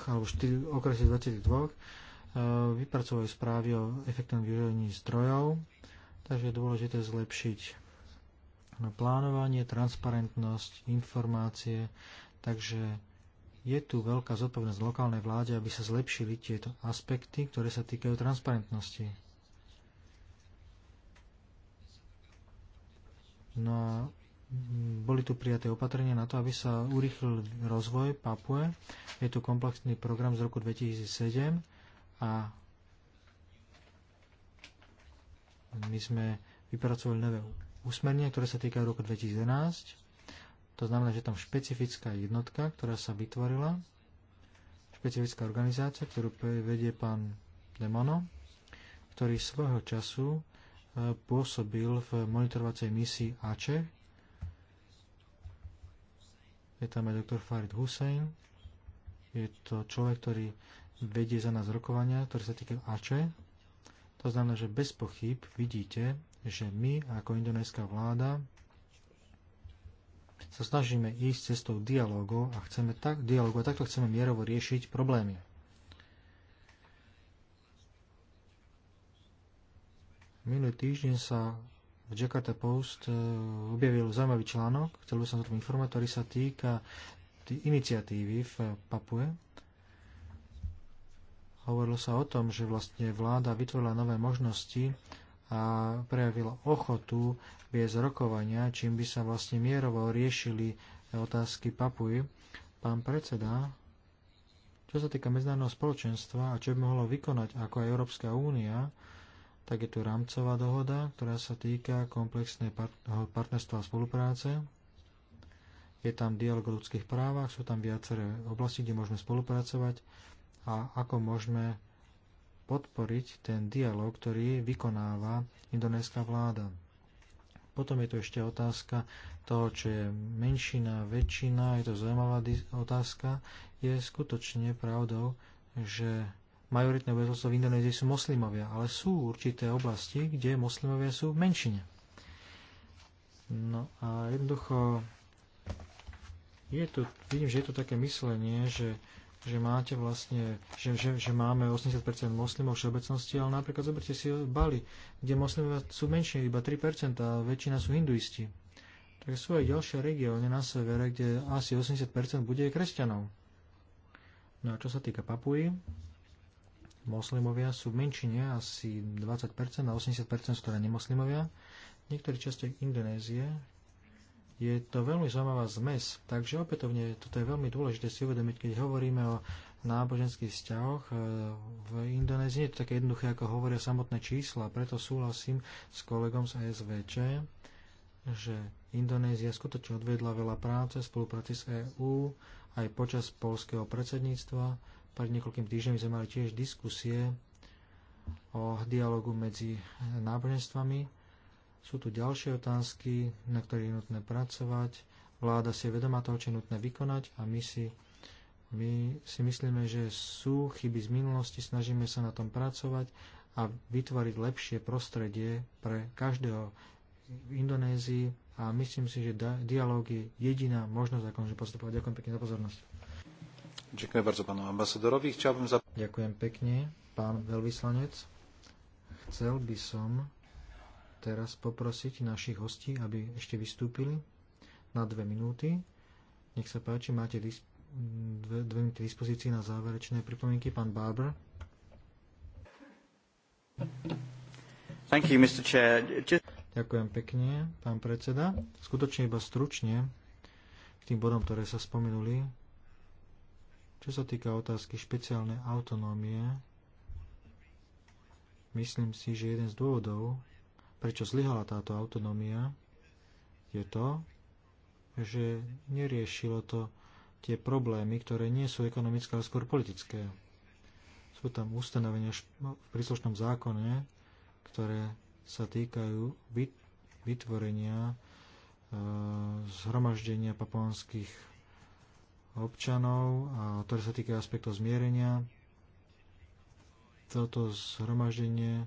alebo 4 okresy 22 vypracovajú správy o efektnom využívaní zdrojov, takže je dôležité zlepšiť na plánovanie, transparentnosť, informácie, takže je tu veľká zodpovednosť lokálnej vláde, aby sa zlepšili tieto aspekty, ktoré sa týkajú transparentnosti. No a mm, boli tu prijaté opatrenia na to, aby sa urýchlil rozvoj Papue. Je tu komplexný program z roku 2007 a my sme vypracovali nové usmernenia, ktoré sa týkajú roku 2011. To znamená, že tam špecifická jednotka, ktorá sa vytvorila, špecifická organizácia, ktorú vedie pán Demono, ktorý svojho času e, pôsobil v monitorovacej misii AČE. Je tam aj doktor Farid Hussein. Je to človek, ktorý vedie za nás rokovania, ktoré sa týkajú AČE. To znamená, že bez pochyb vidíte, že my ako indonéska vláda sa snažíme ísť cestou dialogu a, chceme tak, dialogu a takto chceme mierovo riešiť problémy. Minulý týždeň sa v Jakarta Post e, objavil zaujímavý článok, chcel by som o tom informovať, ktorý sa týka iniciatívy v Papue. Hovorilo sa o tom, že vlastne vláda vytvorila nové možnosti a prejavila ochotu viesť rokovania, čím by sa vlastne mierovo riešili otázky Papuji. Pán predseda, čo sa týka medzinárodného spoločenstva a čo by mohlo vykonať ako aj Európska únia, tak je tu rámcová dohoda, ktorá sa týka komplexného partnerstva a spolupráce. Je tam dialog o ľudských právach, sú tam viaceré oblasti, kde môžeme spolupracovať a ako môžeme podporiť ten dialog, ktorý vykonáva indonéska vláda. Potom je tu ešte otázka toho, čo je menšina, väčšina, je to zaujímavá otázka. Je skutočne pravdou, že majoritné obyvateľstvo v Indonézii sú moslimovia, ale sú určité oblasti, kde moslimovia sú v menšine. No a jednoducho je tu, vidím, že je tu také myslenie, že že máte vlastne, že, že, že máme 80% moslimov všeobecnosti, ale napríklad zoberte si Bali, kde moslimovia sú menšie, iba 3% a väčšina sú hinduisti. Tak sú aj ďalšie regióny na severe, kde asi 80% bude kresťanov. No a čo sa týka Papuji, moslimovia sú v menšine, asi 20% a 80% sú teda nemoslimovia. V niektorých častiach Indonézie je to veľmi zaujímavá zmes. Takže opätovne, toto je veľmi dôležité si uvedomiť, keď hovoríme o náboženských vzťahoch e, v Indonézii. Je to také jednoduché, ako hovoria samotné čísla. Preto súhlasím s kolegom z ESVČ, že Indonézia skutočne odvedla veľa práce v spolupráci s EÚ aj počas polského predsedníctva. Pred niekoľkým týždňami sme mali tiež diskusie o dialogu medzi náboženstvami sú tu ďalšie otázky, na ktoré je nutné pracovať. Vláda si je vedomá toho, čo je nutné vykonať a my si, my si myslíme, že sú chyby z minulosti, snažíme sa na tom pracovať a vytvoriť lepšie prostredie pre každého v Indonézii a myslím si, že dialóg je jediná možnosť, ako môžem postupovať. Ďakujem pekne za pozornosť. Ďakujem bardzo pánu ambasadorovi. za... Ďakujem pekne, pán veľvyslanec. Chcel by som teraz poprosiť našich hostí, aby ešte vystúpili na dve minúty. Nech sa páči, máte dve, dve minúty dispozícii na záverečné pripomienky. Pán Barber. Thank you, Mr. Chair. Just... Ďakujem pekne, pán predseda. Skutočne iba stručne k tým bodom, ktoré sa spomenuli. Čo sa týka otázky špeciálnej autonómie, myslím si, že jeden z dôvodov, prečo zlyhala táto autonómia, je to, že neriešilo to tie problémy, ktoré nie sú ekonomické, ale skôr politické. Sú tam ustanovenia v príslušnom zákone, ktoré sa týkajú vytvorenia e, zhromaždenia papuánskych občanov, a ktoré sa týkajú aspektov zmierenia. Toto zhromaždenie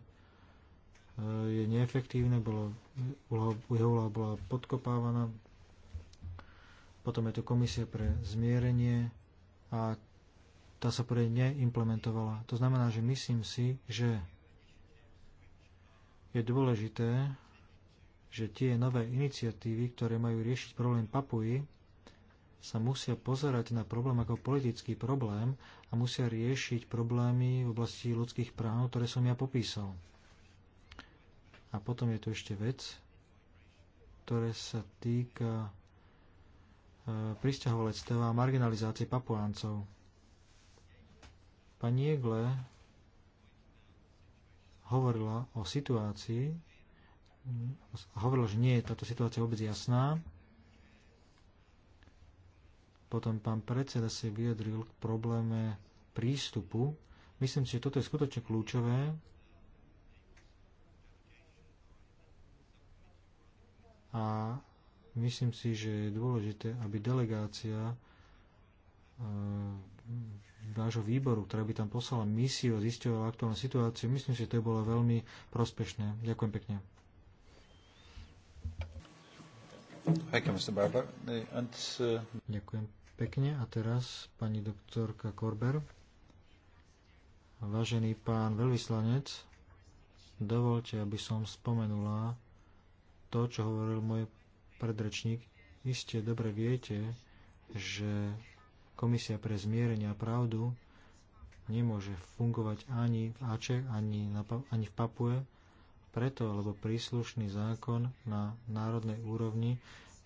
je neefektívne, bolo, úloha bola podkopávaná. Potom je tu komisia pre zmierenie a tá sa pre neimplementovala. To znamená, že myslím si, že je dôležité, že tie nové iniciatívy, ktoré majú riešiť problém Papuji, sa musia pozerať na problém ako politický problém a musia riešiť problémy v oblasti ľudských práv, ktoré som ja popísal. A potom je tu ešte vec, ktoré sa týka e, pristahovalectva a marginalizácie papuáncov. Pani Egle hovorila o situácii, hovorila, že nie je táto situácia vôbec jasná. Potom pán predseda si vyjadril k probléme prístupu. Myslím si, že toto je skutočne kľúčové. a myslím si, že je dôležité, aby delegácia e, vášho výboru, ktorá by tam poslala misiu, zistila aktuálnu situáciu. Myslím si, že to bolo veľmi prospešné. Ďakujem pekne. Uh, Ďakujem pekne. A teraz pani doktorka Korber. Vážený pán veľvyslanec, dovolte, aby som spomenula to, čo hovoril môj predrečník. Iste dobre viete, že Komisia pre zmierenie a pravdu nemôže fungovať ani v Ače, ani, na, ani v Papue, preto, lebo príslušný zákon na národnej úrovni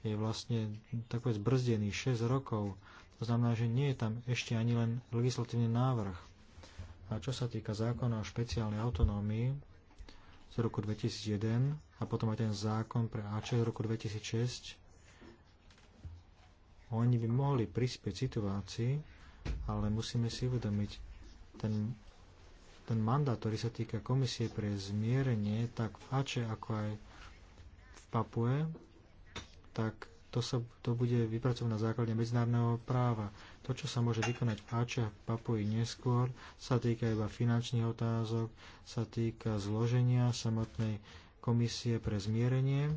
je vlastne takové zbrzdený 6 rokov. To znamená, že nie je tam ešte ani len legislatívny návrh. A čo sa týka zákona o špeciálnej autonómii, z roku 2001 a potom aj ten zákon pre AČ z roku 2006, oni by mohli prispieť situácii, ale musíme si uvedomiť ten, ten mandát, ktorý sa týka komisie pre zmierenie, tak v Ače ako aj v Papue, tak to, sa, to bude vypracované na základe medzinárodného práva. To, čo sa môže vykonať v Ače a v Papuji neskôr, sa týka iba finančných otázok, sa týka zloženia samotnej komisie pre zmierenie.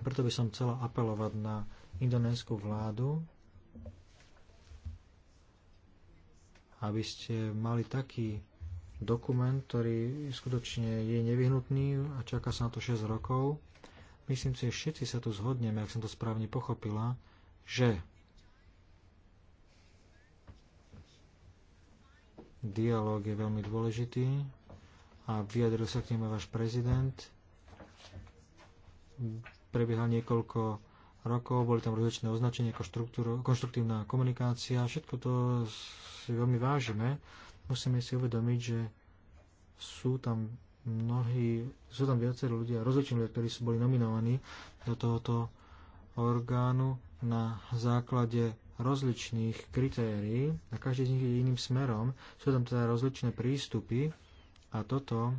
Preto by som chcela apelovať na indonéskú vládu, aby ste mali taký dokument, ktorý skutočne je nevyhnutný a čaká sa na to 6 rokov, Myslím si, že všetci sa tu zhodneme, ak som to správne pochopila, že dialóg je veľmi dôležitý a vyjadril sa k nemu váš prezident. Prebiehal niekoľko rokov, boli tam rozličné označenia ako konštruktívna komunikácia. Všetko to si veľmi vážime. Musíme si uvedomiť, že sú tam mnohí, sú tam viacerí ľudia, rozliční ľudia, ktorí sú boli nominovaní do tohoto orgánu na základe rozličných kritérií a každý z nich je iným smerom. Sú tam teda rozličné prístupy a toto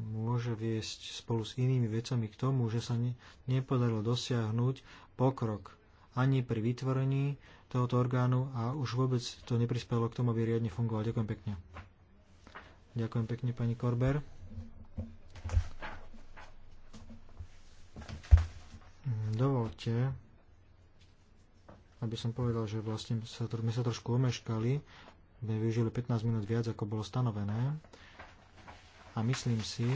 môže viesť spolu s inými vecami k tomu, že sa ne, nepodarilo dosiahnuť pokrok ani pri vytvorení tohoto orgánu a už vôbec to neprispelo k tomu, aby riadne fungoval. Ďakujem pekne. Ďakujem pekne, pani Korber. Dovolte, aby som povedal, že vlastne sa, my sa trošku omeškali, sme využili 15 minút viac, ako bolo stanovené a myslím si,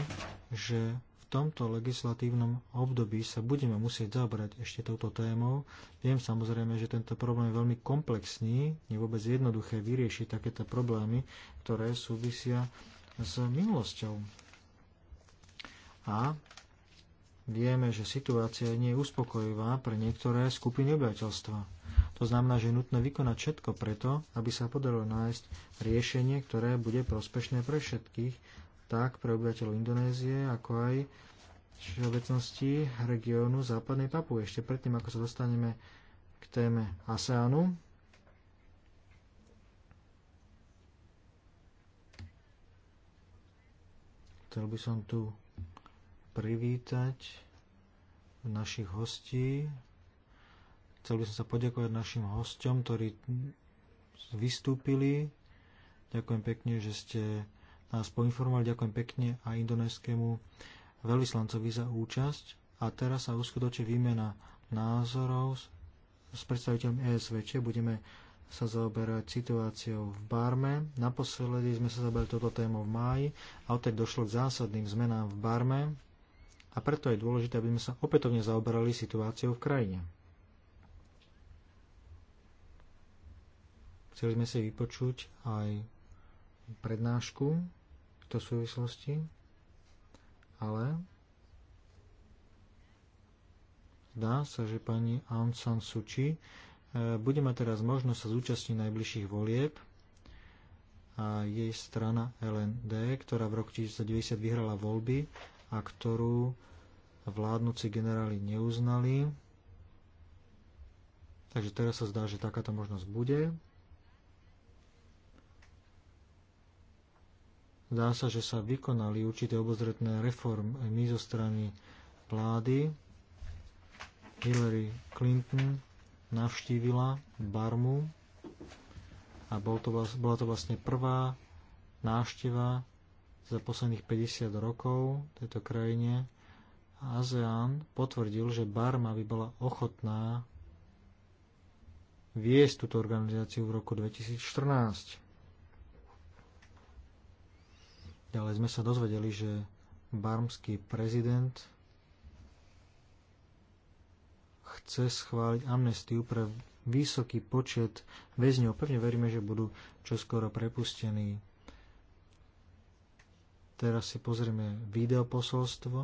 že tomto legislatívnom období sa budeme musieť zaoberať ešte touto témou. Viem samozrejme, že tento problém je veľmi komplexný, je vôbec jednoduché vyriešiť takéto problémy, ktoré súvisia s minulosťou. A vieme, že situácia nie je uspokojivá pre niektoré skupiny obyvateľstva. To znamená, že je nutné vykonať všetko preto, aby sa podarilo nájsť riešenie, ktoré bude prospešné pre všetkých tak pre obyvateľov Indonézie, ako aj všeobecnosti regiónu západnej Papu. Ešte predtým, ako sa dostaneme k téme ASEANu, chcel by som tu privítať našich hostí. Chcel by som sa poďakovať našim hostom, ktorí vystúpili. Ďakujem pekne, že ste nás poinformoval. Ďakujem pekne a indonéskému veľvyslancovi za účasť. A teraz sa uskutočí výmena názorov s predstaviteľom ESVČ. Budeme sa zaoberať situáciou v Barme. Naposledy sme sa zaoberali toto tému v máji a odtedy došlo k zásadným zmenám v Barme a preto je dôležité, aby sme sa opätovne zaoberali situáciou v krajine. Chceli sme si vypočuť aj prednášku tejto súvislosti, ale zdá sa, že pani Aung San Suu Kyi e, bude mať teraz možnosť sa zúčastniť najbližších volieb a jej strana LND, ktorá v roku 1990 vyhrala voľby a ktorú vládnuci generáli neuznali. Takže teraz sa zdá, že takáto možnosť bude. Zdá sa, že sa vykonali určité obozretné reformy zo strany vlády. Hillary Clinton navštívila Barmu a bol to, bola to vlastne prvá návšteva za posledných 50 rokov v tejto krajine. ASEAN potvrdil, že Barma by bola ochotná viesť túto organizáciu v roku 2014. Ďalej sme sa dozvedeli, že barmský prezident chce schváliť amnestiu pre vysoký počet väzňov. Pevne veríme, že budú čoskoro prepustení. Teraz si pozrieme videoposolstvo,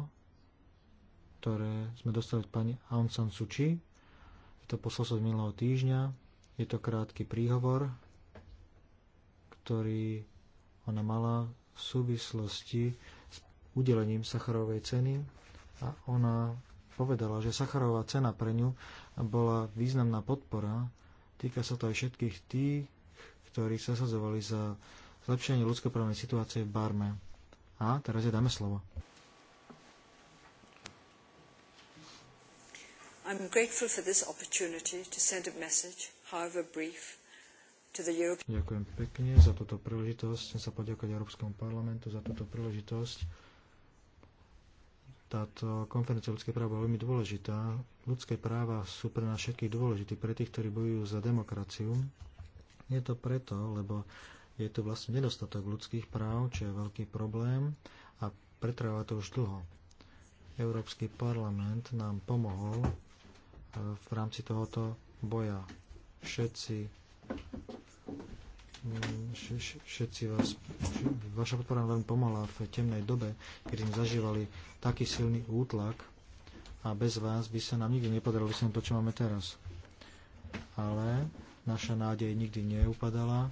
ktoré sme dostali od pani Aung San Suu Kyi. Je to posolstvo z minulého týždňa. Je to krátky príhovor, ktorý ona mala v súvislosti s udelením Sacharovej ceny a ona povedala, že Sacharová cena pre ňu bola významná podpora. Týka sa to aj všetkých tých, ktorí sa sazovali za zlepšenie ľudskoprávnej situácie v Barme. A teraz je dáme slovo. I'm grateful for this opportunity to send a message, however brief, Ďakujem pekne za túto príležitosť. Chcem sa poďakovať Európskom parlamentu za túto príležitosť. Táto konferencia ľudské práva je veľmi dôležitá. Ľudské práva sú pre nás všetkých dôležité, pre tých, ktorí bojujú za demokraciu. Je to preto, lebo je tu vlastne nedostatok ľudských práv, čo je veľký problém a pretrváva to už dlho. Európsky parlament nám pomohol eh, v rámci tohoto boja. Všetci všetci vás, vaša podpora nám veľmi pomohla v temnej dobe, keď sme zažívali taký silný útlak a bez vás by sa nám nikdy nepodarilo vysvetliť to, čo máme teraz. Ale naša nádej nikdy neupadala.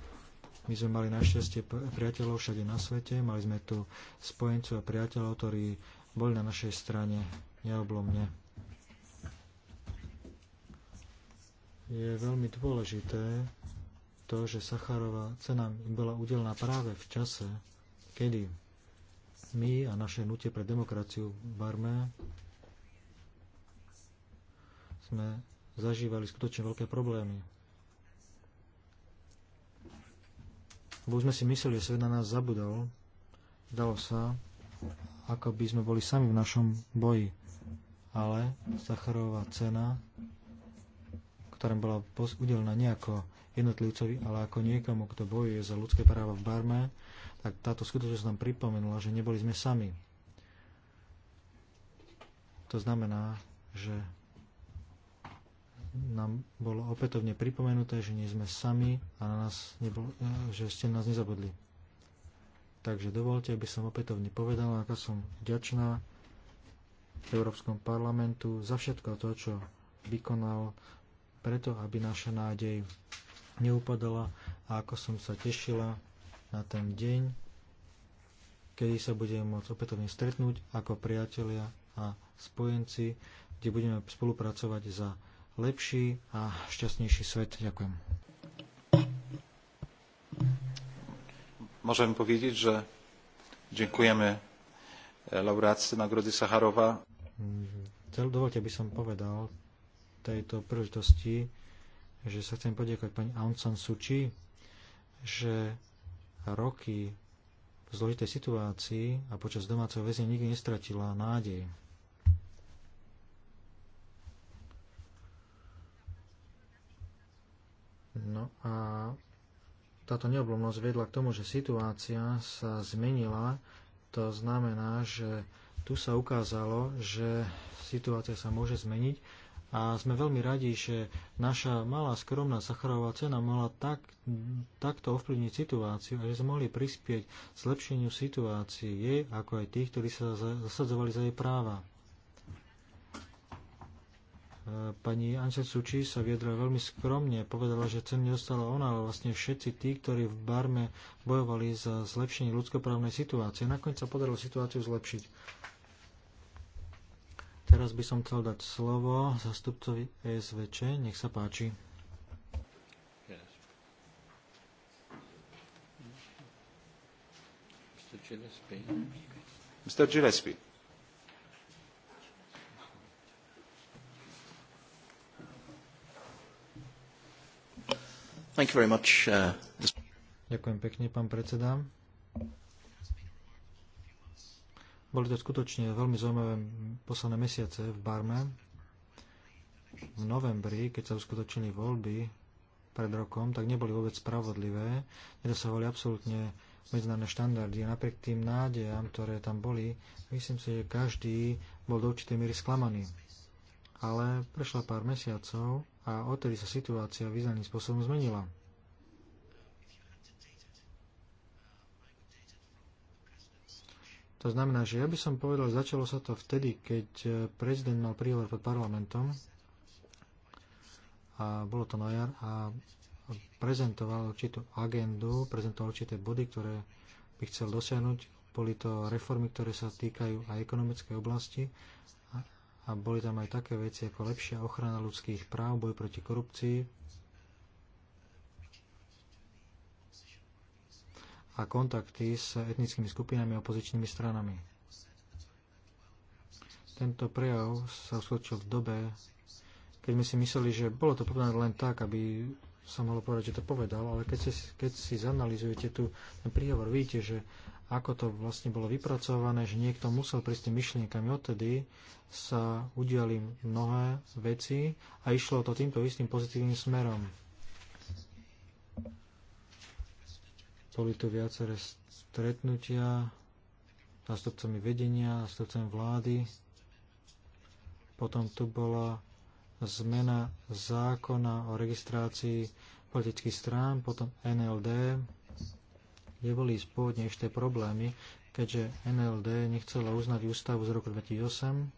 My sme mali našťastie priateľov všade na svete, mali sme tu spojencov a priateľov, ktorí boli na našej strane neoblomne. Je veľmi dôležité, to, že Sacharová cena im bola udelená práve v čase, kedy my a naše nutie pre demokraciu v Barme sme zažívali skutočne veľké problémy. Lebo sme si mysleli, že svet na nás zabudol, dalo sa, ako by sme boli sami v našom boji. Ale Sacharová cena, ktorá bola udelená nejako jednotlivcovi, ale ako niekomu, kto bojuje za ľudské práva v Barme, tak táto skutočnosť nám pripomenula, že neboli sme sami. To znamená, že nám bolo opätovne pripomenuté, že nie sme sami a na nás nebol, e, že ste nás nezabudli. Takže dovolte, aby som opätovne povedal, aká som vďačná Európskom parlamentu za všetko to, čo vykonal, preto aby naša nádej neupadala a ako som sa tešila na ten deň, kedy sa budeme môcť opätovne stretnúť ako priatelia a spojenci, kde budeme spolupracovať za lepší a šťastnejší svet. Ďakujem. Môžem povedať, že ďakujeme eh, laureáci nagrody Saharova. Mm, dovolte aby som povedal tejto príležitosti, Takže sa chcem podiekať pani Aung San Suu Kyi, že roky v zložitej situácii a počas domáceho väzenia nikdy nestratila nádej. No a táto neoblomnosť vedla k tomu, že situácia sa zmenila. To znamená, že tu sa ukázalo, že situácia sa môže zmeniť a sme veľmi radi, že naša malá skromná sacharová cena mohla tak, takto ovplyvniť situáciu a že sme mohli prispieť zlepšeniu situácii jej, ako aj tých, ktorí sa zasadzovali za jej práva. E, pani Anse Suči sa viedla veľmi skromne, povedala, že cenu nedostala ona, ale vlastne všetci tí, ktorí v Barme bojovali za zlepšenie ľudskoprávnej situácie. Nakoniec sa podarilo situáciu zlepšiť. Teraz by som chcel dať slovo zastupcovi e SVČ. Nech sa páči. Mr. Gillespie. Thank you very much. Uh, Ďakujem pekne, pán predseda. Boli to skutočne veľmi zaujímavé posledné mesiace v Barme. V novembri, keď sa uskutočnili voľby pred rokom, tak neboli vôbec spravodlivé, nedosahovali absolútne medzinárodné štandardy. A napriek tým nádejam, ktoré tam boli, myslím si, že každý bol do určitej miery sklamaný. Ale prešla pár mesiacov a odtedy sa situácia významným spôsobom zmenila. To znamená, že ja by som povedal, začalo sa to vtedy, keď e, prezident mal príhovor pod parlamentom a bolo to na jar a prezentoval určitú agendu, prezentoval určité body, ktoré by chcel dosiahnuť. Boli to reformy, ktoré sa týkajú aj ekonomickej oblasti a boli tam aj také veci ako lepšia ochrana ľudských práv, boj proti korupcii, a kontakty s etnickými skupinami a opozičnými stranami. Tento prejav sa usvedčil v dobe, keď my si mysleli, že bolo to povedané len tak, aby sa mohlo povedať, že to povedal, ale keď si, keď si zanalizujete tu ten príhovor, vidíte, že ako to vlastne bolo vypracované, že niekto musel prísť tým myšlienkami. Odtedy sa udiali mnohé veci a išlo to týmto istým pozitívnym smerom. Boli tu viaceré stretnutia zástupcami vedenia, zástupcami vlády. Potom tu bola zmena zákona o registrácii politických strán, potom NLD, kde boli spôvodne ešte problémy, keďže NLD nechcela uznať ústavu z roku 2008,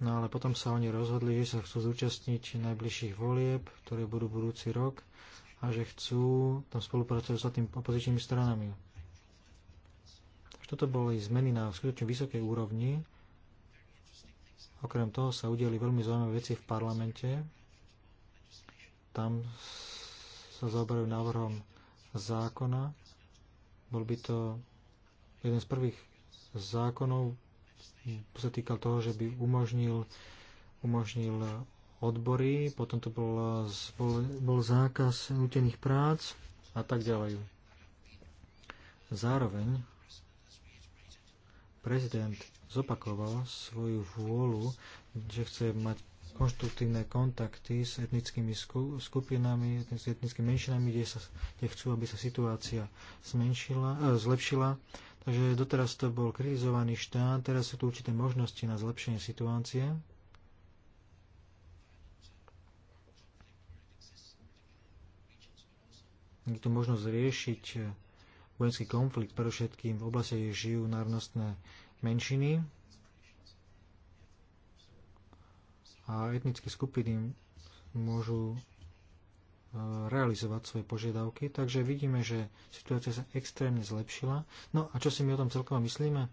no ale potom sa oni rozhodli, že sa chcú zúčastniť najbližších volieb, ktoré budú budúci rok a že chcú tam spolupracovať s tým opozičnými stranami. Takže toto boli zmeny na skutočne vysokej úrovni. Okrem toho sa udeli veľmi zaujímavé veci v parlamente. Tam sa zaoberajú návrhom zákona. Bol by to jeden z prvých zákonov, sa týkal toho, že by umožnil, umožnil odbory, potom to bol, bol, bol zákaz nutených prác a tak ďalej. Zároveň prezident zopakoval svoju vôľu, že chce mať konštruktívne kontakty s etnickými skupinami, s etnickými menšinami, kde, sa, kde chcú, aby sa situácia zmenšila, e, zlepšila. Takže doteraz to bol kritizovaný štát, teraz sú tu určité možnosti na zlepšenie situácie. je tu možnosť riešiť eh, vojenský konflikt, pre všetkým. v oblasti, kde žijú národnostné menšiny a etnické skupiny môžu eh, realizovať svoje požiadavky, takže vidíme, že situácia sa extrémne zlepšila. No a čo si my o tom celkovo myslíme?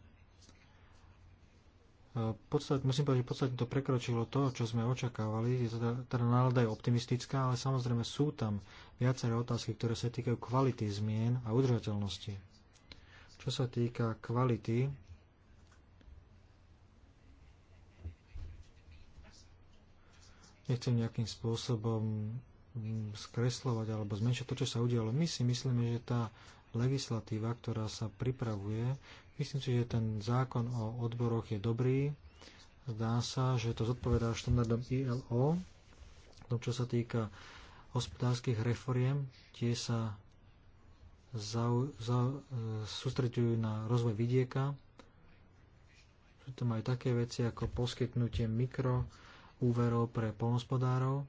Podstat, musím povedať, že podstatne to prekročilo to, čo sme očakávali. Teda, teda nálada je optimistická, ale samozrejme sú tam viaceré otázky, ktoré sa týkajú kvality zmien a udržateľnosti. Čo sa týka kvality, nechcem nejakým spôsobom skreslovať alebo zmenšiť to, čo sa udialo. My si myslíme, že tá legislatíva, ktorá sa pripravuje, Myslím si, že ten zákon o odboroch je dobrý. Zdá sa, že to zodpovedá štandardom ILO, No, čo sa týka hospodárskych reforiem, tie sa zau, sústreďujú na rozvoj vidieka. Sú tam aj také veci ako poskytnutie mikroúverov pre polnospodárov.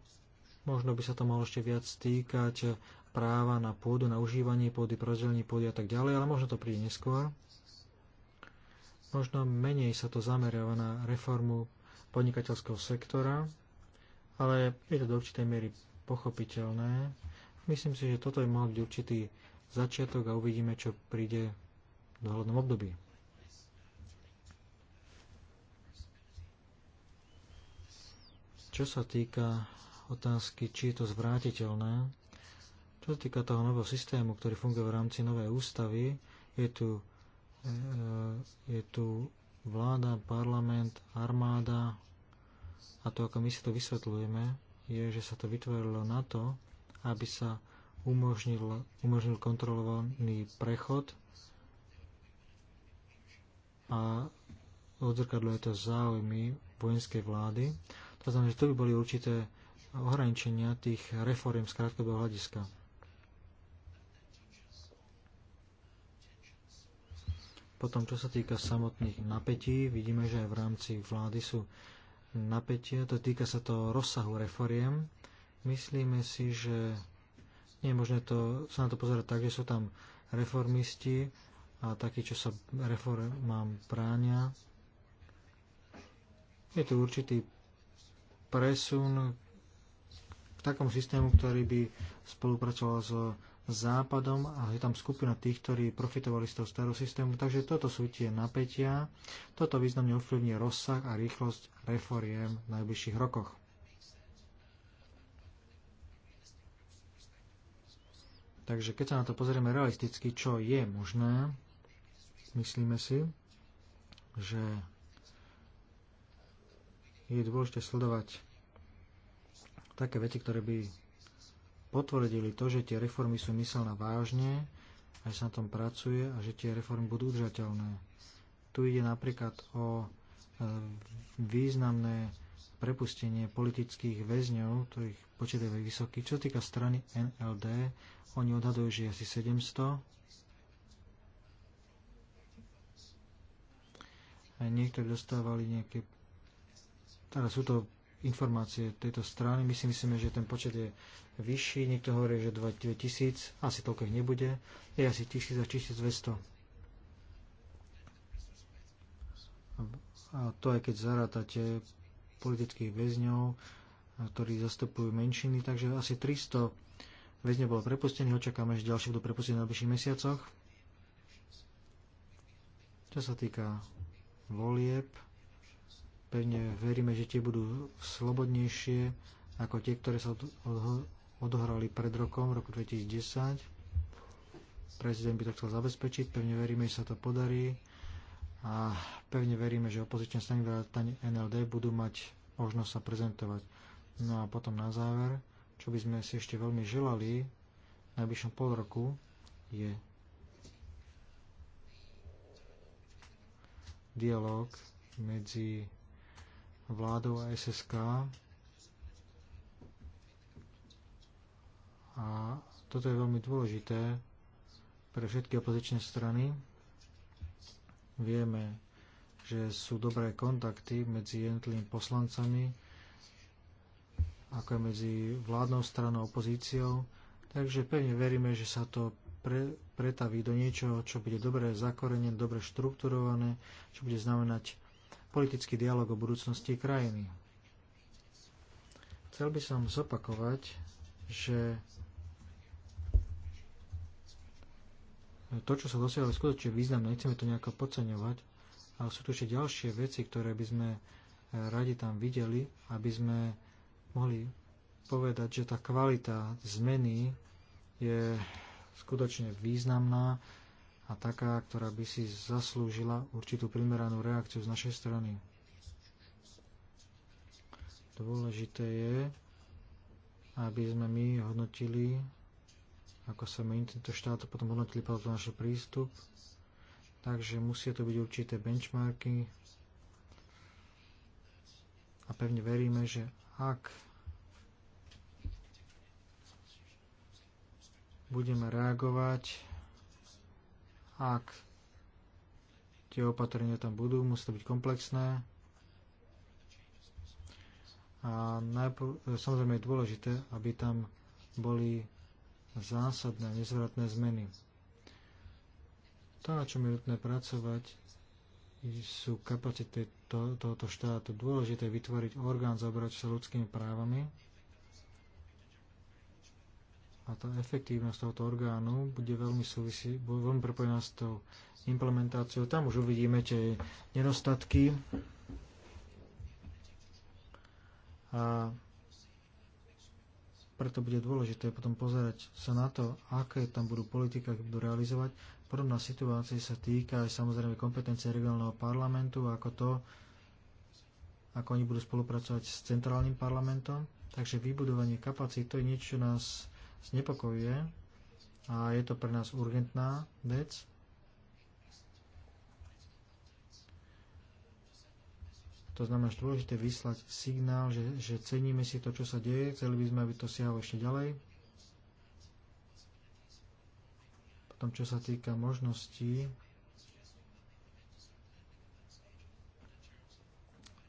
Možno by sa to malo ešte viac týkať práva na pôdu, na užívanie pôdy, prozdelenie pôdy a tak ďalej, ale možno to príde neskôr. Možno menej sa to zameriava na reformu podnikateľského sektora, ale je to do určitej miery pochopiteľné. Myslím si, že toto je mohol byť určitý začiatok a uvidíme, čo príde v dohľadnom období. Čo sa týka otázky, či je to zvrátiteľné, čo sa týka toho nového systému, ktorý funguje v rámci novej ústavy, je tu je tu vláda, parlament, armáda a to, ako my si to vysvetľujeme, je, že sa to vytvorilo na to, aby sa umožnil, umožnil kontrolovaný prechod a odzrkadľuje to záujmy vojenskej vlády. To znamená, že to by boli určité ohraničenia tých reforiem z krátkodobého hľadiska. Potom, čo sa týka samotných napätí, vidíme, že aj v rámci vlády sú napätia. To týka sa to rozsahu reforiem. Myslíme si, že nie je možné to, sa na to pozerať tak, že sú tam reformisti a takí, čo sa reformám bránia. Je tu určitý presun v takom systému, ktorý by spolupracoval so západom a je tam skupina tých, ktorí profitovali z toho starého systému. Takže toto sú tie napätia. Toto významne ovplyvní rozsah a rýchlosť reforiem v najbližších rokoch. Takže keď sa na to pozrieme realisticky, čo je možné, myslíme si, že je dôležité sledovať také veci, ktoré by potvrdili to, že tie reformy sú myselné vážne, a že sa na tom pracuje a že tie reformy budú udržateľné. Tu ide napríklad o e, významné prepustenie politických väzňov, to ich počet je vysoký. Čo týka strany NLD, oni odhadujú, že je asi 700. Niektorí dostávali nejaké... Teda sú to informácie tejto strany. My si myslíme, že ten počet je vyšší. Niekto hovorí, že 2000, Asi toľko ich nebude. Je asi 1000 až 1200. A to aj keď zarátate politických väzňov, ktorí zastupujú menšiny, takže asi 300 väzňov bolo prepustených, očakáme, že ďalšie budú prepustené v najbližších mesiacoch. Čo sa týka volieb, Pevne veríme, že tie budú slobodnejšie ako tie, ktoré sa odohrali pred rokom, roku 2010. Prezident by to chcel zabezpečiť, pevne veríme, že sa to podarí a pevne veríme, že opozičné strany vrátane NLD budú mať možnosť sa prezentovať. No a potom na záver, čo by sme si ešte veľmi želali v najbližšom pol roku, je dialog medzi vládou a SSK. A toto je veľmi dôležité pre všetky opozičné strany. Vieme, že sú dobré kontakty medzi jednotlivými poslancami, ako aj medzi vládnou stranou a opozíciou. Takže pevne veríme, že sa to pre, pretaví do niečoho, čo bude dobre zakorenené, dobre štrukturované, čo bude znamenať politický dialog o budúcnosti krajiny. Chcel by som zopakovať, že to, čo sa dosiahlo, je skutočne významné, nechceme to nejako podceňovať, ale sú tu ešte ďalšie veci, ktoré by sme eh, radi tam videli, aby sme mohli povedať, že tá kvalita zmeny je skutočne významná, a taká, ktorá by si zaslúžila určitú primeranú reakciu z našej strany. Dôležité je, aby sme my hodnotili, ako sa my tento štát potom hodnotili to náš prístup. Takže musia to byť určité benchmarky a pevne veríme, že ak budeme reagovať ak tie opatrenia tam budú, musí to byť komplexné. A najprv, samozrejme je dôležité, aby tam boli zásadné, nezvratné zmeny. To, na čom je nutné pracovať, sú kapacity to, tohoto štátu. Dôležité je vytvoriť orgán zaoberať sa ľudskými právami, a tá efektívnosť tohoto orgánu bude veľmi, súvisí, bude veľmi prepojená s tou implementáciou. Tam už uvidíme tie nedostatky. A preto bude dôležité potom pozerať sa na to, aké tam budú politika, aké budú realizovať. Podobná situácia sa týka aj samozrejme kompetencie regionálneho parlamentu, ako to, ako oni budú spolupracovať s centrálnym parlamentom. Takže vybudovanie kapacít to je niečo, čo nás znepokojuje a je to pre nás urgentná vec. To znamená, že dôležité vyslať signál, že, že ceníme si to, čo sa deje, chceli by sme, aby to siahlo ešte ďalej. Potom, čo sa týka možností,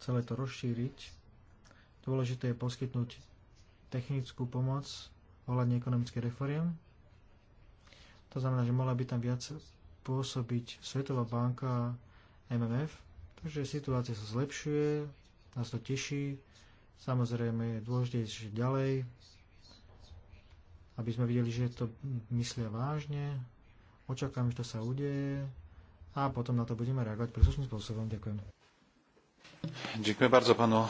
celé to rozšíriť, dôležité je poskytnúť technickú pomoc ohľadne ekonomických reforiem. To znamená, že mohla by tam viac pôsobiť Svetová banka MMF, takže situácia sa zlepšuje, nás to teší. Samozrejme je dôležitejšie ďalej, aby sme videli, že to myslia vážne. Očakávam, že to sa udeje a potom na to budeme reagovať príslušným spôsobom. Ďakujem. Ďakujem bardzo panu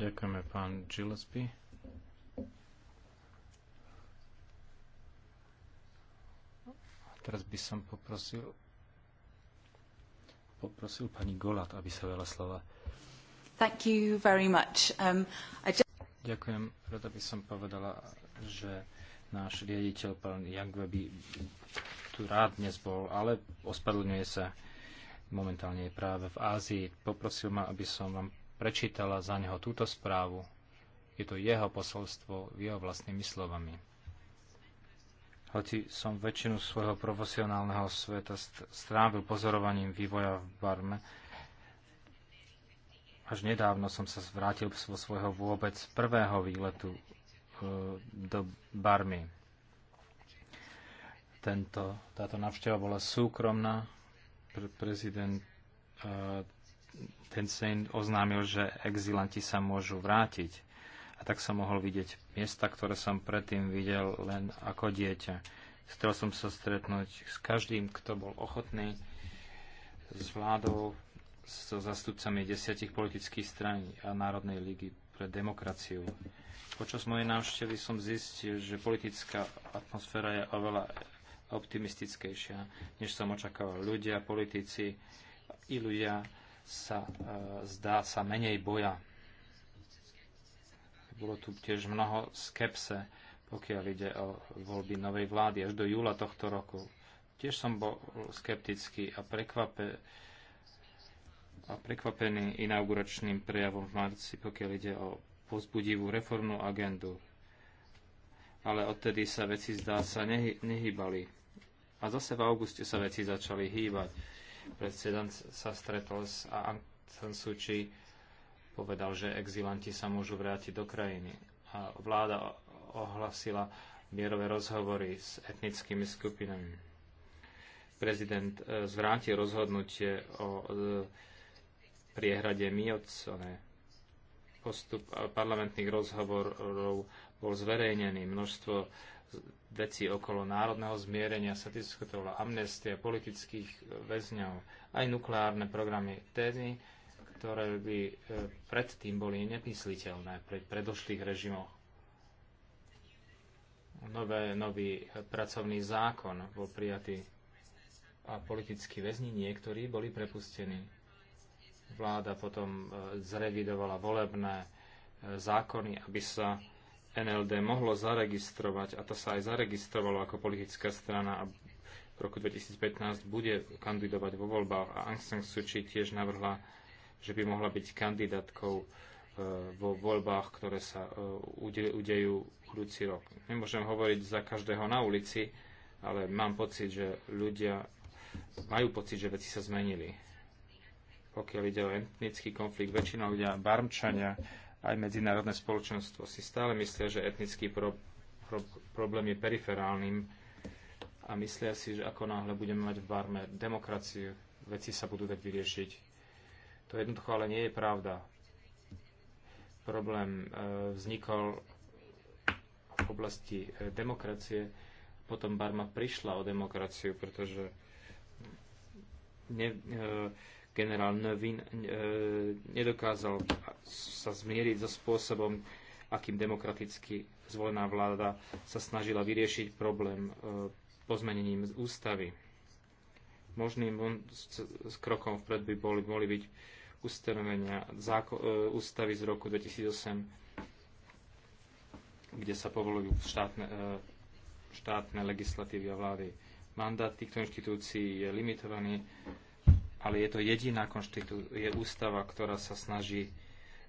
Ďakujeme pán Gillespie. teraz by som poprosil poprosil pani Golat, aby sa veľa slova. Thank you very much. Um, I just... Ďakujem. Rada by som povedala, že náš riaditeľ, pán Jankve, by tu rád dnes bol, ale ospadlňuje sa momentálne je práve v Ázii. Poprosil ma, aby som vám prečítala za neho túto správu. Je to jeho posolstvo, jeho vlastnými slovami. Hoci som väčšinu svojho profesionálneho sveta strávil pozorovaním vývoja v Barme, až nedávno som sa vrátil vo svojho vôbec prvého výletu e, do Barmy. Tento, táto návšteva bola súkromná. Pre prezident uh, e, Tencent oznámil, že exilanti sa môžu vrátiť. A tak som mohol vidieť miesta, ktoré som predtým videl len ako dieťa. Chcel som sa stretnúť s každým, kto bol ochotný, s vládou, so zastupcami desiatich politických strán a Národnej ligy pre demokraciu. Počas mojej návštevy som zistil, že politická atmosféra je oveľa optimistickejšia, než som očakával. Ľudia, politici i ľudia sa e, zdá sa menej boja bolo tu tiež mnoho skepse, pokiaľ ide o voľby novej vlády až do júla tohto roku. Tiež som bol skeptický a prekvapený a prekvapený inauguračným prejavom v marci, pokiaľ ide o pozbudivú reformnú agendu. Ale odtedy sa veci zdá sa nehýbali. A zase v auguste sa veci začali hýbať. Predsedan sa stretol s Aung San Suu Kyi povedal, že exilanti sa môžu vrátiť do krajiny. A vláda ohlasila mierové rozhovory s etnickými skupinami. Prezident e, zvrátil rozhodnutie o e, priehrade Miocone. Postup e, parlamentných rozhovorov bol zverejnený. Množstvo vecí okolo národného zmierenia sa diskutovalo amnestie politických väzňov, aj nukleárne programy. Tedy ktoré by e, predtým boli nemysliteľné pri predošlých režimoch. Nové, nový pracovný zákon bol prijatý a politickí väzni niektorí boli prepustení. Vláda potom e, zrevidovala volebné e, zákony, aby sa NLD mohlo zaregistrovať a to sa aj zaregistrovalo ako politická strana a v roku 2015 bude kandidovať vo voľbách a Aung San Suu Kyi tiež navrhla že by mohla byť kandidátkou e, vo voľbách, ktoré sa e, udejú budúci rok. Nemôžem hovoriť za každého na ulici, ale mám pocit, že ľudia majú pocit, že veci sa zmenili. Pokiaľ ide o etnický konflikt, väčšina ľudia, barmčania, aj medzinárodné spoločenstvo si stále myslia, že etnický pro, pro, problém je periferálnym a myslia si, že ako náhle budeme mať v Barme demokraciu, veci sa budú tak vyriešiť to jednoducho ale nie je pravda. Problém e, vznikol v oblasti e, demokracie, potom Barma prišla o demokraciu, pretože ne, e, generál Nevin nedokázal sa zmieriť so spôsobom, akým demokraticky zvolená vláda sa snažila vyriešiť problém pozmenením ústavy. Možným krokom vpred by boli, boli byť ustanovenia záko- e, ústavy z roku 2008, kde sa povolujú štátne, e, štátne legislatívy a vlády. Mandát týchto inštitúcií je limitovaný, ale je to jediná konštitú- je ústava, ktorá sa snaží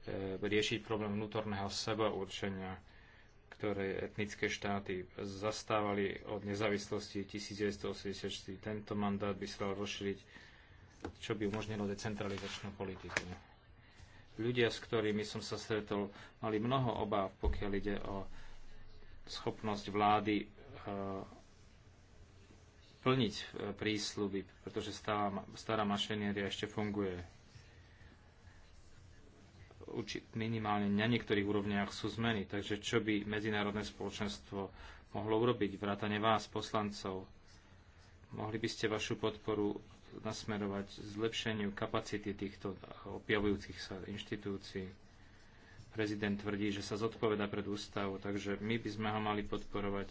e, riešiť problém vnútorného seba určenia, ktoré etnické štáty zastávali od nezávislosti 1984. Tento mandát by sa dal rozšíriť čo by umožnilo decentralizačnú politiku. Ľudia, s ktorými som sa stretol, mali mnoho obáv, pokiaľ ide o schopnosť vlády e, plniť e, prísľuby, pretože stará, stará mašinéria ešte funguje. Uči, minimálne na niektorých úrovniach sú zmeny, takže čo by medzinárodné spoločenstvo mohlo urobiť, vrátane vás, poslancov? Mohli by ste vašu podporu nasmerovať zlepšeniu kapacity týchto objavujúcich sa inštitúcií. Prezident tvrdí, že sa zodpoveda pred ústavu, takže my by sme ho mali podporovať,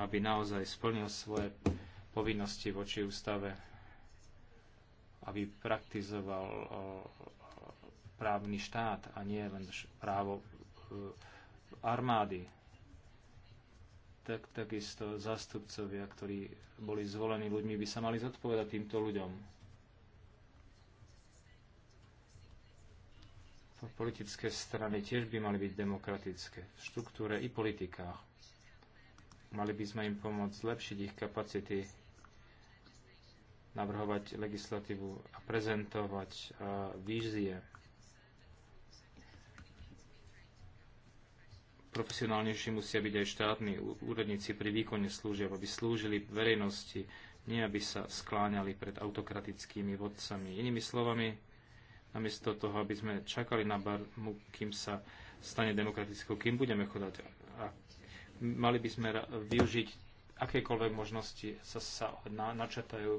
aby naozaj splnil svoje povinnosti voči ústave, aby praktizoval právny štát a nie len právo e, armády tak takisto zástupcovia, ktorí boli zvolení ľuďmi, by sa mali zodpovedať týmto ľuďom. Politické strany tiež by mali byť demokratické v štruktúre i politikách. Mali by sme im pomôcť zlepšiť ich kapacity, navrhovať legislatívu a prezentovať vízie profesionálnejší musia byť aj štátni úradníci pri výkone služieb, aby slúžili verejnosti, nie aby sa skláňali pred autokratickými vodcami. Inými slovami, namiesto toho, aby sme čakali na barmu, kým sa stane demokratickou, kým budeme chodať. A mali by sme využiť akékoľvek možnosti sa, sa na, načatajú,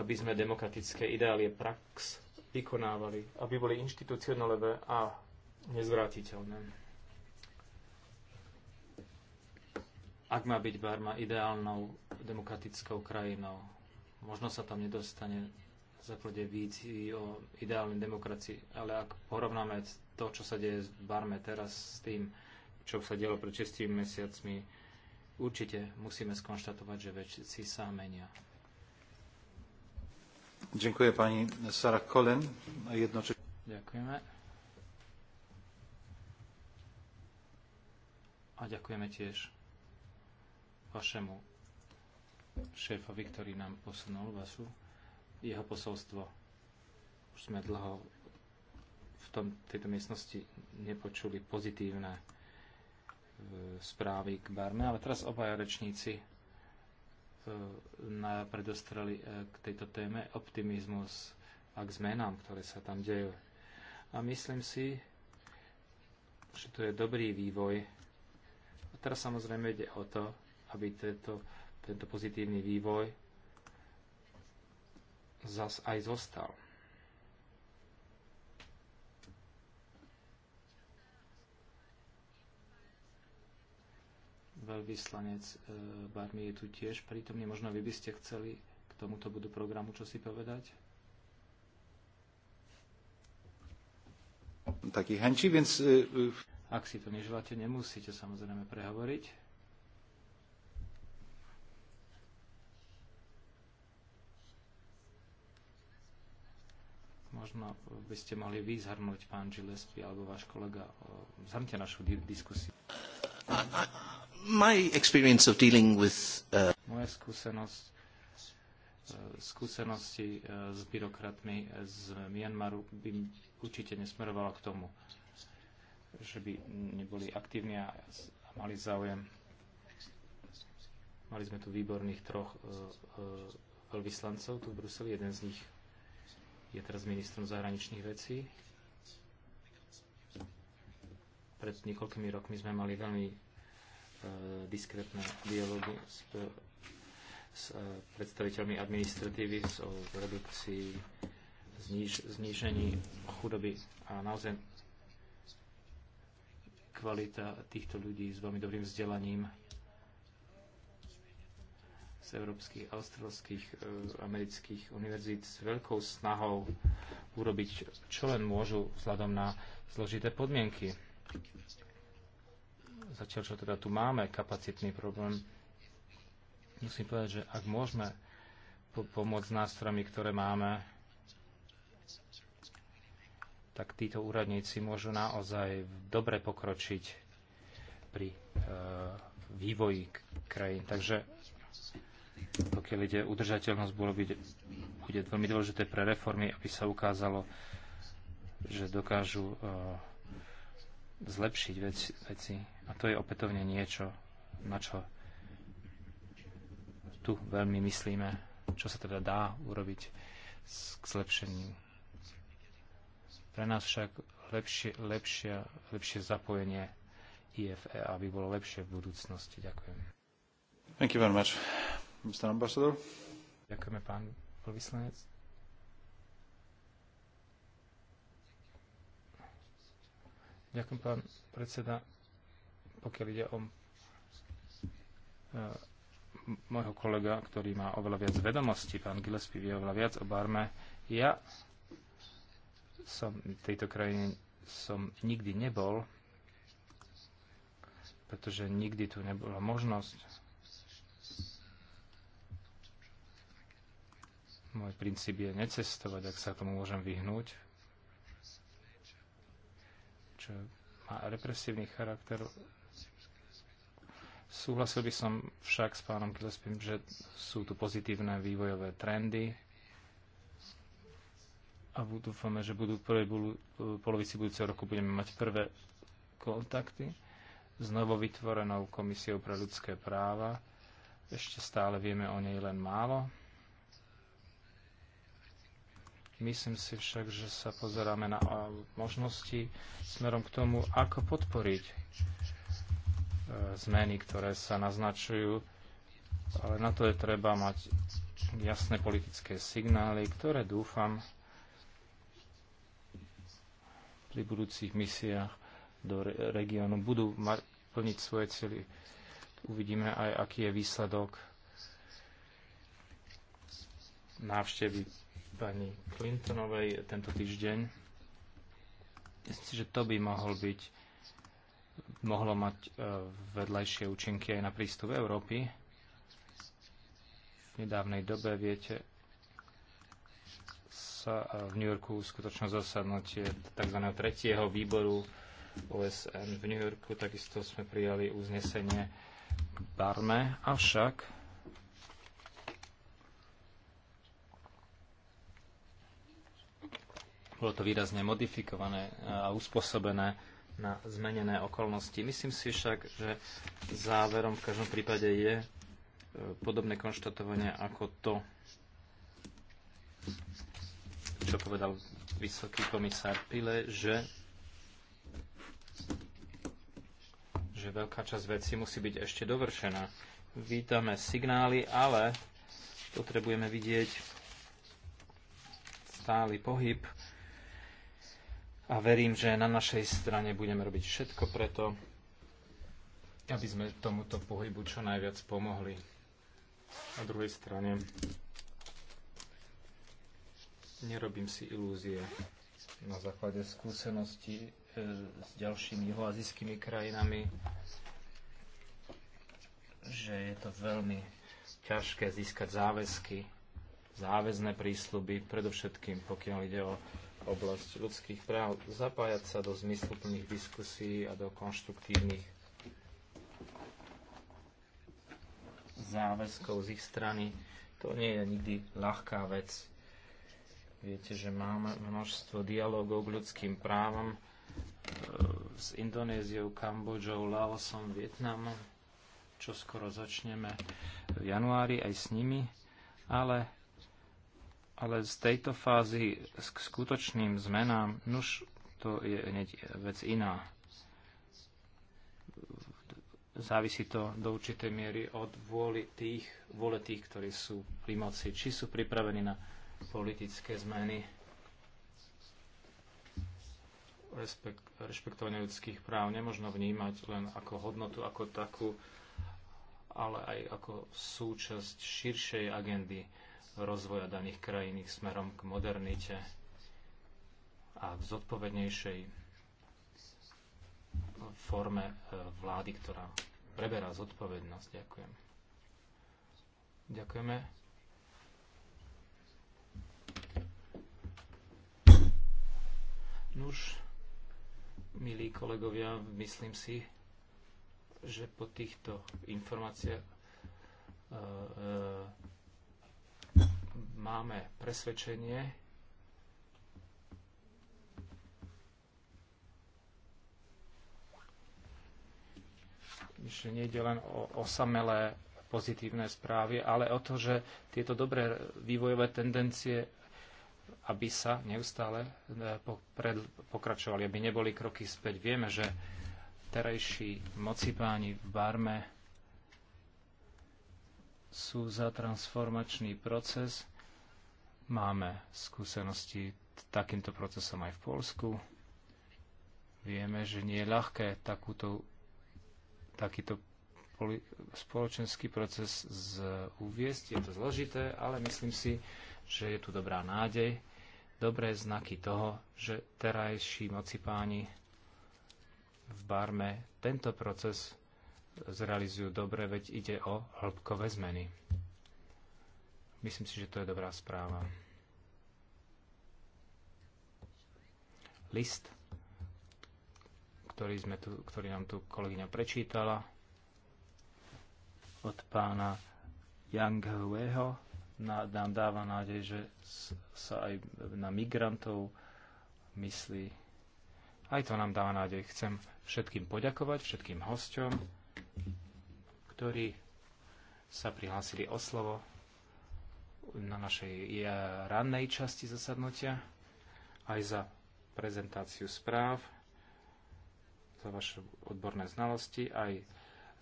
aby sme demokratické ideálie prax vykonávali, aby boli inštitucionálne a nezvrátiteľné. ak má byť Barma ideálnou demokratickou krajinou, možno sa tam nedostane na základe vízii o ideálnej demokracii, ale ak porovnáme to, čo sa deje v Barme teraz s tým, čo sa dialo pred 6 mesiacmi, určite musíme skonštatovať, že veci sa menia. Ďakujem pani Sara Kolen. Jednoče... Ďakujeme. A ďakujeme tiež vašemu šéfovi, ktorý nám posunul vašu, jeho posolstvo. Už sme dlho v tom, tejto miestnosti nepočuli pozitívne e, správy k barme, ale teraz obaja rečníci e, predostreli e, k tejto téme optimizmus a k zmenám, ktoré sa tam dejú. A myslím si, že to je dobrý vývoj. A teraz samozrejme ide o to, aby tento, tento pozitívny vývoj zas aj zostal. Veľvyslanec e, Barmi je tu tiež prítomný. Možno vy by ste chceli k tomuto budú programu čo si povedať? Taký henčí, więc... E, e, Ak si to neželáte, nemusíte samozrejme prehovoriť. Možno by ste mohli vy zhrnúť, pán Gillespie, alebo váš kolega, zhrnte našu di- diskusiu. Uh... Moja skúsenosť e, skúsenosti e, s byrokratmi z Myanmaru by určite nesmerovala k tomu, že by neboli aktívni a mali záujem. Mali sme tu výborných troch e, veľvyslancov tu v Bruseli, jeden z nich je teraz ministrom zahraničných vecí. Pred niekoľkými rokmi sme mali veľmi e, diskrétne dialógy s, e, s e, predstaviteľmi administratívy o redukcii, zniž, znížení chudoby a naozaj kvalita týchto ľudí s veľmi dobrým vzdelaním z európskych, australských, e, amerických univerzít s veľkou snahou urobiť, čo len môžu vzhľadom na zložité podmienky. Zatiaľ, čo teda tu máme kapacitný problém, musím povedať, že ak môžeme po- pomôcť nástrojmi, ktoré máme, tak títo úradníci môžu naozaj dobre pokročiť pri e, vývoji krajín. Takže pokiaľ ide udržateľnosť, bolo bude, bude veľmi dôležité pre reformy, aby sa ukázalo, že dokážu uh, zlepšiť veci, veci. A to je opätovne niečo, na čo tu veľmi myslíme, čo sa teda dá urobiť k zlepšeniu. Pre nás však lepšie, lepšie, lepšie zapojenie IFE, aby bolo lepšie v budúcnosti. Ďakujem. Thank you very much. Mr. Ambassador. Ďakujeme, pán veľvyslanec. Ďakujem, pán predseda. Pokiaľ ide o eh, môjho kolega, ktorý má oveľa viac vedomostí, pán Gillespie vie oveľa viac o Barme, ja som v tejto krajine som nikdy nebol, pretože nikdy tu nebola možnosť Môj princíp je necestovať, ak sa tomu môžem vyhnúť. Čo má represívny charakter. Súhlasil by som však s pánom Gillespie, že sú tu pozitívne vývojové trendy a dúfame, že budú v prvej polovici budúceho roku budeme mať prvé kontakty s novovytvorenou komisiou pre ľudské práva. Ešte stále vieme o nej len málo. Myslím si však, že sa pozeráme na možnosti smerom k tomu, ako podporiť e, zmeny, ktoré sa naznačujú, ale na to je treba mať jasné politické signály, ktoré dúfam pri budúcich misiách do re- regiónu budú plniť svoje cely. Uvidíme aj, aký je výsledok návštevy pani Clintonovej tento týždeň. Myslím si, že to by mohol byť, mohlo mať e, vedľajšie účinky aj na prístup Európy. V nedávnej dobe, viete, sa e, v New Yorku skutočno zasadnutie tzv. tretieho výboru OSN v New Yorku. Takisto sme prijali uznesenie Barme. Avšak Bolo to výrazne modifikované e, a uspôsobené na zmenené okolnosti. Myslím si však, že záverom v každom prípade je e, podobné konštatovanie ako to, čo povedal vysoký komisár Pile, že, že veľká časť vecí musí byť ešte dovršená. Vítame signály, ale potrebujeme vidieť stály pohyb a verím, že na našej strane budeme robiť všetko preto, aby sme tomuto pohybu čo najviac pomohli. Na druhej strane nerobím si ilúzie na základe skúseností e, s ďalšími juhoazijskými krajinami, že je to veľmi ťažké získať záväzky, záväzné prísluby, predovšetkým pokiaľ ide o oblasť ľudských práv, zapájať sa do zmysluplných diskusí a do konštruktívnych záväzkov z ich strany. To nie je nikdy ľahká vec. Viete, že máme množstvo dialogov k ľudským právam e, s Indonéziou, Kambodžou, Laosom, Vietnamom, čo skoro začneme v januári aj s nimi, ale ale z tejto fázy k skutočným zmenám, nuž to je hneď vec iná. Závisí to do určitej miery od vôle tých, vôle tých, ktorí sú pri moci, či sú pripravení na politické zmeny, respekt, rešpektovanie ľudských práv nemožno vnímať len ako hodnotu, ako takú, ale aj ako súčasť širšej agendy rozvoja daných krajín ich smerom k modernite a v zodpovednejšej forme e, vlády, ktorá preberá zodpovednosť. Ďakujem. Ďakujeme. Nuž, milí kolegovia, myslím si, že po týchto informáciách e, e, máme presvedčenie, že nejde len o osamelé pozitívne správy, ale o to, že tieto dobré vývojové tendencie, aby sa neustále e, pokračovali, aby neboli kroky späť. Vieme, že terajší mocipáni v Barme sú za transformačný proces Máme skúsenosti takýmto procesom aj v Polsku. Vieme, že nie je ľahké takúto, takýto poli- spoločenský proces z, uviesť. Je to zložité, ale myslím si, že je tu dobrá nádej, dobré znaky toho, že terajší moci páni v Barme tento proces zrealizujú dobre, veď ide o hĺbkové zmeny. Myslím si, že to je dobrá správa. List, ktorý, sme tu, ktorý nám tu kolegyňa prečítala od pána Yang Hueho, nám dáva nádej, že sa aj na migrantov myslí. Aj to nám dáva nádej. Chcem všetkým poďakovať, všetkým hosťom, ktorí sa prihlásili o slovo na našej rannej časti zasadnutia, aj za prezentáciu správ, za vaše odborné znalosti, aj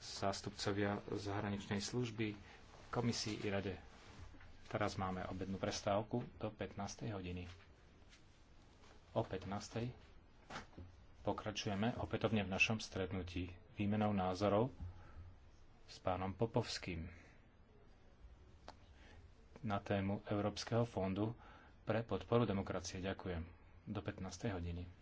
zástupcovia zahraničnej služby, komisii i rade. Teraz máme obednú prestávku do 15. hodiny. O 15. pokračujeme opätovne v našom stretnutí výmenou názorov s pánom Popovským na tému Európskeho fondu pre podporu demokracie. Ďakujem. Do 15. hodiny.